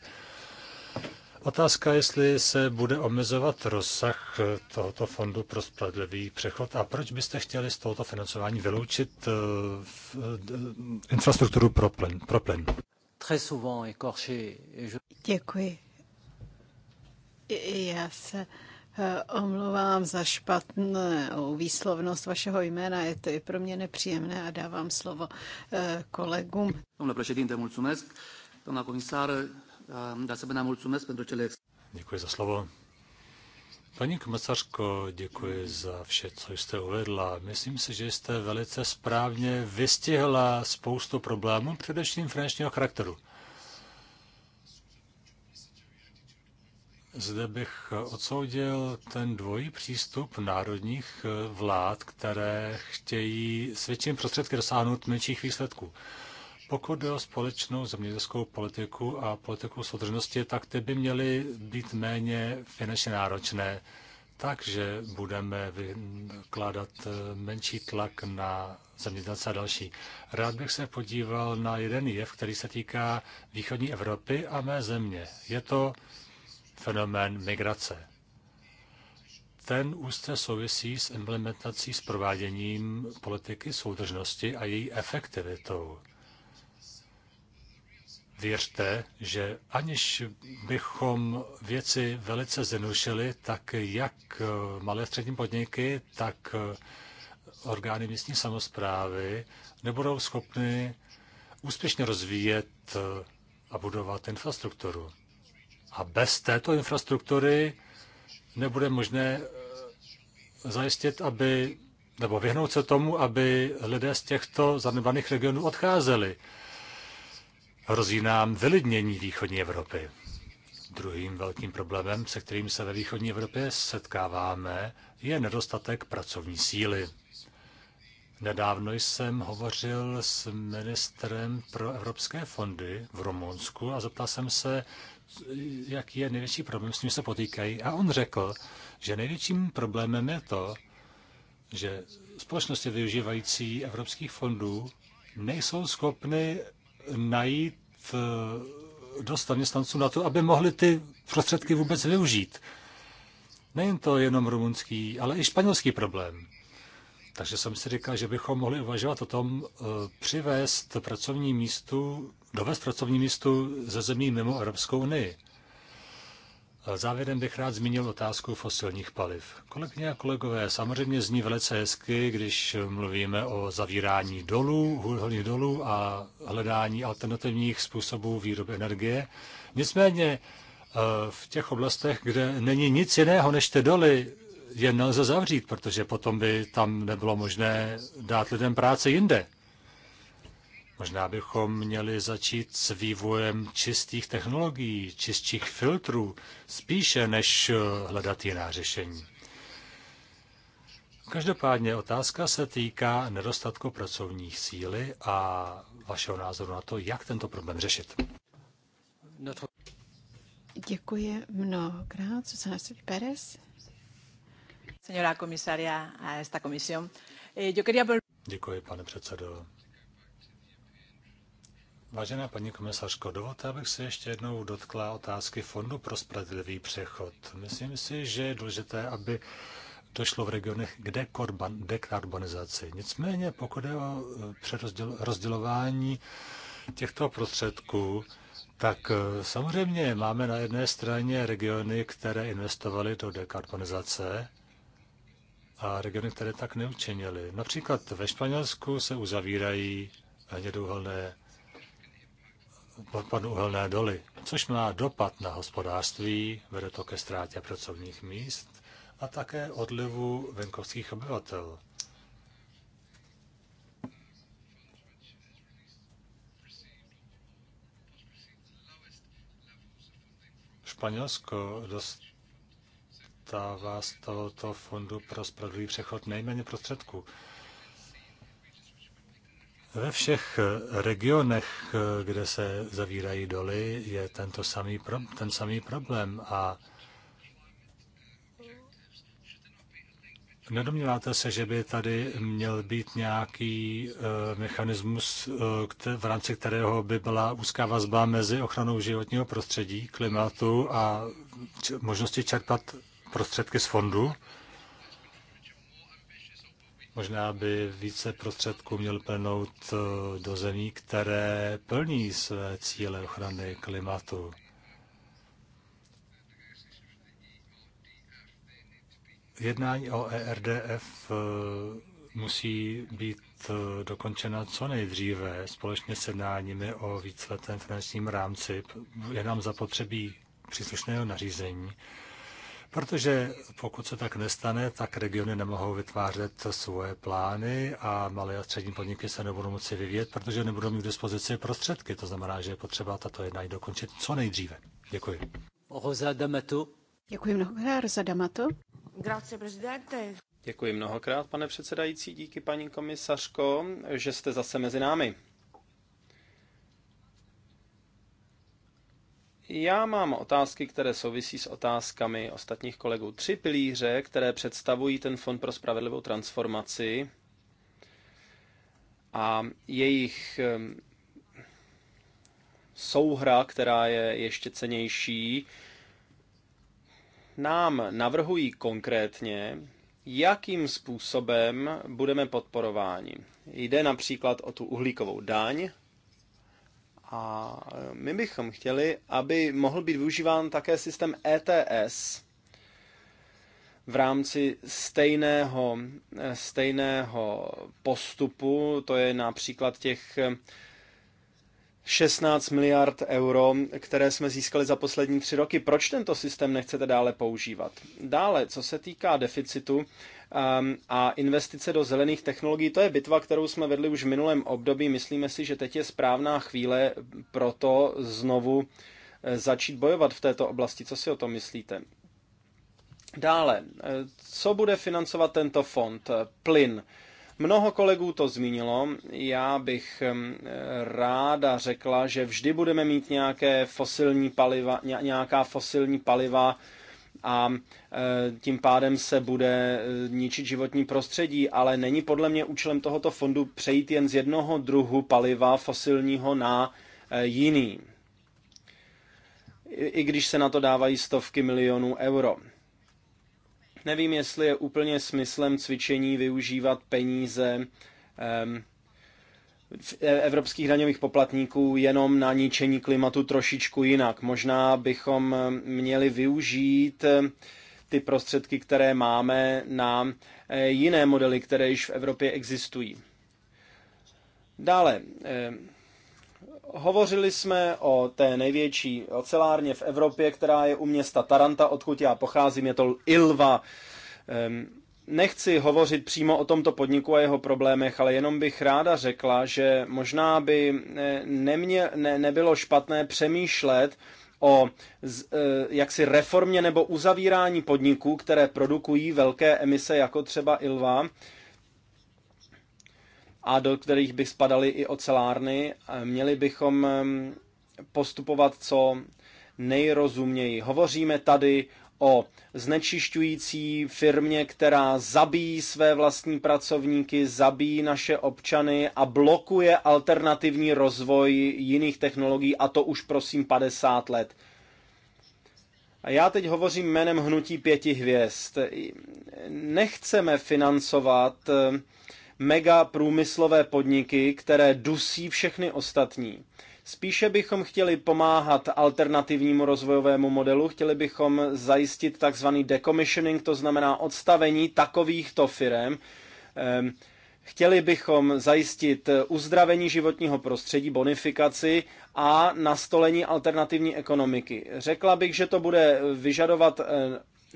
Otázka, jestli se bude omezovat rozsah tohoto fondu pro spravedlivý přechod a proč byste chtěli z tohoto financování vyloučit eh, eh, infrastrukturu pro plyn. Pro plyn très souvent écorché. Et je... Děkuji. Já se eh, omlouvám za špatnou výslovnost vašeho jména, je to i pro mě nepříjemné a dávám slovo eh, kolegům. Eh, Děkuji za slovo. Paní komisařko, děkuji za vše, co jste uvedla. Myslím si, že jste velice správně vystihla spoustu problémů, především finančního charakteru. Zde bych odsoudil ten dvojí přístup národních vlád, které chtějí s většími prostředky dosáhnout menších výsledků. Pokud jde o společnou zemědělskou politiku a politiku soudržnosti, tak ty by měly být méně finančně náročné, takže budeme vykládat eh, menší tlak na zemědělce a další. Rád bych se podíval na jeden jev, který se týká východní Evropy a mé země. Je to fenomén migrace. Ten úzce souvisí s implementací s prováděním politiky soudržnosti a její efektivitou věřte, že aniž bychom věci velice zjednodušili, tak jak eh, malé střední podniky, tak eh, orgány místní samozprávy nebudou schopny úspěšně rozvíjet eh, a budovat infrastrukturu. A bez této infrastruktury nebude možné zajistit, aby, nebo vyhnout se tomu, aby lidé z těchto zanedbaných regionů odcházeli. Hrozí nám vylidnění východní Evropy. Druhým velkým problémem, se kterým se ve východní Evropě setkáváme, je nedostatek pracovní síly. Nedávno jsem hovořil s ministrem pro evropské fondy v Rumunsku a zeptal jsem se, jaký je největší problém, s tím se potýkají. A on řekl, že největším problémem je to, že společnosti využívající evropských fondů nejsou schopny najít eh, dost zaměstnanců na to, aby mohli ty prostředky vůbec využít. Nejen to jenom rumunský, ale i španělský problém. Takže jsem si říkal, že bychom mohli uvažovat o tom eh, přivést pracovní místu, dovést pracovní místu ze zemí mimo Evropskou unii. Závěrem bych rád zmínil otázku fosilních paliv. Kolegyně a kolegové, samozřejmě zní velice hezky, když mluvíme o zavírání dolů, uhelných dolů a hledání alternativních způsobů výroby energie. Nicméně eh, v těch oblastech, kde není nic jiného než ty doly, je nelze zavřít, protože potom by tam nebylo možné dát lidem práci jinde. Možná bychom měli začít s vývojem čistých technologií, čistších filtrů, spíše než eh, hledat jiná řešení. Každopádně otázka se týká nedostatku pracovních síly a vašeho názoru na to, jak tento problém řešit. Děkuji mnohokrát, Susana Sili Pérez. Señora komisaria a esta comisión. Eh, Děkuji, pane předsedo. Vážená paní komisařko, dovolte, abych se ještě jednou dotkla otázky Fondu pro spravedlivý přechod. Myslím si, že je důležité, aby došlo v regionech k dekarbonizaci. Nicméně, pokud je o e, rozdělování těchto prostředků, tak e, samozřejmě máme na jedné straně regiony, které investovaly do dekarbonizace a regiony, které tak neučinily. Například ve Španělsku se uzavírají hnědouhelné odpadu uhelné doly, což má dopad na hospodářství, vede to ke ztrátě pracovních míst a také odlivu venkovských obyvatel. Španělsko dostává z tohoto fondu pro spravedlivý přechod nejméně prostředků. Ve všech eh, regionech, eh, kde se zavírají doly, je tento samý pro, ten samý problém a Nedomníváte se, že by tady měl být nějaký uh, mechanismus, e, v rámci kterého by byla úzká vazba mezi ochranou životního prostředí, klimatu a možnosti čerpat prostředky z fondu? Možná by více prostředků měl plnout eh, do zemí, které plní své cíle ochrany klimatu. Jednání o ERDF eh, musí být eh, dokončena co nejdříve společně s jednáními o víceletém finančním rámci. Je nám zapotřebí příslušného nařízení, Protože pokud se tak nestane, tak regiony nemohou vytvářet svoje plány a malé a střední podniky se nebudou moci vyvíjet, protože nebudou mít k dispozici prostředky. To znamená, že je potřeba tato jednání dokončit co nejdříve. Děkuji. Děkuji mnohokrát za Damato. Grazie, prezidente. Děkuji mnohokrát, pane předsedající, díky paní komisařko, že jste zase mezi námi. Já mám otázky, které souvisí s otázkami ostatních kolegů. Tři pilíře, které představují ten Fond pro spravedlivou transformaci a jejich souhra, která je ještě cenější, nám navrhují konkrétně, jakým způsobem budeme podporováni. Jde například o tu uhlíkovou daň, a e, my bychom chtěli, aby mohl být využíván také systém ETS v rámci stejného, e, stejného postupu, to je například těch 16 e, miliard euro, které jsme získali za poslední tři roky. Proč tento systém nechcete dále používat? Dále, co se týká deficitu, Um, a investice do zelených technologií, to je bitva, kterou jsme vedli už v minulém období. Myslíme si, že teď je správná chvíle pro to znovu eh, začít bojovat v této oblasti. Co si o tom myslíte? Dále, eh, co bude financovat tento fond? Plyn. Mnoho kolegů to zmínilo. Já bych eh, ráda řekla, že vždy budeme mít nějaké fosilní paliva, nějaká fosilní paliva, a e, tím pádem se bude e, ničit životní prostředí, ale není podle mě účelem tohoto fondu přejít jen z jednoho druhu paliva fosilního na e, jiný. I když se na to dávají stovky milionů euro. Nevím, jestli je úplně smyslem cvičení využívat peníze um, E- evropských daňových poplatníků jenom na ničení klimatu trošičku jinak. Možná bychom e, měli využít e, ty prostředky, které máme, na jiné modely, které již v Evropě existují. Dále, hovořili jsme o té největší ocelárně v Evropě, která je u města Taranta, odkud já pocházím, je to Ilva. Nechci hovořit přímo o tomto podniku a jeho problémech, ale jenom bych ráda řekla, že možná by eh, nemě, ne, nebylo špatné přemýšlet o z, eh, jaksi reformě nebo uzavírání podniků, které produkují velké emise, jako třeba Ilva, a do kterých by spadaly i ocelárny. Měli bychom eh, postupovat co nejrozuměji. Hovoříme tady o znečišťující firmě, která zabíjí své vlastní pracovníky, zabíjí naše občany a blokuje alternativní rozvoj jiných technologií, a to už prosím 50 let. A já teď hovořím jménem Hnutí pěti hvězd. Nechceme financovat eh, mega průmyslové podniky, které dusí všechny ostatní. Spíše bychom chtěli pomáhat alternativnímu rozvojovému modelu, chtěli bychom zajistit takzvaný decommissioning, to znamená odstavení takovýchto firm. Ehm, chtěli bychom zajistit uzdravení životního prostředí, bonifikaci a nastolení alternativní ekonomiky. Řekla bych, že to bude vyžadovat ehm,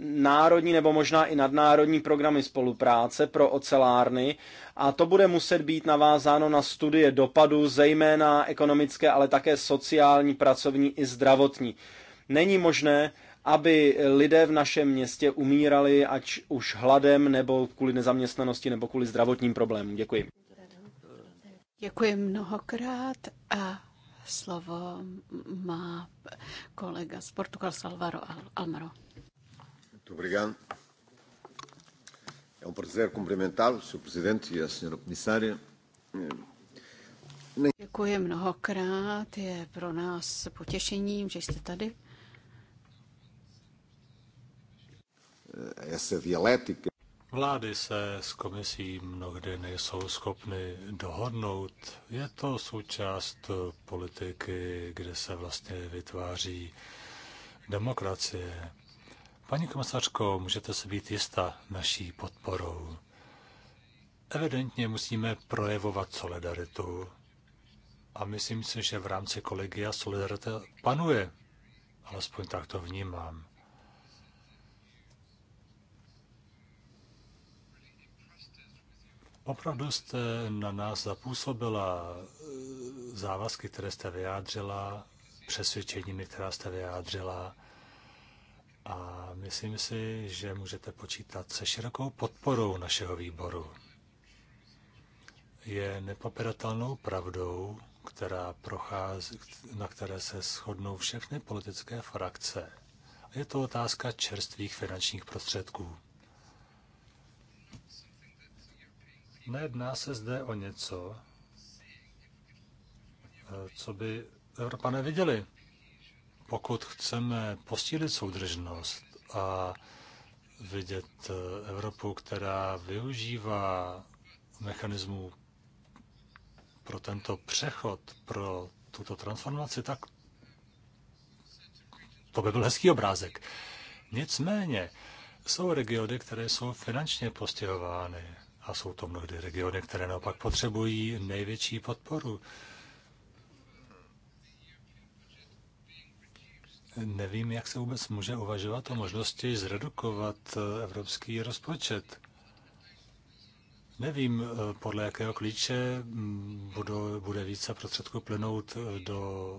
národní nebo možná i nadnárodní programy spolupráce pro ocelárny a to bude muset být navázáno na studie dopadu, zejména ekonomické, ale také sociální, pracovní i zdravotní. Není možné, aby lidé v našem městě umírali, ať už hladem, nebo kvůli nezaměstnanosti, nebo kvůli zdravotním problémům. Děkuji. Děkuji mnohokrát a slovo má kolega z Portugal Salvaro Almaro. Muito obrigado. É um prazer cumprimentá-lo, Sr. Presidente e a Sra. Comissária. Eh, Děkuji mnohokrát, je pro nás potěšením, že jste tady. Essa eh, dialética. Vlády se s komisí mnohdy nejsou schopny dohodnout. Je to součást politiky, kde se vlastně vytváří demokracie. Paní komisařko, můžete se být jistá naší podporou. Evidentně musíme projevovat solidaritu a myslím si, že v rámci kolegia solidarita panuje. Alespoň tak to vnímám. Opravdu jste na nás zapůsobila eh, závazky, které jste vyjádřila, přesvědčeními, která jste vyjádřila a myslím si, že můžete počítat se širokou podporou našeho výboru. Je nepopiratelnou pravdou, která prochází, na které se shodnou všechny politické frakce. Je to otázka čerstvých finančních prostředků. Nejedná se zde o něco, co by Evropané viděli pokud chceme posílit soudržnost a vidět eh, Evropu, která využívá mechanismů pro tento přechod, pro tuto transformaci, tak to by byl hezký obrázek. Nicméně jsou regiony, které jsou finančně postihovány a jsou to mnohdy regiony, které naopak potřebují největší podporu. Nevím, jak se vůbec může uvažovat o možnosti zredukovat eh, evropský rozpočet. Nevím, eh, podle jakého klíče mm, budou, bude více prostředků plynout eh, do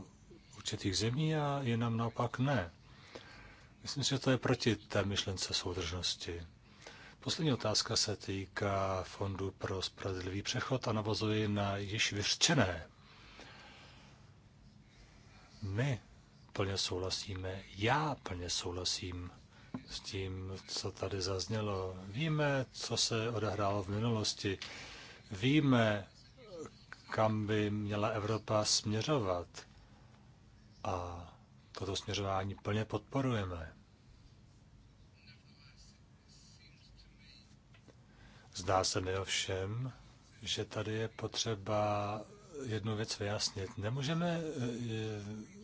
určitých zemí a jenom naopak ne. Myslím si, že to je proti té myšlence soudržnosti. Poslední otázka se týká Fondu pro spravedlivý přechod a navazuje na již vyřčené. My plně souhlasíme. Já plně souhlasím s tím, co tady zaznělo. Víme, co se odehrálo v minulosti. Víme, kam by měla Evropa směřovat. A toto směřování plně podporujeme. Zdá se mi ovšem, že tady je potřeba jednu věc vyjasnit. Nemůžeme eh,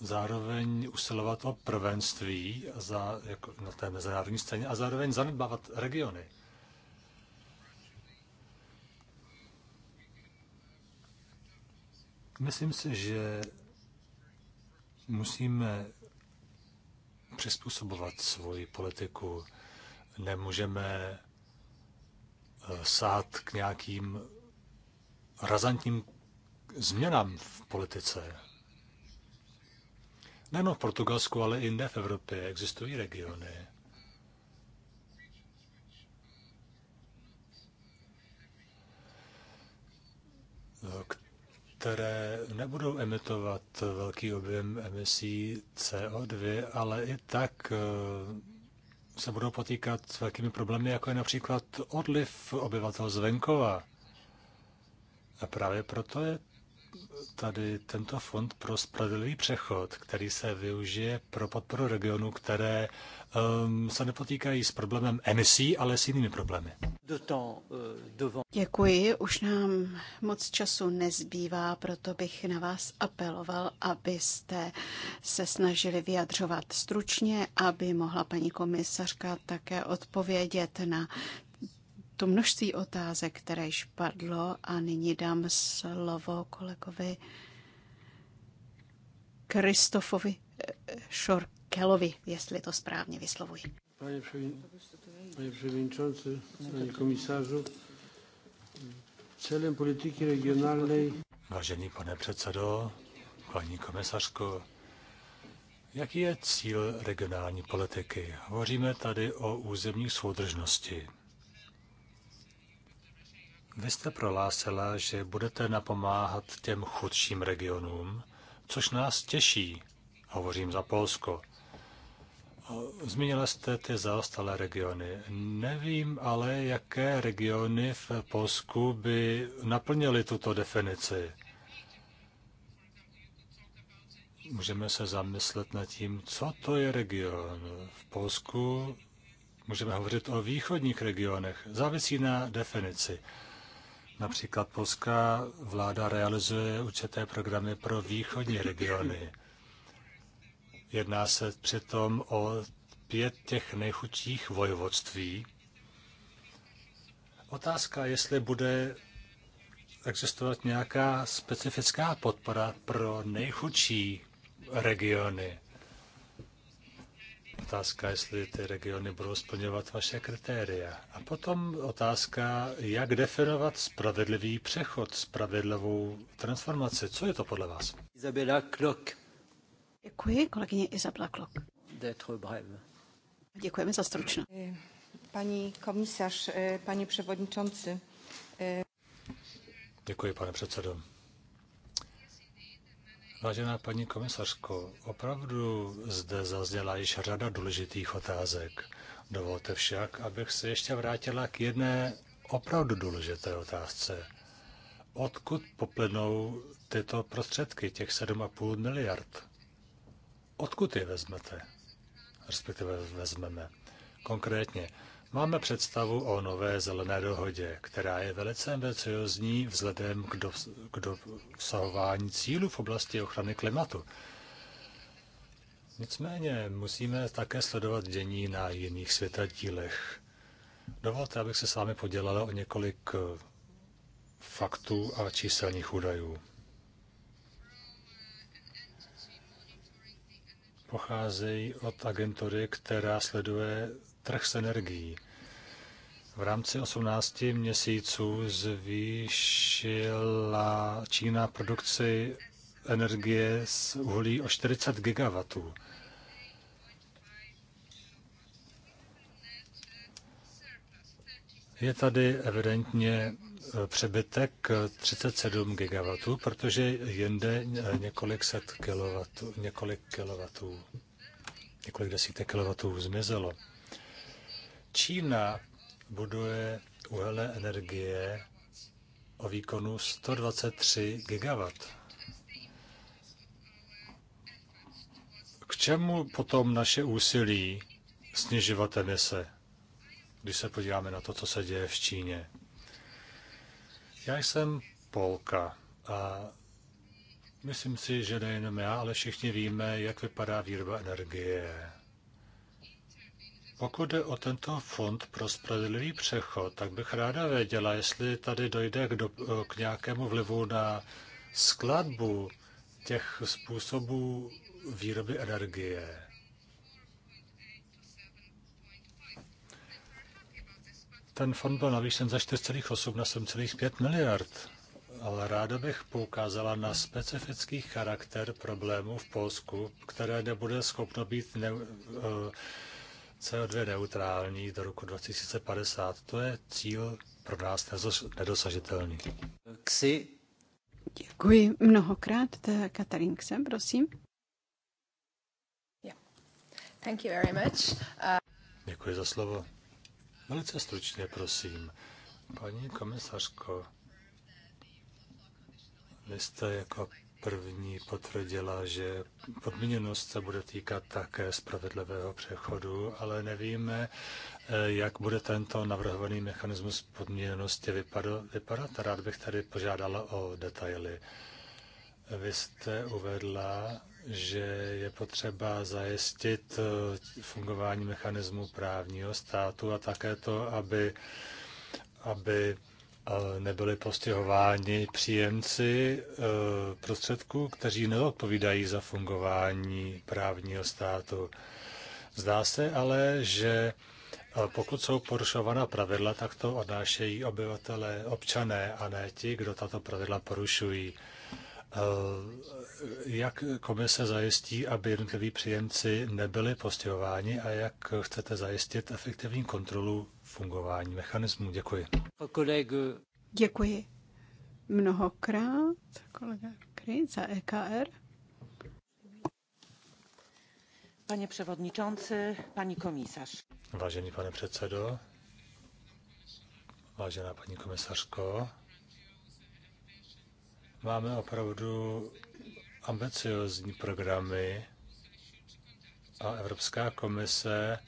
zároveň usilovat o prvenství za, jako na té mezinárodní scéně a zároveň zanedbávat regiony. Myslím si, že musíme přizpůsobovat svoji politiku. Nemůžeme eh, sát k nějakým razantním změnám v politice. Nejen v Portugalsku, ale i jinde v Evropě existují regiony, které nebudou emitovat velký objem emisí CO2, ale i tak eh, se budou potýkat s velkými problémy, jako je například odliv obyvatel z venkova. A právě proto je tady tento fond pro spravedlivý přechod, který se využije pro podporu regionů, které um, se nepotýkají s problémem emisí, ale s jinými problémy. Děkuji, už nám moc času nezbývá, proto bych na vás apeloval, abyste se snažili vyjadřovat stručně, aby mohla paní komisařka také odpovědět na to množství otázek, které již padlo a nyní dám slovo kolegovi Kristofovi eh, Šorkelovi, jestli to správně vyslovuji. Pane, převin, pane předsedající, pane komisářu, celém politiky regionální... Vážený pane předsedo, paní komisařko, jaký je cíl regionální politiky? Hovoříme tady o územní soudržnosti. Vy jste prohlásila, že budete napomáhat těm chudším regionům, což nás těší. Hovořím za Polsko. Zmínila jste ty zaostalé regiony. Nevím ale, jaké regiony v Polsku by naplnily tuto definici. Můžeme se zamyslet nad tím, co to je region. V Polsku můžeme hovořit o východních regionech. Závisí na definici. Například polská vláda realizuje určité programy pro východní regiony. Jedná se přitom o pět těch nejchudších vojvodství. Otázka, jestli bude existovat nějaká specifická podpora pro nejchudší regiony. Otázka, jestli ty regiony budou splňovat vaše kritéria. A potom otázka, jak definovat spravedlivý přechod, spravedlivou transformaci. Co je to podle vás? Izabela Klok. Děkuji, kolegyně Izabela Klok. Děkujeme za stručno. Eh, paní komisař, eh, paní převodničonci. Eh, Děkuji, pane předsedo. Vážená paní komisařko, opravdu zde zazněla již řada důležitých otázek. Dovolte však, abych se ještě vrátila k jedné opravdu důležité otázce. Odkud poplynou tyto prostředky, těch 7,5 miliard? Odkud je vezmete? Respektive vezmeme. Konkrétně, Máme představu o nové zelené dohodě, která je velice ambiciozní vzhledem k, dos- k dosahování cílů v oblasti ochrany klimatu. Nicméně musíme také sledovat dění na jiných světadílech. Dovolte, abych se s vámi podělala o několik eh, faktů a číselných údajů. Pocházejí od agentury, která sleduje trh s energií. V rámci 18 měsíců zvýšila Čína produkci energie z uhlí o 40 gigawatů. Je tady evidentně eh, přebytek 37 gigawatů, protože jinde několik set kilowatů, několik kilowatů, několik desítek kilowatů zmizelo. Čína buduje uhelné energie o výkonu 123 GW. K čemu potom naše úsilí snižovat emise, když se podíváme na to, co se děje v Číně? Já jsem Polka a myslím si, že nejenom já, ale všichni víme, jak vypadá výroba energie. Pokud jde o tento fond pro spravedlivý přechod, tak bych ráda věděla, jestli tady dojde k, do, k nějakému vlivu na skladbu těch způsobů výroby energie. Ten fond byl navýšen za 4,8 na 7,5 miliard, ale ráda bych poukázala na specifický charakter problémů v Polsku, které nebude schopno být ne, uh, CO2 neutrální do roku 2050. To je cíl pro nás nedosažitelný. Ksi. Děkuji mnohokrát. Katarín Ksem, prosím. Yeah. Thank you very much. Uh... Děkuji za slovo. Velice stručně, prosím. Paní komisařko, vy jste jako první potvrdila, že podmíněnost se bude týkat také spravedlivého přechodu, ale nevíme, eh, jak bude tento navrhovaný mechanismus podmíněnosti vypadat. Rád bych tady požádala o detaily. Vy jste uvedla, že je potřeba zajistit eh, fungování mechanismu právního státu a také to, aby, aby nebyli postihováni příjemci e, prostředků, kteří neodpovídají za fungování právního státu. Zdá se ale, že e, pokud jsou porušována pravidla, tak to odnášejí obyvatele, občané a ne ti, kdo tato pravidla porušují. E, jak komise zajistí, aby jednotliví příjemci nebyli postihováni a jak chcete zajistit efektivní kontrolu fungování mechanismů? Děkuji. Děkuji mnohokrát, kolega Kryt za EKR. Pane převodničonce, paní komisař. Vážený pane předsedo, vážená paní komisařko, máme opravdu ambiciozní programy a Evropská komise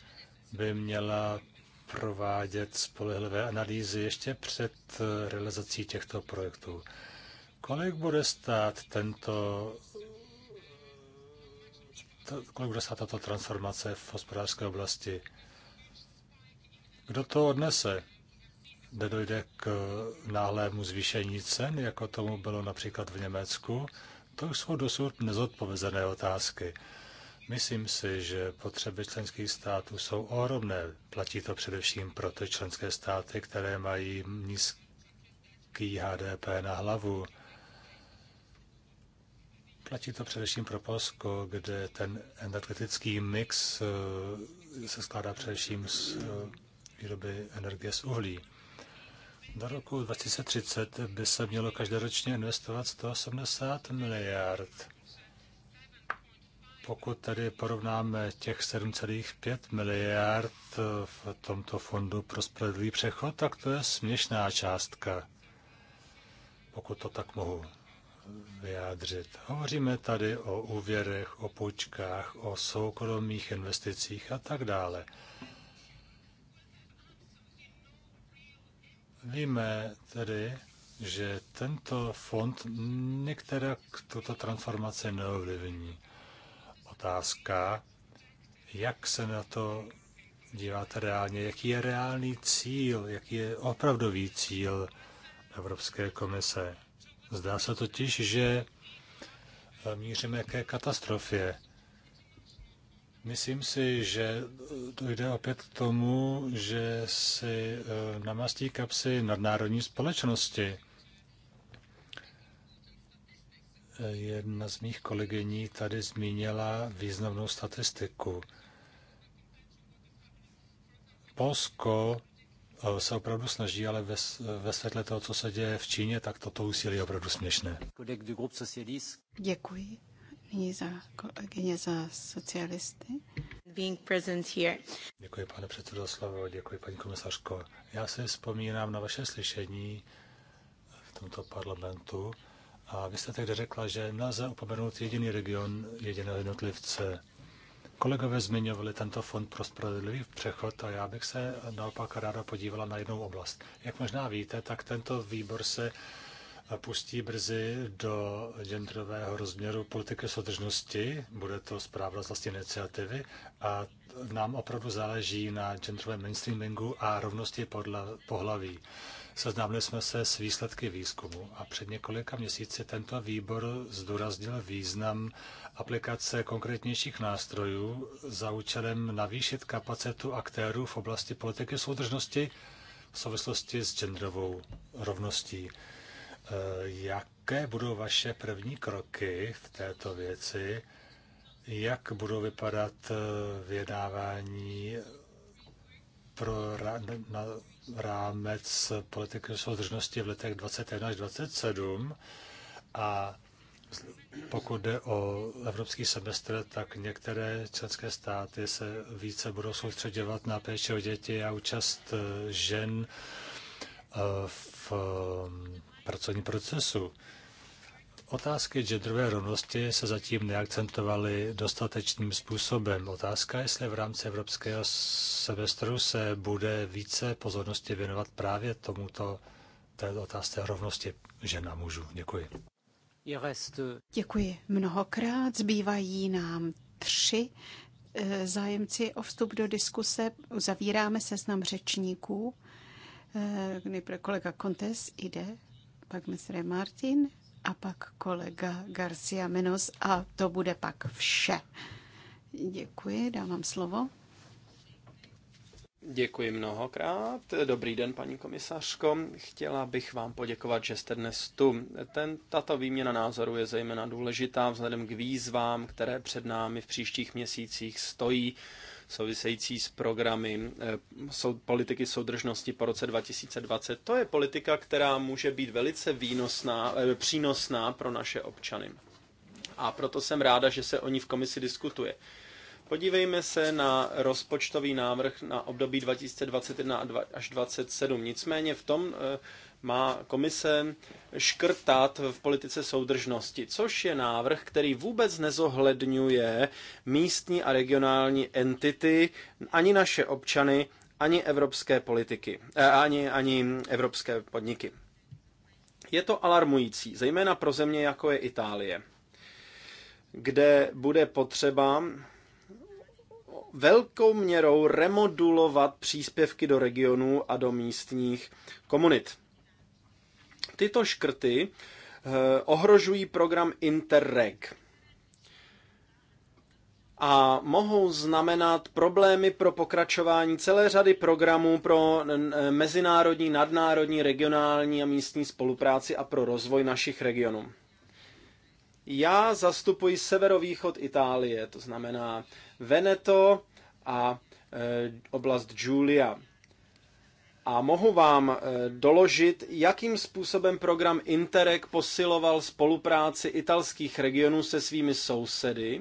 by měla provádět spolehlivé analýzy ještě před realizací těchto projektů. Kolik bude stát tento kolik bude stát tato transformace v hospodářské oblasti? Kdo to odnese? dojde k náhlému zvýšení cen, jako tomu bylo například v Německu, to jsou dosud nezodpovězené otázky. Myslím si, že potřeby členských států jsou ohromné. Platí to především pro ty členské státy, které mají nízký HDP na hlavu. Platí to především pro Polsko, kde ten energetický mix eh, se skládá především z eh, výroby energie z uhlí. Do roku 2030 by se mělo každoročně investovat 180 miliard. Pokud tedy porovnáme těch 7,5 miliard v tomto fondu pro spravedlivý přechod, tak to je směšná částka, pokud to tak mohu vyjádřit. Hovoříme tady o úvěrech, o půjčkách, o soukromých investicích a tak dále. Víme tedy, že tento fond některá tuto transformaci neovlivní. Otázka, jak se na to díváte reálně, jaký je reálný cíl, jaký je opravdový cíl Evropské komise. Zdá se totiž, že míříme ke katastrofě. Myslím si, že to jde opět k tomu, že si eh, namastí kapsy nadnárodní společnosti. Jedna z mých kolegyní tady zmínila významnou statistiku. Polsko eh, se opravdu snaží, ale ve, ve světle toho, co se děje v Číně, tak toto úsilí je opravdu směšné. Děkuji. Nyní za kolegyně za socialisty. Being present here. Děkuji, pane předsedo, Slavo, Děkuji, paní komisařko. Já si vzpomínám na vaše slyšení v tomto parlamentu a vy jste tehdy řekla, že nelze upomenout jediný region, jediného jednotlivce. Kolegové zmiňovali tento fond pro spravedlivý přechod a já bych se naopak ráda podívala na jednou oblast. Jak možná víte, tak tento výbor se pustí brzy do genderového rozměru politiky soudržnosti. Bude to zpráva z vlastní iniciativy a nám opravdu záleží na genderovém mainstreamingu a rovnosti podle pohlaví. Seznámili jsme se s výsledky výzkumu a před několika měsíci tento výbor zdůraznil význam aplikace konkrétnějších nástrojů za účelem navýšit kapacitu aktérů v oblasti politiky soudržnosti v souvislosti s genderovou rovností. Eh, jaké budou vaše první kroky v této věci, jak budou vypadat eh, vyjednávání eh, pro na rámec politiky soudržnosti v letech 21 až 27 a pokud jde o evropský semestr, tak některé členské státy se více budou soustředěvat na péči o děti a účast žen v pracovním procesu. Otázky genderové rovnosti se zatím neakcentovaly dostatečným způsobem. Otázka, jestli v rámci evropského semestru se bude více pozornosti věnovat právě tomuto této otázce rovnosti žen a mužů. Děkuji. Děkuji mnohokrát. Zbývají nám tři e, zájemci o vstup do diskuse. Uzavíráme seznam řečníků. E, nejprve kolega Kontes jde pak mistr Martin a pak kolega Garcia Menos a to bude pak vše. Děkuji, dávám slovo. Děkuji mnohokrát. Dobrý den, paní komisařko. Chtěla bych vám poděkovat, že jste dnes tu. Ten, tato výměna názoru je zejména důležitá vzhledem k výzvám, které před námi v příštích měsících stojí související s programy eh, politiky soudržnosti po roce 2020. To je politika, která může být velice výnosná, eh, přínosná pro naše občany. A proto jsem ráda, že se o ní v komisi diskutuje. Podívejme se na rozpočtový návrh na období 2021 až 2027. Nicméně v tom eh, má komise škrtat v politice soudržnosti, což je návrh, který vůbec nezohledňuje místní a regionální entity, ani naše občany, ani evropské politiky, eh, ani, ani evropské podniky. Je to alarmující, zejména pro země, jako je Itálie, kde bude potřeba velkou měrou remodulovat příspěvky do regionů a do místních komunit. Tyto škrty eh, ohrožují program Interreg a mohou znamenat problémy pro pokračování celé řady programů pro mezinárodní, nadnárodní, regionální a místní spolupráci a pro rozvoj našich regionů. Já zastupuji severovýchod Itálie, to znamená Veneto a eh, oblast Giulia a mohu vám eh, doložit, jakým způsobem program Interreg posiloval spolupráci italských regionů se svými sousedy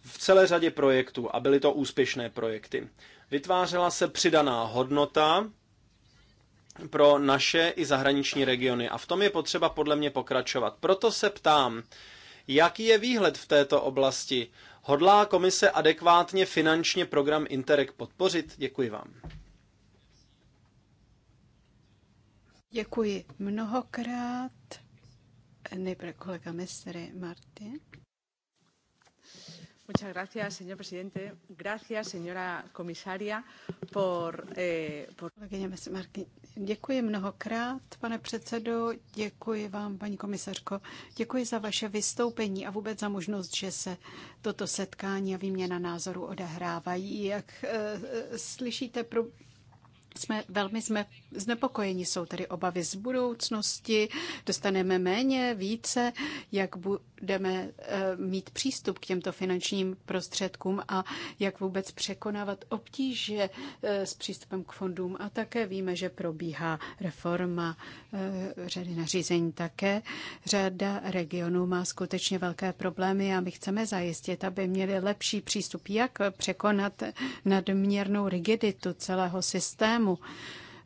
v celé řadě projektů a byly to úspěšné projekty. Vytvářela se přidaná hodnota pro naše i zahraniční regiony a v tom je potřeba podle mě pokračovat. Proto se ptám, jaký je výhled v této oblasti? Hodlá komise adekvátně finančně program Interreg podpořit? Děkuji vám. Děkuji mnohokrát. Nejprve kolega Mestery Martin. Muchas gracias, señor presidente. Gracias, señora comisaria, por... Eh, por... Děkuji mnohokrát, pane předsedo, děkuji vám, paní komisařko, děkuji za vaše vystoupení a vůbec za možnost, že se toto setkání a výměna názoru odehrávají. Jak eh, slyšíte, pro, jsme velmi jsme znepokojeni. Jsou tady obavy z budoucnosti, dostaneme méně, více, jak budeme eh, mít přístup k těmto finančním prostředkům a jak vůbec překonávat obtíže eh, s přístupem k fondům. A také víme, že probíhá reforma eh, řady nařízení také. Řada regionů má skutečně velké problémy a my chceme zajistit, aby měli lepší přístup, jak překonat nadměrnou rigiditu celého systému systému.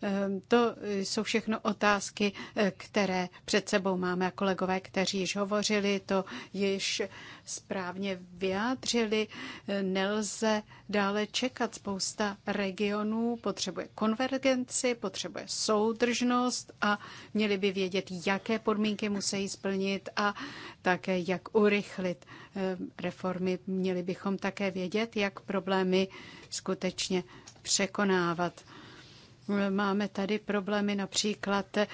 Ehm, to jsou všechno otázky, eh, které před sebou máme a kolegové, kteří již hovořili, to již správně vyjádřili. Eh, nelze dále čekat. Spousta regionů potřebuje konvergenci, potřebuje soudržnost a měli by vědět, jaké podmínky musí splnit a také jak urychlit ehm, reformy. Měli bychom také vědět, jak problémy skutečně překonávat Máme tady problémy například eh,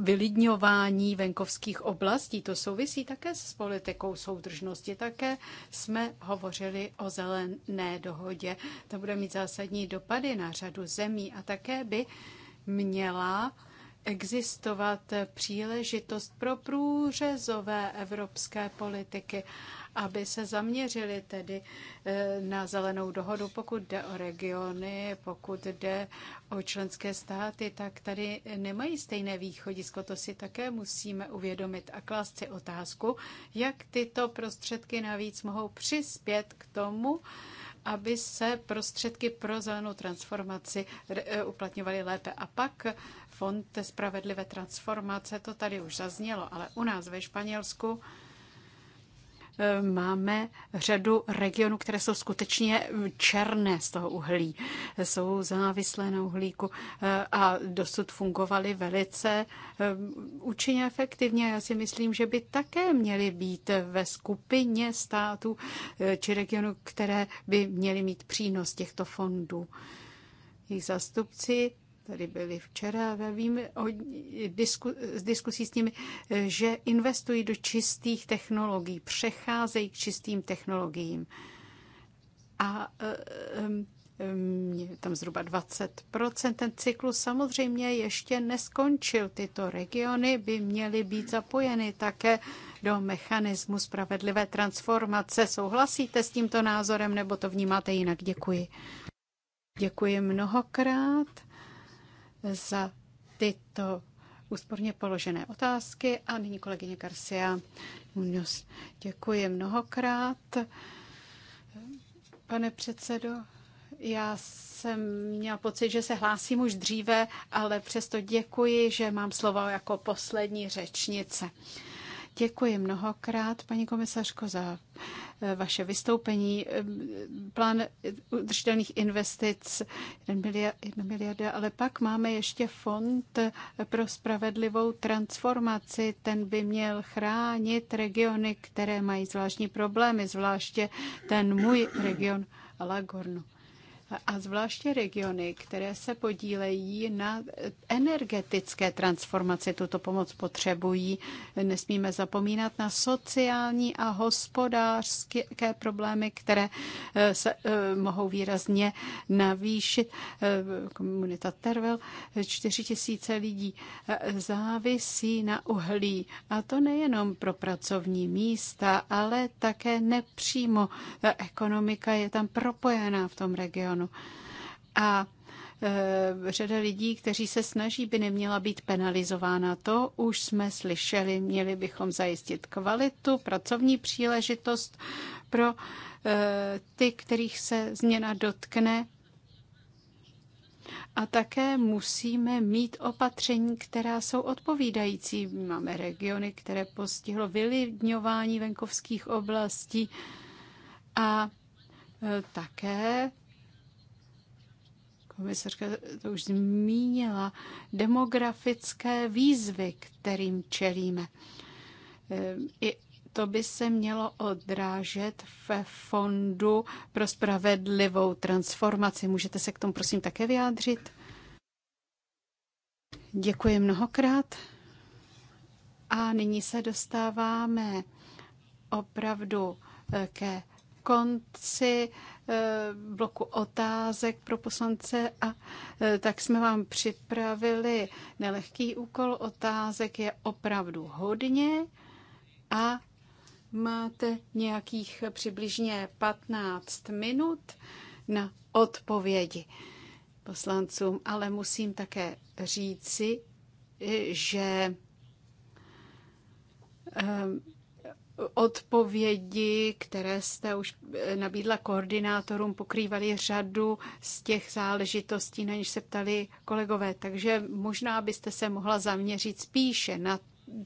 vylidňování venkovských oblastí. To souvisí také s politikou soudržnosti. Také jsme hovořili o zelené dohodě. To bude mít zásadní dopady na řadu zemí a také by měla existovat příležitost pro průřezové evropské politiky aby se zaměřili tedy eh, na zelenou dohodu, pokud jde o regiony, pokud jde o členské státy, tak tady nemají stejné východisko. To si také musíme uvědomit a klást si otázku, jak tyto prostředky navíc mohou přispět k tomu, aby se prostředky pro zelenou transformaci eh, uplatňovaly lépe. A pak Fond spravedlivé transformace, to tady už zaznělo, ale u nás ve Španělsku máme řadu regionů, které jsou skutečně černé z toho uhlí. Jsou závislé na uhlíku eh, a dosud fungovaly velice eh, účinně efektivně. Já si myslím, že by také měly být ve skupině států eh, či regionů, které by měly mít přínos těchto fondů. Jejich zástupci tady byli včera ve vím o disku, z diskusí s nimi, eh, že investují do čistých technologií, přecházejí k čistým technologiím. A je eh, eh, tam zhruba 20%. Ten cyklus samozřejmě ještě neskončil. Tyto regiony by měly být zapojeny také do mechanismu spravedlivé transformace. Souhlasíte s tímto názorem nebo to vnímáte jinak? Děkuji. Děkuji mnohokrát za tyto úsporně položené otázky. A nyní kolegyně Garcia Munoz. Děkuji mnohokrát. Pane předsedo, já jsem měla pocit, že se hlásím už dříve, ale přesto děkuji, že mám slovo jako poslední řečnice. Děkuji mnohokrát, paní komisařko, za eh, vaše vystoupení. Eh, plán udržitelných investic 1 miliarda, miliard, ale pak máme ještě fond pro spravedlivou transformaci. Ten by měl chránit regiony, které mají zvláštní problémy, zvláště ten můj region Alagornu a zvláště regiony, které se podílejí na energetické transformaci, tuto pomoc potřebují. Nesmíme zapomínat na sociální a hospodářské problémy, které eh, se eh, mohou výrazně navýšit. Eh, komunita Tervel, 4 tisíce lidí závisí na uhlí. A to nejenom pro pracovní místa, ale také nepřímo. Ekonomika je tam propojená v tom regionu Afghánistánu. A e, řada lidí, kteří se snaží, by neměla být penalizována. To už jsme slyšeli. Měli bychom zajistit kvalitu, pracovní příležitost pro e, ty, kterých se změna dotkne. A také musíme mít opatření, která jsou odpovídající. Máme regiony, které postihlo vylidňování venkovských oblastí a e, také komisařka to už zmínila, demografické výzvy, kterým čelíme. Eh, I to by se mělo odrážet ve Fondu pro spravedlivou transformaci. Můžete se k tomu prosím také vyjádřit? Děkuji mnohokrát. A nyní se dostáváme opravdu eh, ke konci eh, bloku otázek pro poslance a eh, tak jsme vám připravili nelehký úkol. Otázek je opravdu hodně a máte nějakých přibližně 15 minut na odpovědi poslancům, ale musím také říci, eh, že odpovědi, které jste už eh, nabídla koordinátorům, pokrývaly řadu z těch záležitostí, na něž se ptali kolegové. Takže možná byste se mohla zaměřit spíše na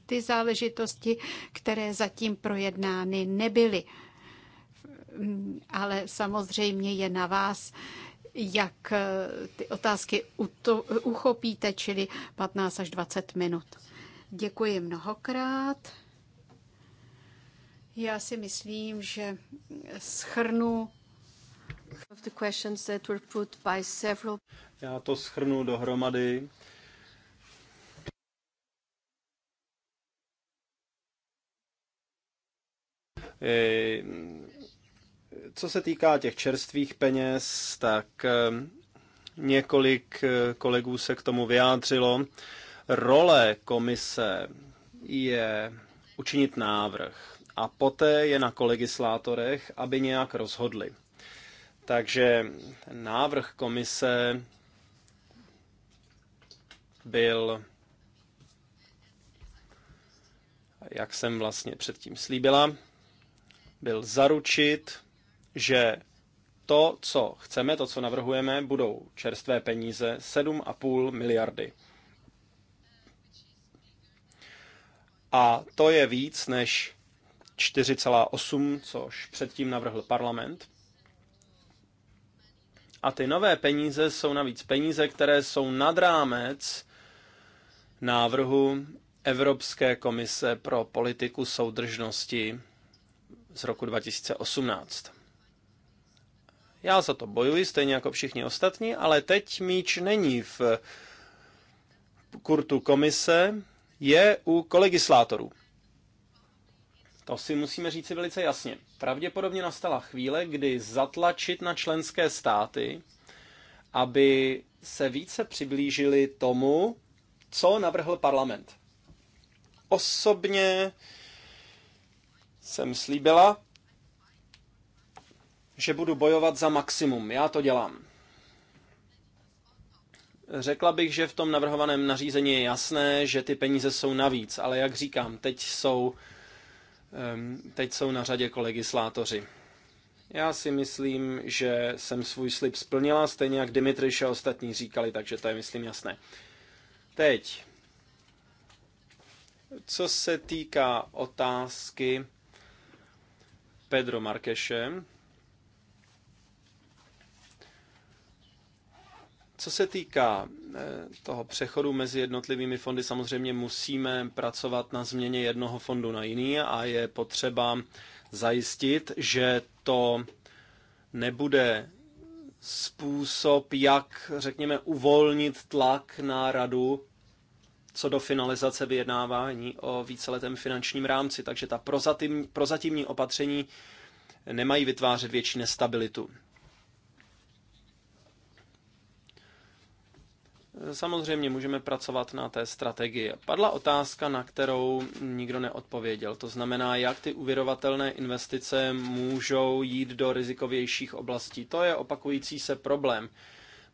ty záležitosti, které zatím projednány nebyly. Ale samozřejmě je na vás, jak eh, ty otázky uchopíte, čili 15 až 20 minut. Děkuji mnohokrát. Já si myslím, že schrnu Já to schrnu dohromady. Co se týká těch čerstvých peněz, tak um, několik eh, kolegů se k tomu vyjádřilo. Role komise je učinit návrh a poté je na kolegislátorech, aby nějak rozhodli. Takže návrh komise byl, jak jsem vlastně předtím slíbila, byl zaručit, že to, co chceme, to, co navrhujeme, budou čerstvé peníze 7,5 miliardy. A to je víc, než 4,8, což předtím navrhl parlament. A ty nové peníze jsou navíc peníze, které jsou nad rámec návrhu Evropské komise pro politiku soudržnosti z roku 2018. Já za to bojuji, stejně jako všichni ostatní, ale teď míč není v kurtu komise, je u kolegislátorů. To si musíme říci velice jasně. Pravděpodobně nastala chvíle, kdy zatlačit na členské státy, aby se více přiblížili tomu, co navrhl parlament. Osobně jsem slíbila, že budu bojovat za maximum. Já to dělám. Řekla bych, že v tom navrhovaném nařízení je jasné, že ty peníze jsou navíc, ale jak říkám, teď jsou Ehm, teď jsou na řadě kolegislátoři. Já si myslím, že jsem svůj slib splnila, stejně jak Dimitriš a ostatní říkali, takže to je, myslím, jasné. Teď, co se týká otázky Pedro Markeše, Co se týká eh, toho přechodu mezi jednotlivými fondy, samozřejmě musíme pracovat na změně jednoho fondu na jiný a je potřeba zajistit, že to nebude způsob, jak, řekněme, uvolnit tlak na radu co do finalizace vyjednávání o víceletém finančním rámci. Takže ta prozatímní opatření nemají vytvářet větší nestabilitu. Samozřejmě můžeme pracovat na té strategii. Padla otázka, na kterou nikdo neodpověděl. To znamená, jak ty uvěrovatelné investice můžou jít do rizikovějších oblastí. To je opakující se problém.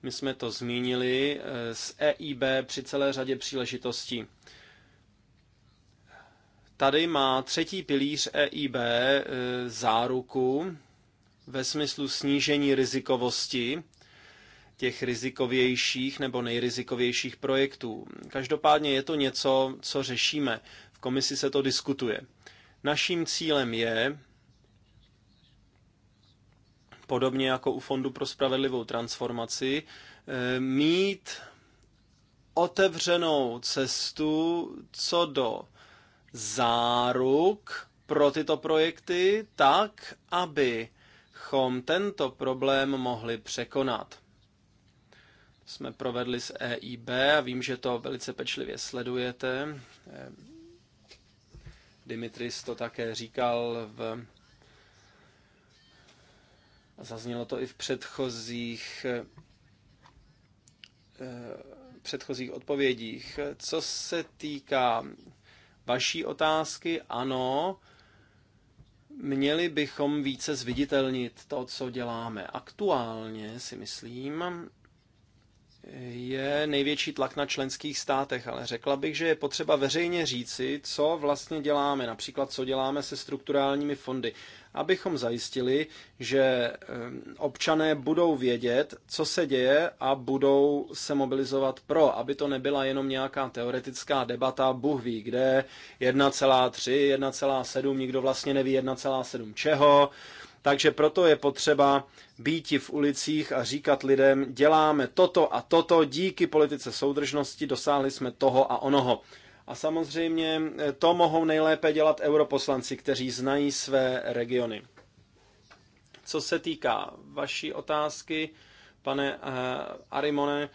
My jsme to zmínili eh, s EIB při celé řadě příležitostí. Tady má třetí pilíř EIB eh, záruku ve smyslu snížení rizikovosti těch rizikovějších nebo nejrizikovějších projektů. Každopádně je to něco, co řešíme. V komisi se to diskutuje. Naším cílem je, podobně jako u Fondu pro spravedlivou transformaci, eh, mít otevřenou cestu co do záruk pro tyto projekty, tak, abychom tento problém mohli překonat jsme provedli s EIB a vím, že to velice pečlivě sledujete. Eh, Dimitris to také říkal v zaznělo to i v předchozích eh, předchozích odpovědích. Co se týká vaší otázky, ano, měli bychom více zviditelnit to, co děláme. Aktuálně si myslím, je největší tlak na členských státech, ale řekla bych, že je potřeba veřejně říci, co vlastně děláme, například co děláme se strukturálními fondy, abychom zajistili, že eh, občané budou vědět, co se děje a budou se mobilizovat pro, aby to nebyla jenom nějaká teoretická debata, Bůh ví kde, 1,3, 1,7, nikdo vlastně neví 1,7 čeho, takže proto je potřeba být v ulicích a říkat lidem, děláme toto a toto, díky politice soudržnosti dosáhli jsme toho a onoho. A samozřejmě eh, to mohou nejlépe dělat europoslanci, kteří znají své regiony. Co se týká vaší otázky, pane eh, Arimone,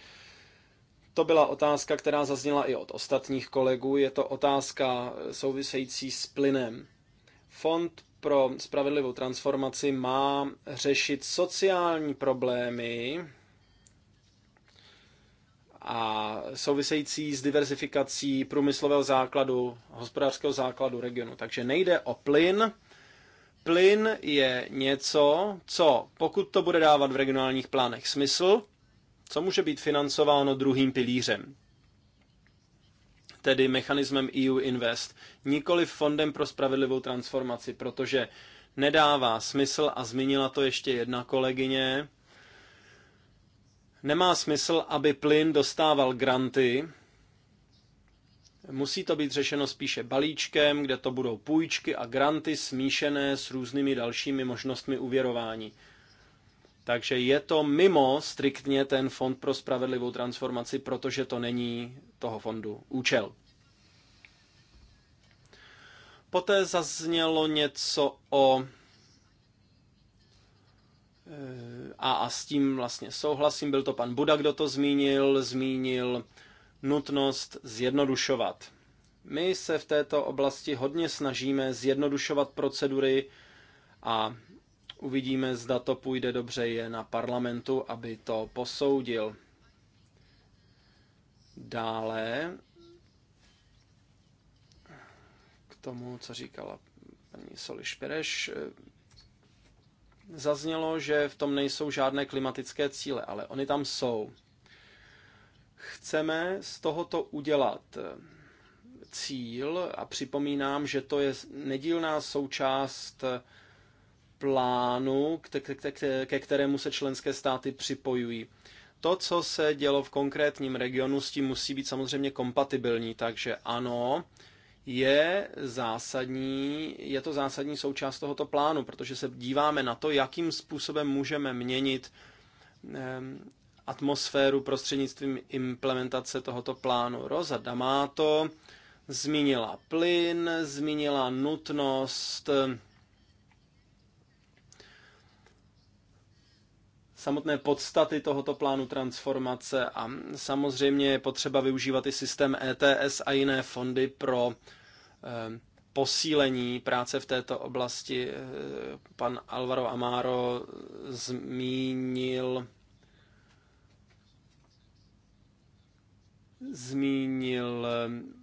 to byla otázka, která zazněla i od ostatních kolegů. Je to otázka související s plynem. Fond pro spravedlivou transformaci má řešit sociální problémy a související s diverzifikací průmyslového základu, hospodářského základu regionu. Takže nejde o plyn. Plyn je něco, co pokud to bude dávat v regionálních plánech smysl, co může být financováno druhým pilířem tedy mechanismem EU Invest, nikoli fondem pro spravedlivou transformaci, protože nedává smysl, a zmínila to ještě jedna kolegyně, nemá smysl, aby plyn dostával granty, Musí to být řešeno spíše balíčkem, kde to budou půjčky a granty smíšené s různými dalšími možnostmi uvěrování. Takže je to mimo striktně ten Fond pro spravedlivou transformaci, protože to není toho fondu účel. Poté zaznělo něco o eh, a, a s tím vlastně souhlasím, byl to pan Buda, kdo to zmínil, zmínil nutnost zjednodušovat. My se v této oblasti hodně snažíme zjednodušovat procedury a Uvidíme, zda to půjde dobře je na parlamentu, aby to posoudil. Dále k tomu, co říkala paní Soli Špereš, zaznělo, že v tom nejsou žádné klimatické cíle, ale oni tam jsou. Chceme z tohoto udělat cíl a připomínám, že to je nedílná součást plánu, ke kterému se členské státy připojují. To, co se dělo v konkrétním regionu, s tím musí být samozřejmě kompatibilní, takže ano, je zásadní, je to zásadní součást tohoto plánu, protože se díváme na to, jakým způsobem můžeme měnit ehm, atmosféru prostřednictvím implementace tohoto plánu. Rosa D'Amato zmínila plyn, zmínila nutnost samotné podstaty tohoto plánu transformace a samozřejmě je potřeba využívat i systém ETS a jiné fondy pro eh, posílení práce v této oblasti. Eh, pan Alvaro Amaro zmínil zmínil eh,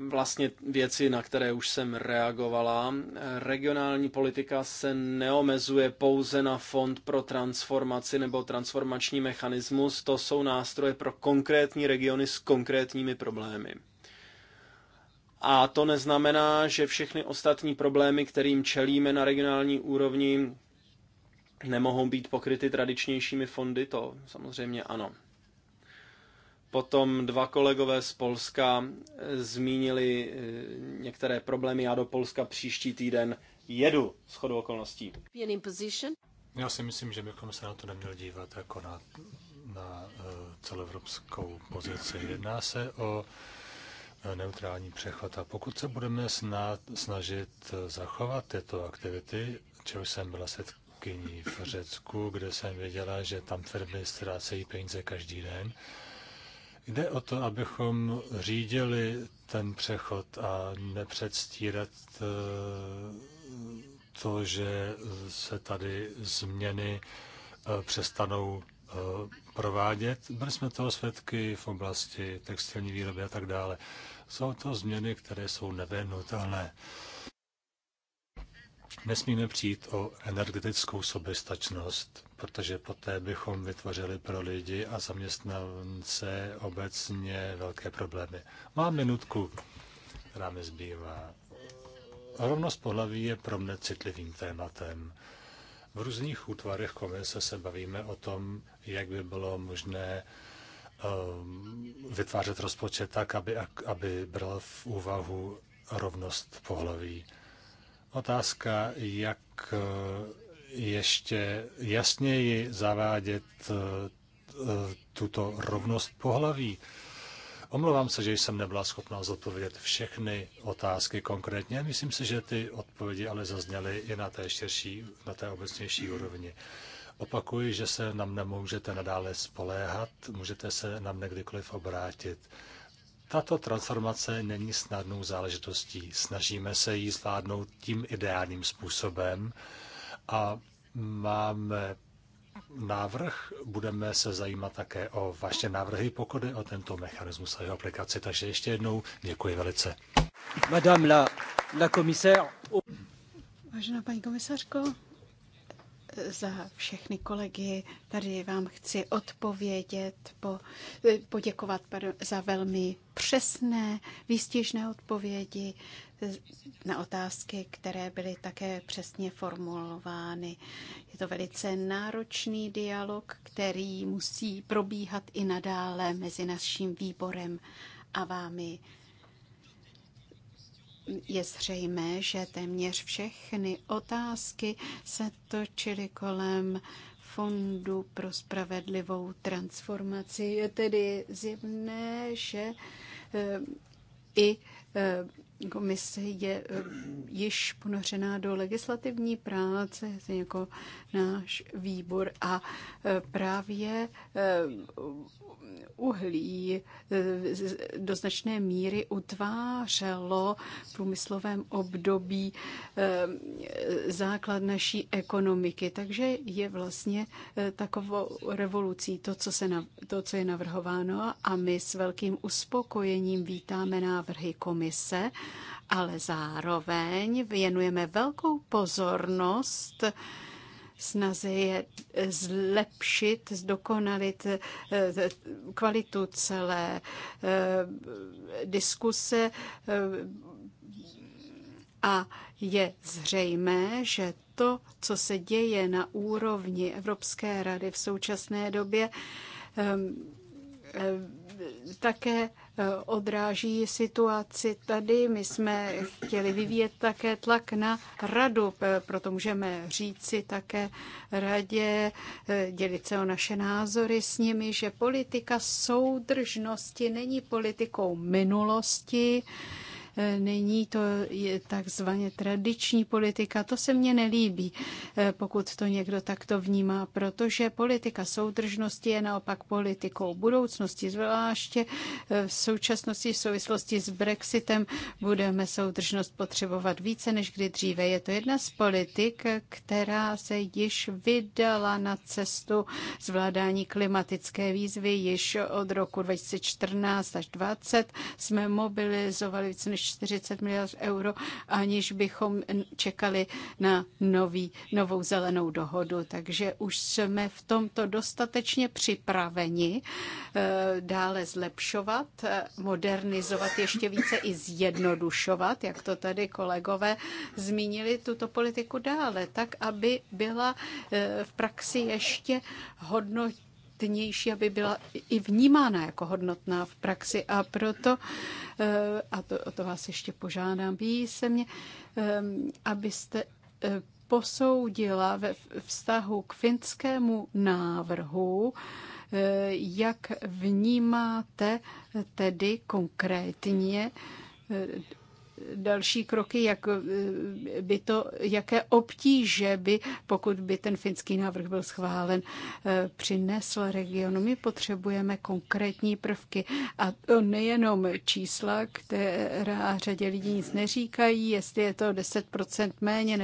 vlastně věci, na které už jsem reagovala. Regionální politika se neomezuje pouze na fond pro transformaci nebo transformační mechanismus, to jsou nástroje pro konkrétní regiony s konkrétními problémy. A to neznamená, že všechny ostatní problémy, kterým čelíme na regionální úrovni, nemohou být pokryty tradičnějšími fondy, to samozřejmě ano. Potom dva kolegové z Polska eh, zmínili eh, některé problémy. Já do Polska příští týden jedu s chodou okolností. Já si myslím, že bychom se na to neměli dívat jako na, na eh, celoevropskou pozici. Jedná se o neutrální přechod a pokud se budeme snad, snažit zachovat tyto aktivity, čehož jsem byla svědkyní v Řecku, kde jsem věděla, že tam firmy ztrácejí peníze každý den, Jde o to, abychom řídili ten přechod a nepředstírat eh, to, že se tady změny eh, přestanou eh, provádět. Byli jsme toho svědky v oblasti textilní výroby a tak dále. Jsou to změny, které jsou nevyhnutelné. Nesmíme přijít o energetickou soběstačnost, protože poté bychom vytvořili pro lidi a zaměstnance obecně velké problémy. Mám minutku, která mi zbývá. Rovnost pohlaví je pro mne citlivým tématem. V různých útvarech komise se bavíme o tom, jak by bylo možné ehm, vytvářet rozpočet tak, aby, aby bral v úvahu rovnost pohlaví. Otázka, jak eh, ještě jasněji zavádět eh, tuto rovnost pohlaví. Omlouvám se, že jsem nebyla schopná zodpovědět všechny otázky konkrétně. Myslím si, že ty odpovědi ale zazněly i na té širší, na té obecnější úrovni. Opakuji, že se nám nemůžete nadále spoléhat, můžete se nám kdykoliv obrátit. Tato transformace není snadnou záležitostí. Snažíme se ji zvládnout tím ideálním způsobem a máme návrh. Budeme se zajímat také o vaše návrhy, pokud je o tento mechanismus a jeho aplikaci. Takže ještě jednou děkuji velice. Madame la, la commissaire. Vážená paní komisařko, za všechny kolegy. Tady vám chci odpovědět, po, poděkovat pardon, za velmi přesné, výstižné odpovědi na otázky, které byly také přesně formulovány. Je to velice náročný dialog, který musí probíhat i nadále mezi naším výborem a vámi je zřejmé, že téměř všechny otázky se točily kolem Fondu pro spravedlivou transformaci. Je tedy zjevné, že eh, i eh, komise je eh, již ponořená do legislativní práce, jako náš výbor a eh, právě eh, uhlí do značné míry utvářelo v průmyslovém období základ naší ekonomiky. Takže je vlastně takovou revolucí to, co, se to, co je navrhováno a my s velkým uspokojením vítáme návrhy komise, ale zároveň věnujeme velkou pozornost snaze je zlepšit, zdokonalit eh, kvalitu celé eh, diskuse eh, a je zřejmé, že to, co se děje na úrovni Evropské rady v současné době, také Eh, odráží situaci tady. My jsme chtěli vyvíjet také tlak na radu, proto můžeme říci také radě, eh, dělit se o naše názory s nimi, že politika soudržnosti není politikou minulosti, E, není to takzvaně tradiční politika, to se mně nelíbí, e, pokud to někdo takto vnímá, protože politika soudržnosti je naopak politikou budoucnosti, zvláště e, v současnosti v souvislosti s Brexitem budeme soudržnost potřebovat více než kdy dříve. Je to jedna z politik, která se již vydala na cestu zvládání klimatické výzvy již od roku 2014 až 2020 jsme mobilizovali více než než 40 miliard euro, aniž bychom čekali na nový, novou zelenou dohodu. Takže už jsme v tomto dostatečně připraveni eh, dále zlepšovat, eh, modernizovat ještě více i zjednodušovat, jak to tady kolegové zmínili, tuto politiku dále, tak, aby byla eh, v praxi ještě hodnotná hodnotnější, aby byla i vnímána jako hodnotná v praxi. A proto, eh, a to, o to vás ještě požádám písemně, eh, abyste eh, posoudila ve vztahu k finskému návrhu, jak vnímáte tedy konkrétně další kroky, jak eh, by to, jaké obtíže by, pokud by ten finský návrh byl schválen, eh, přinesl regionu. My potřebujeme konkrétní prvky a to nejenom čísla, která řadě lidí nic neříkají, jestli je to 10% méně nebo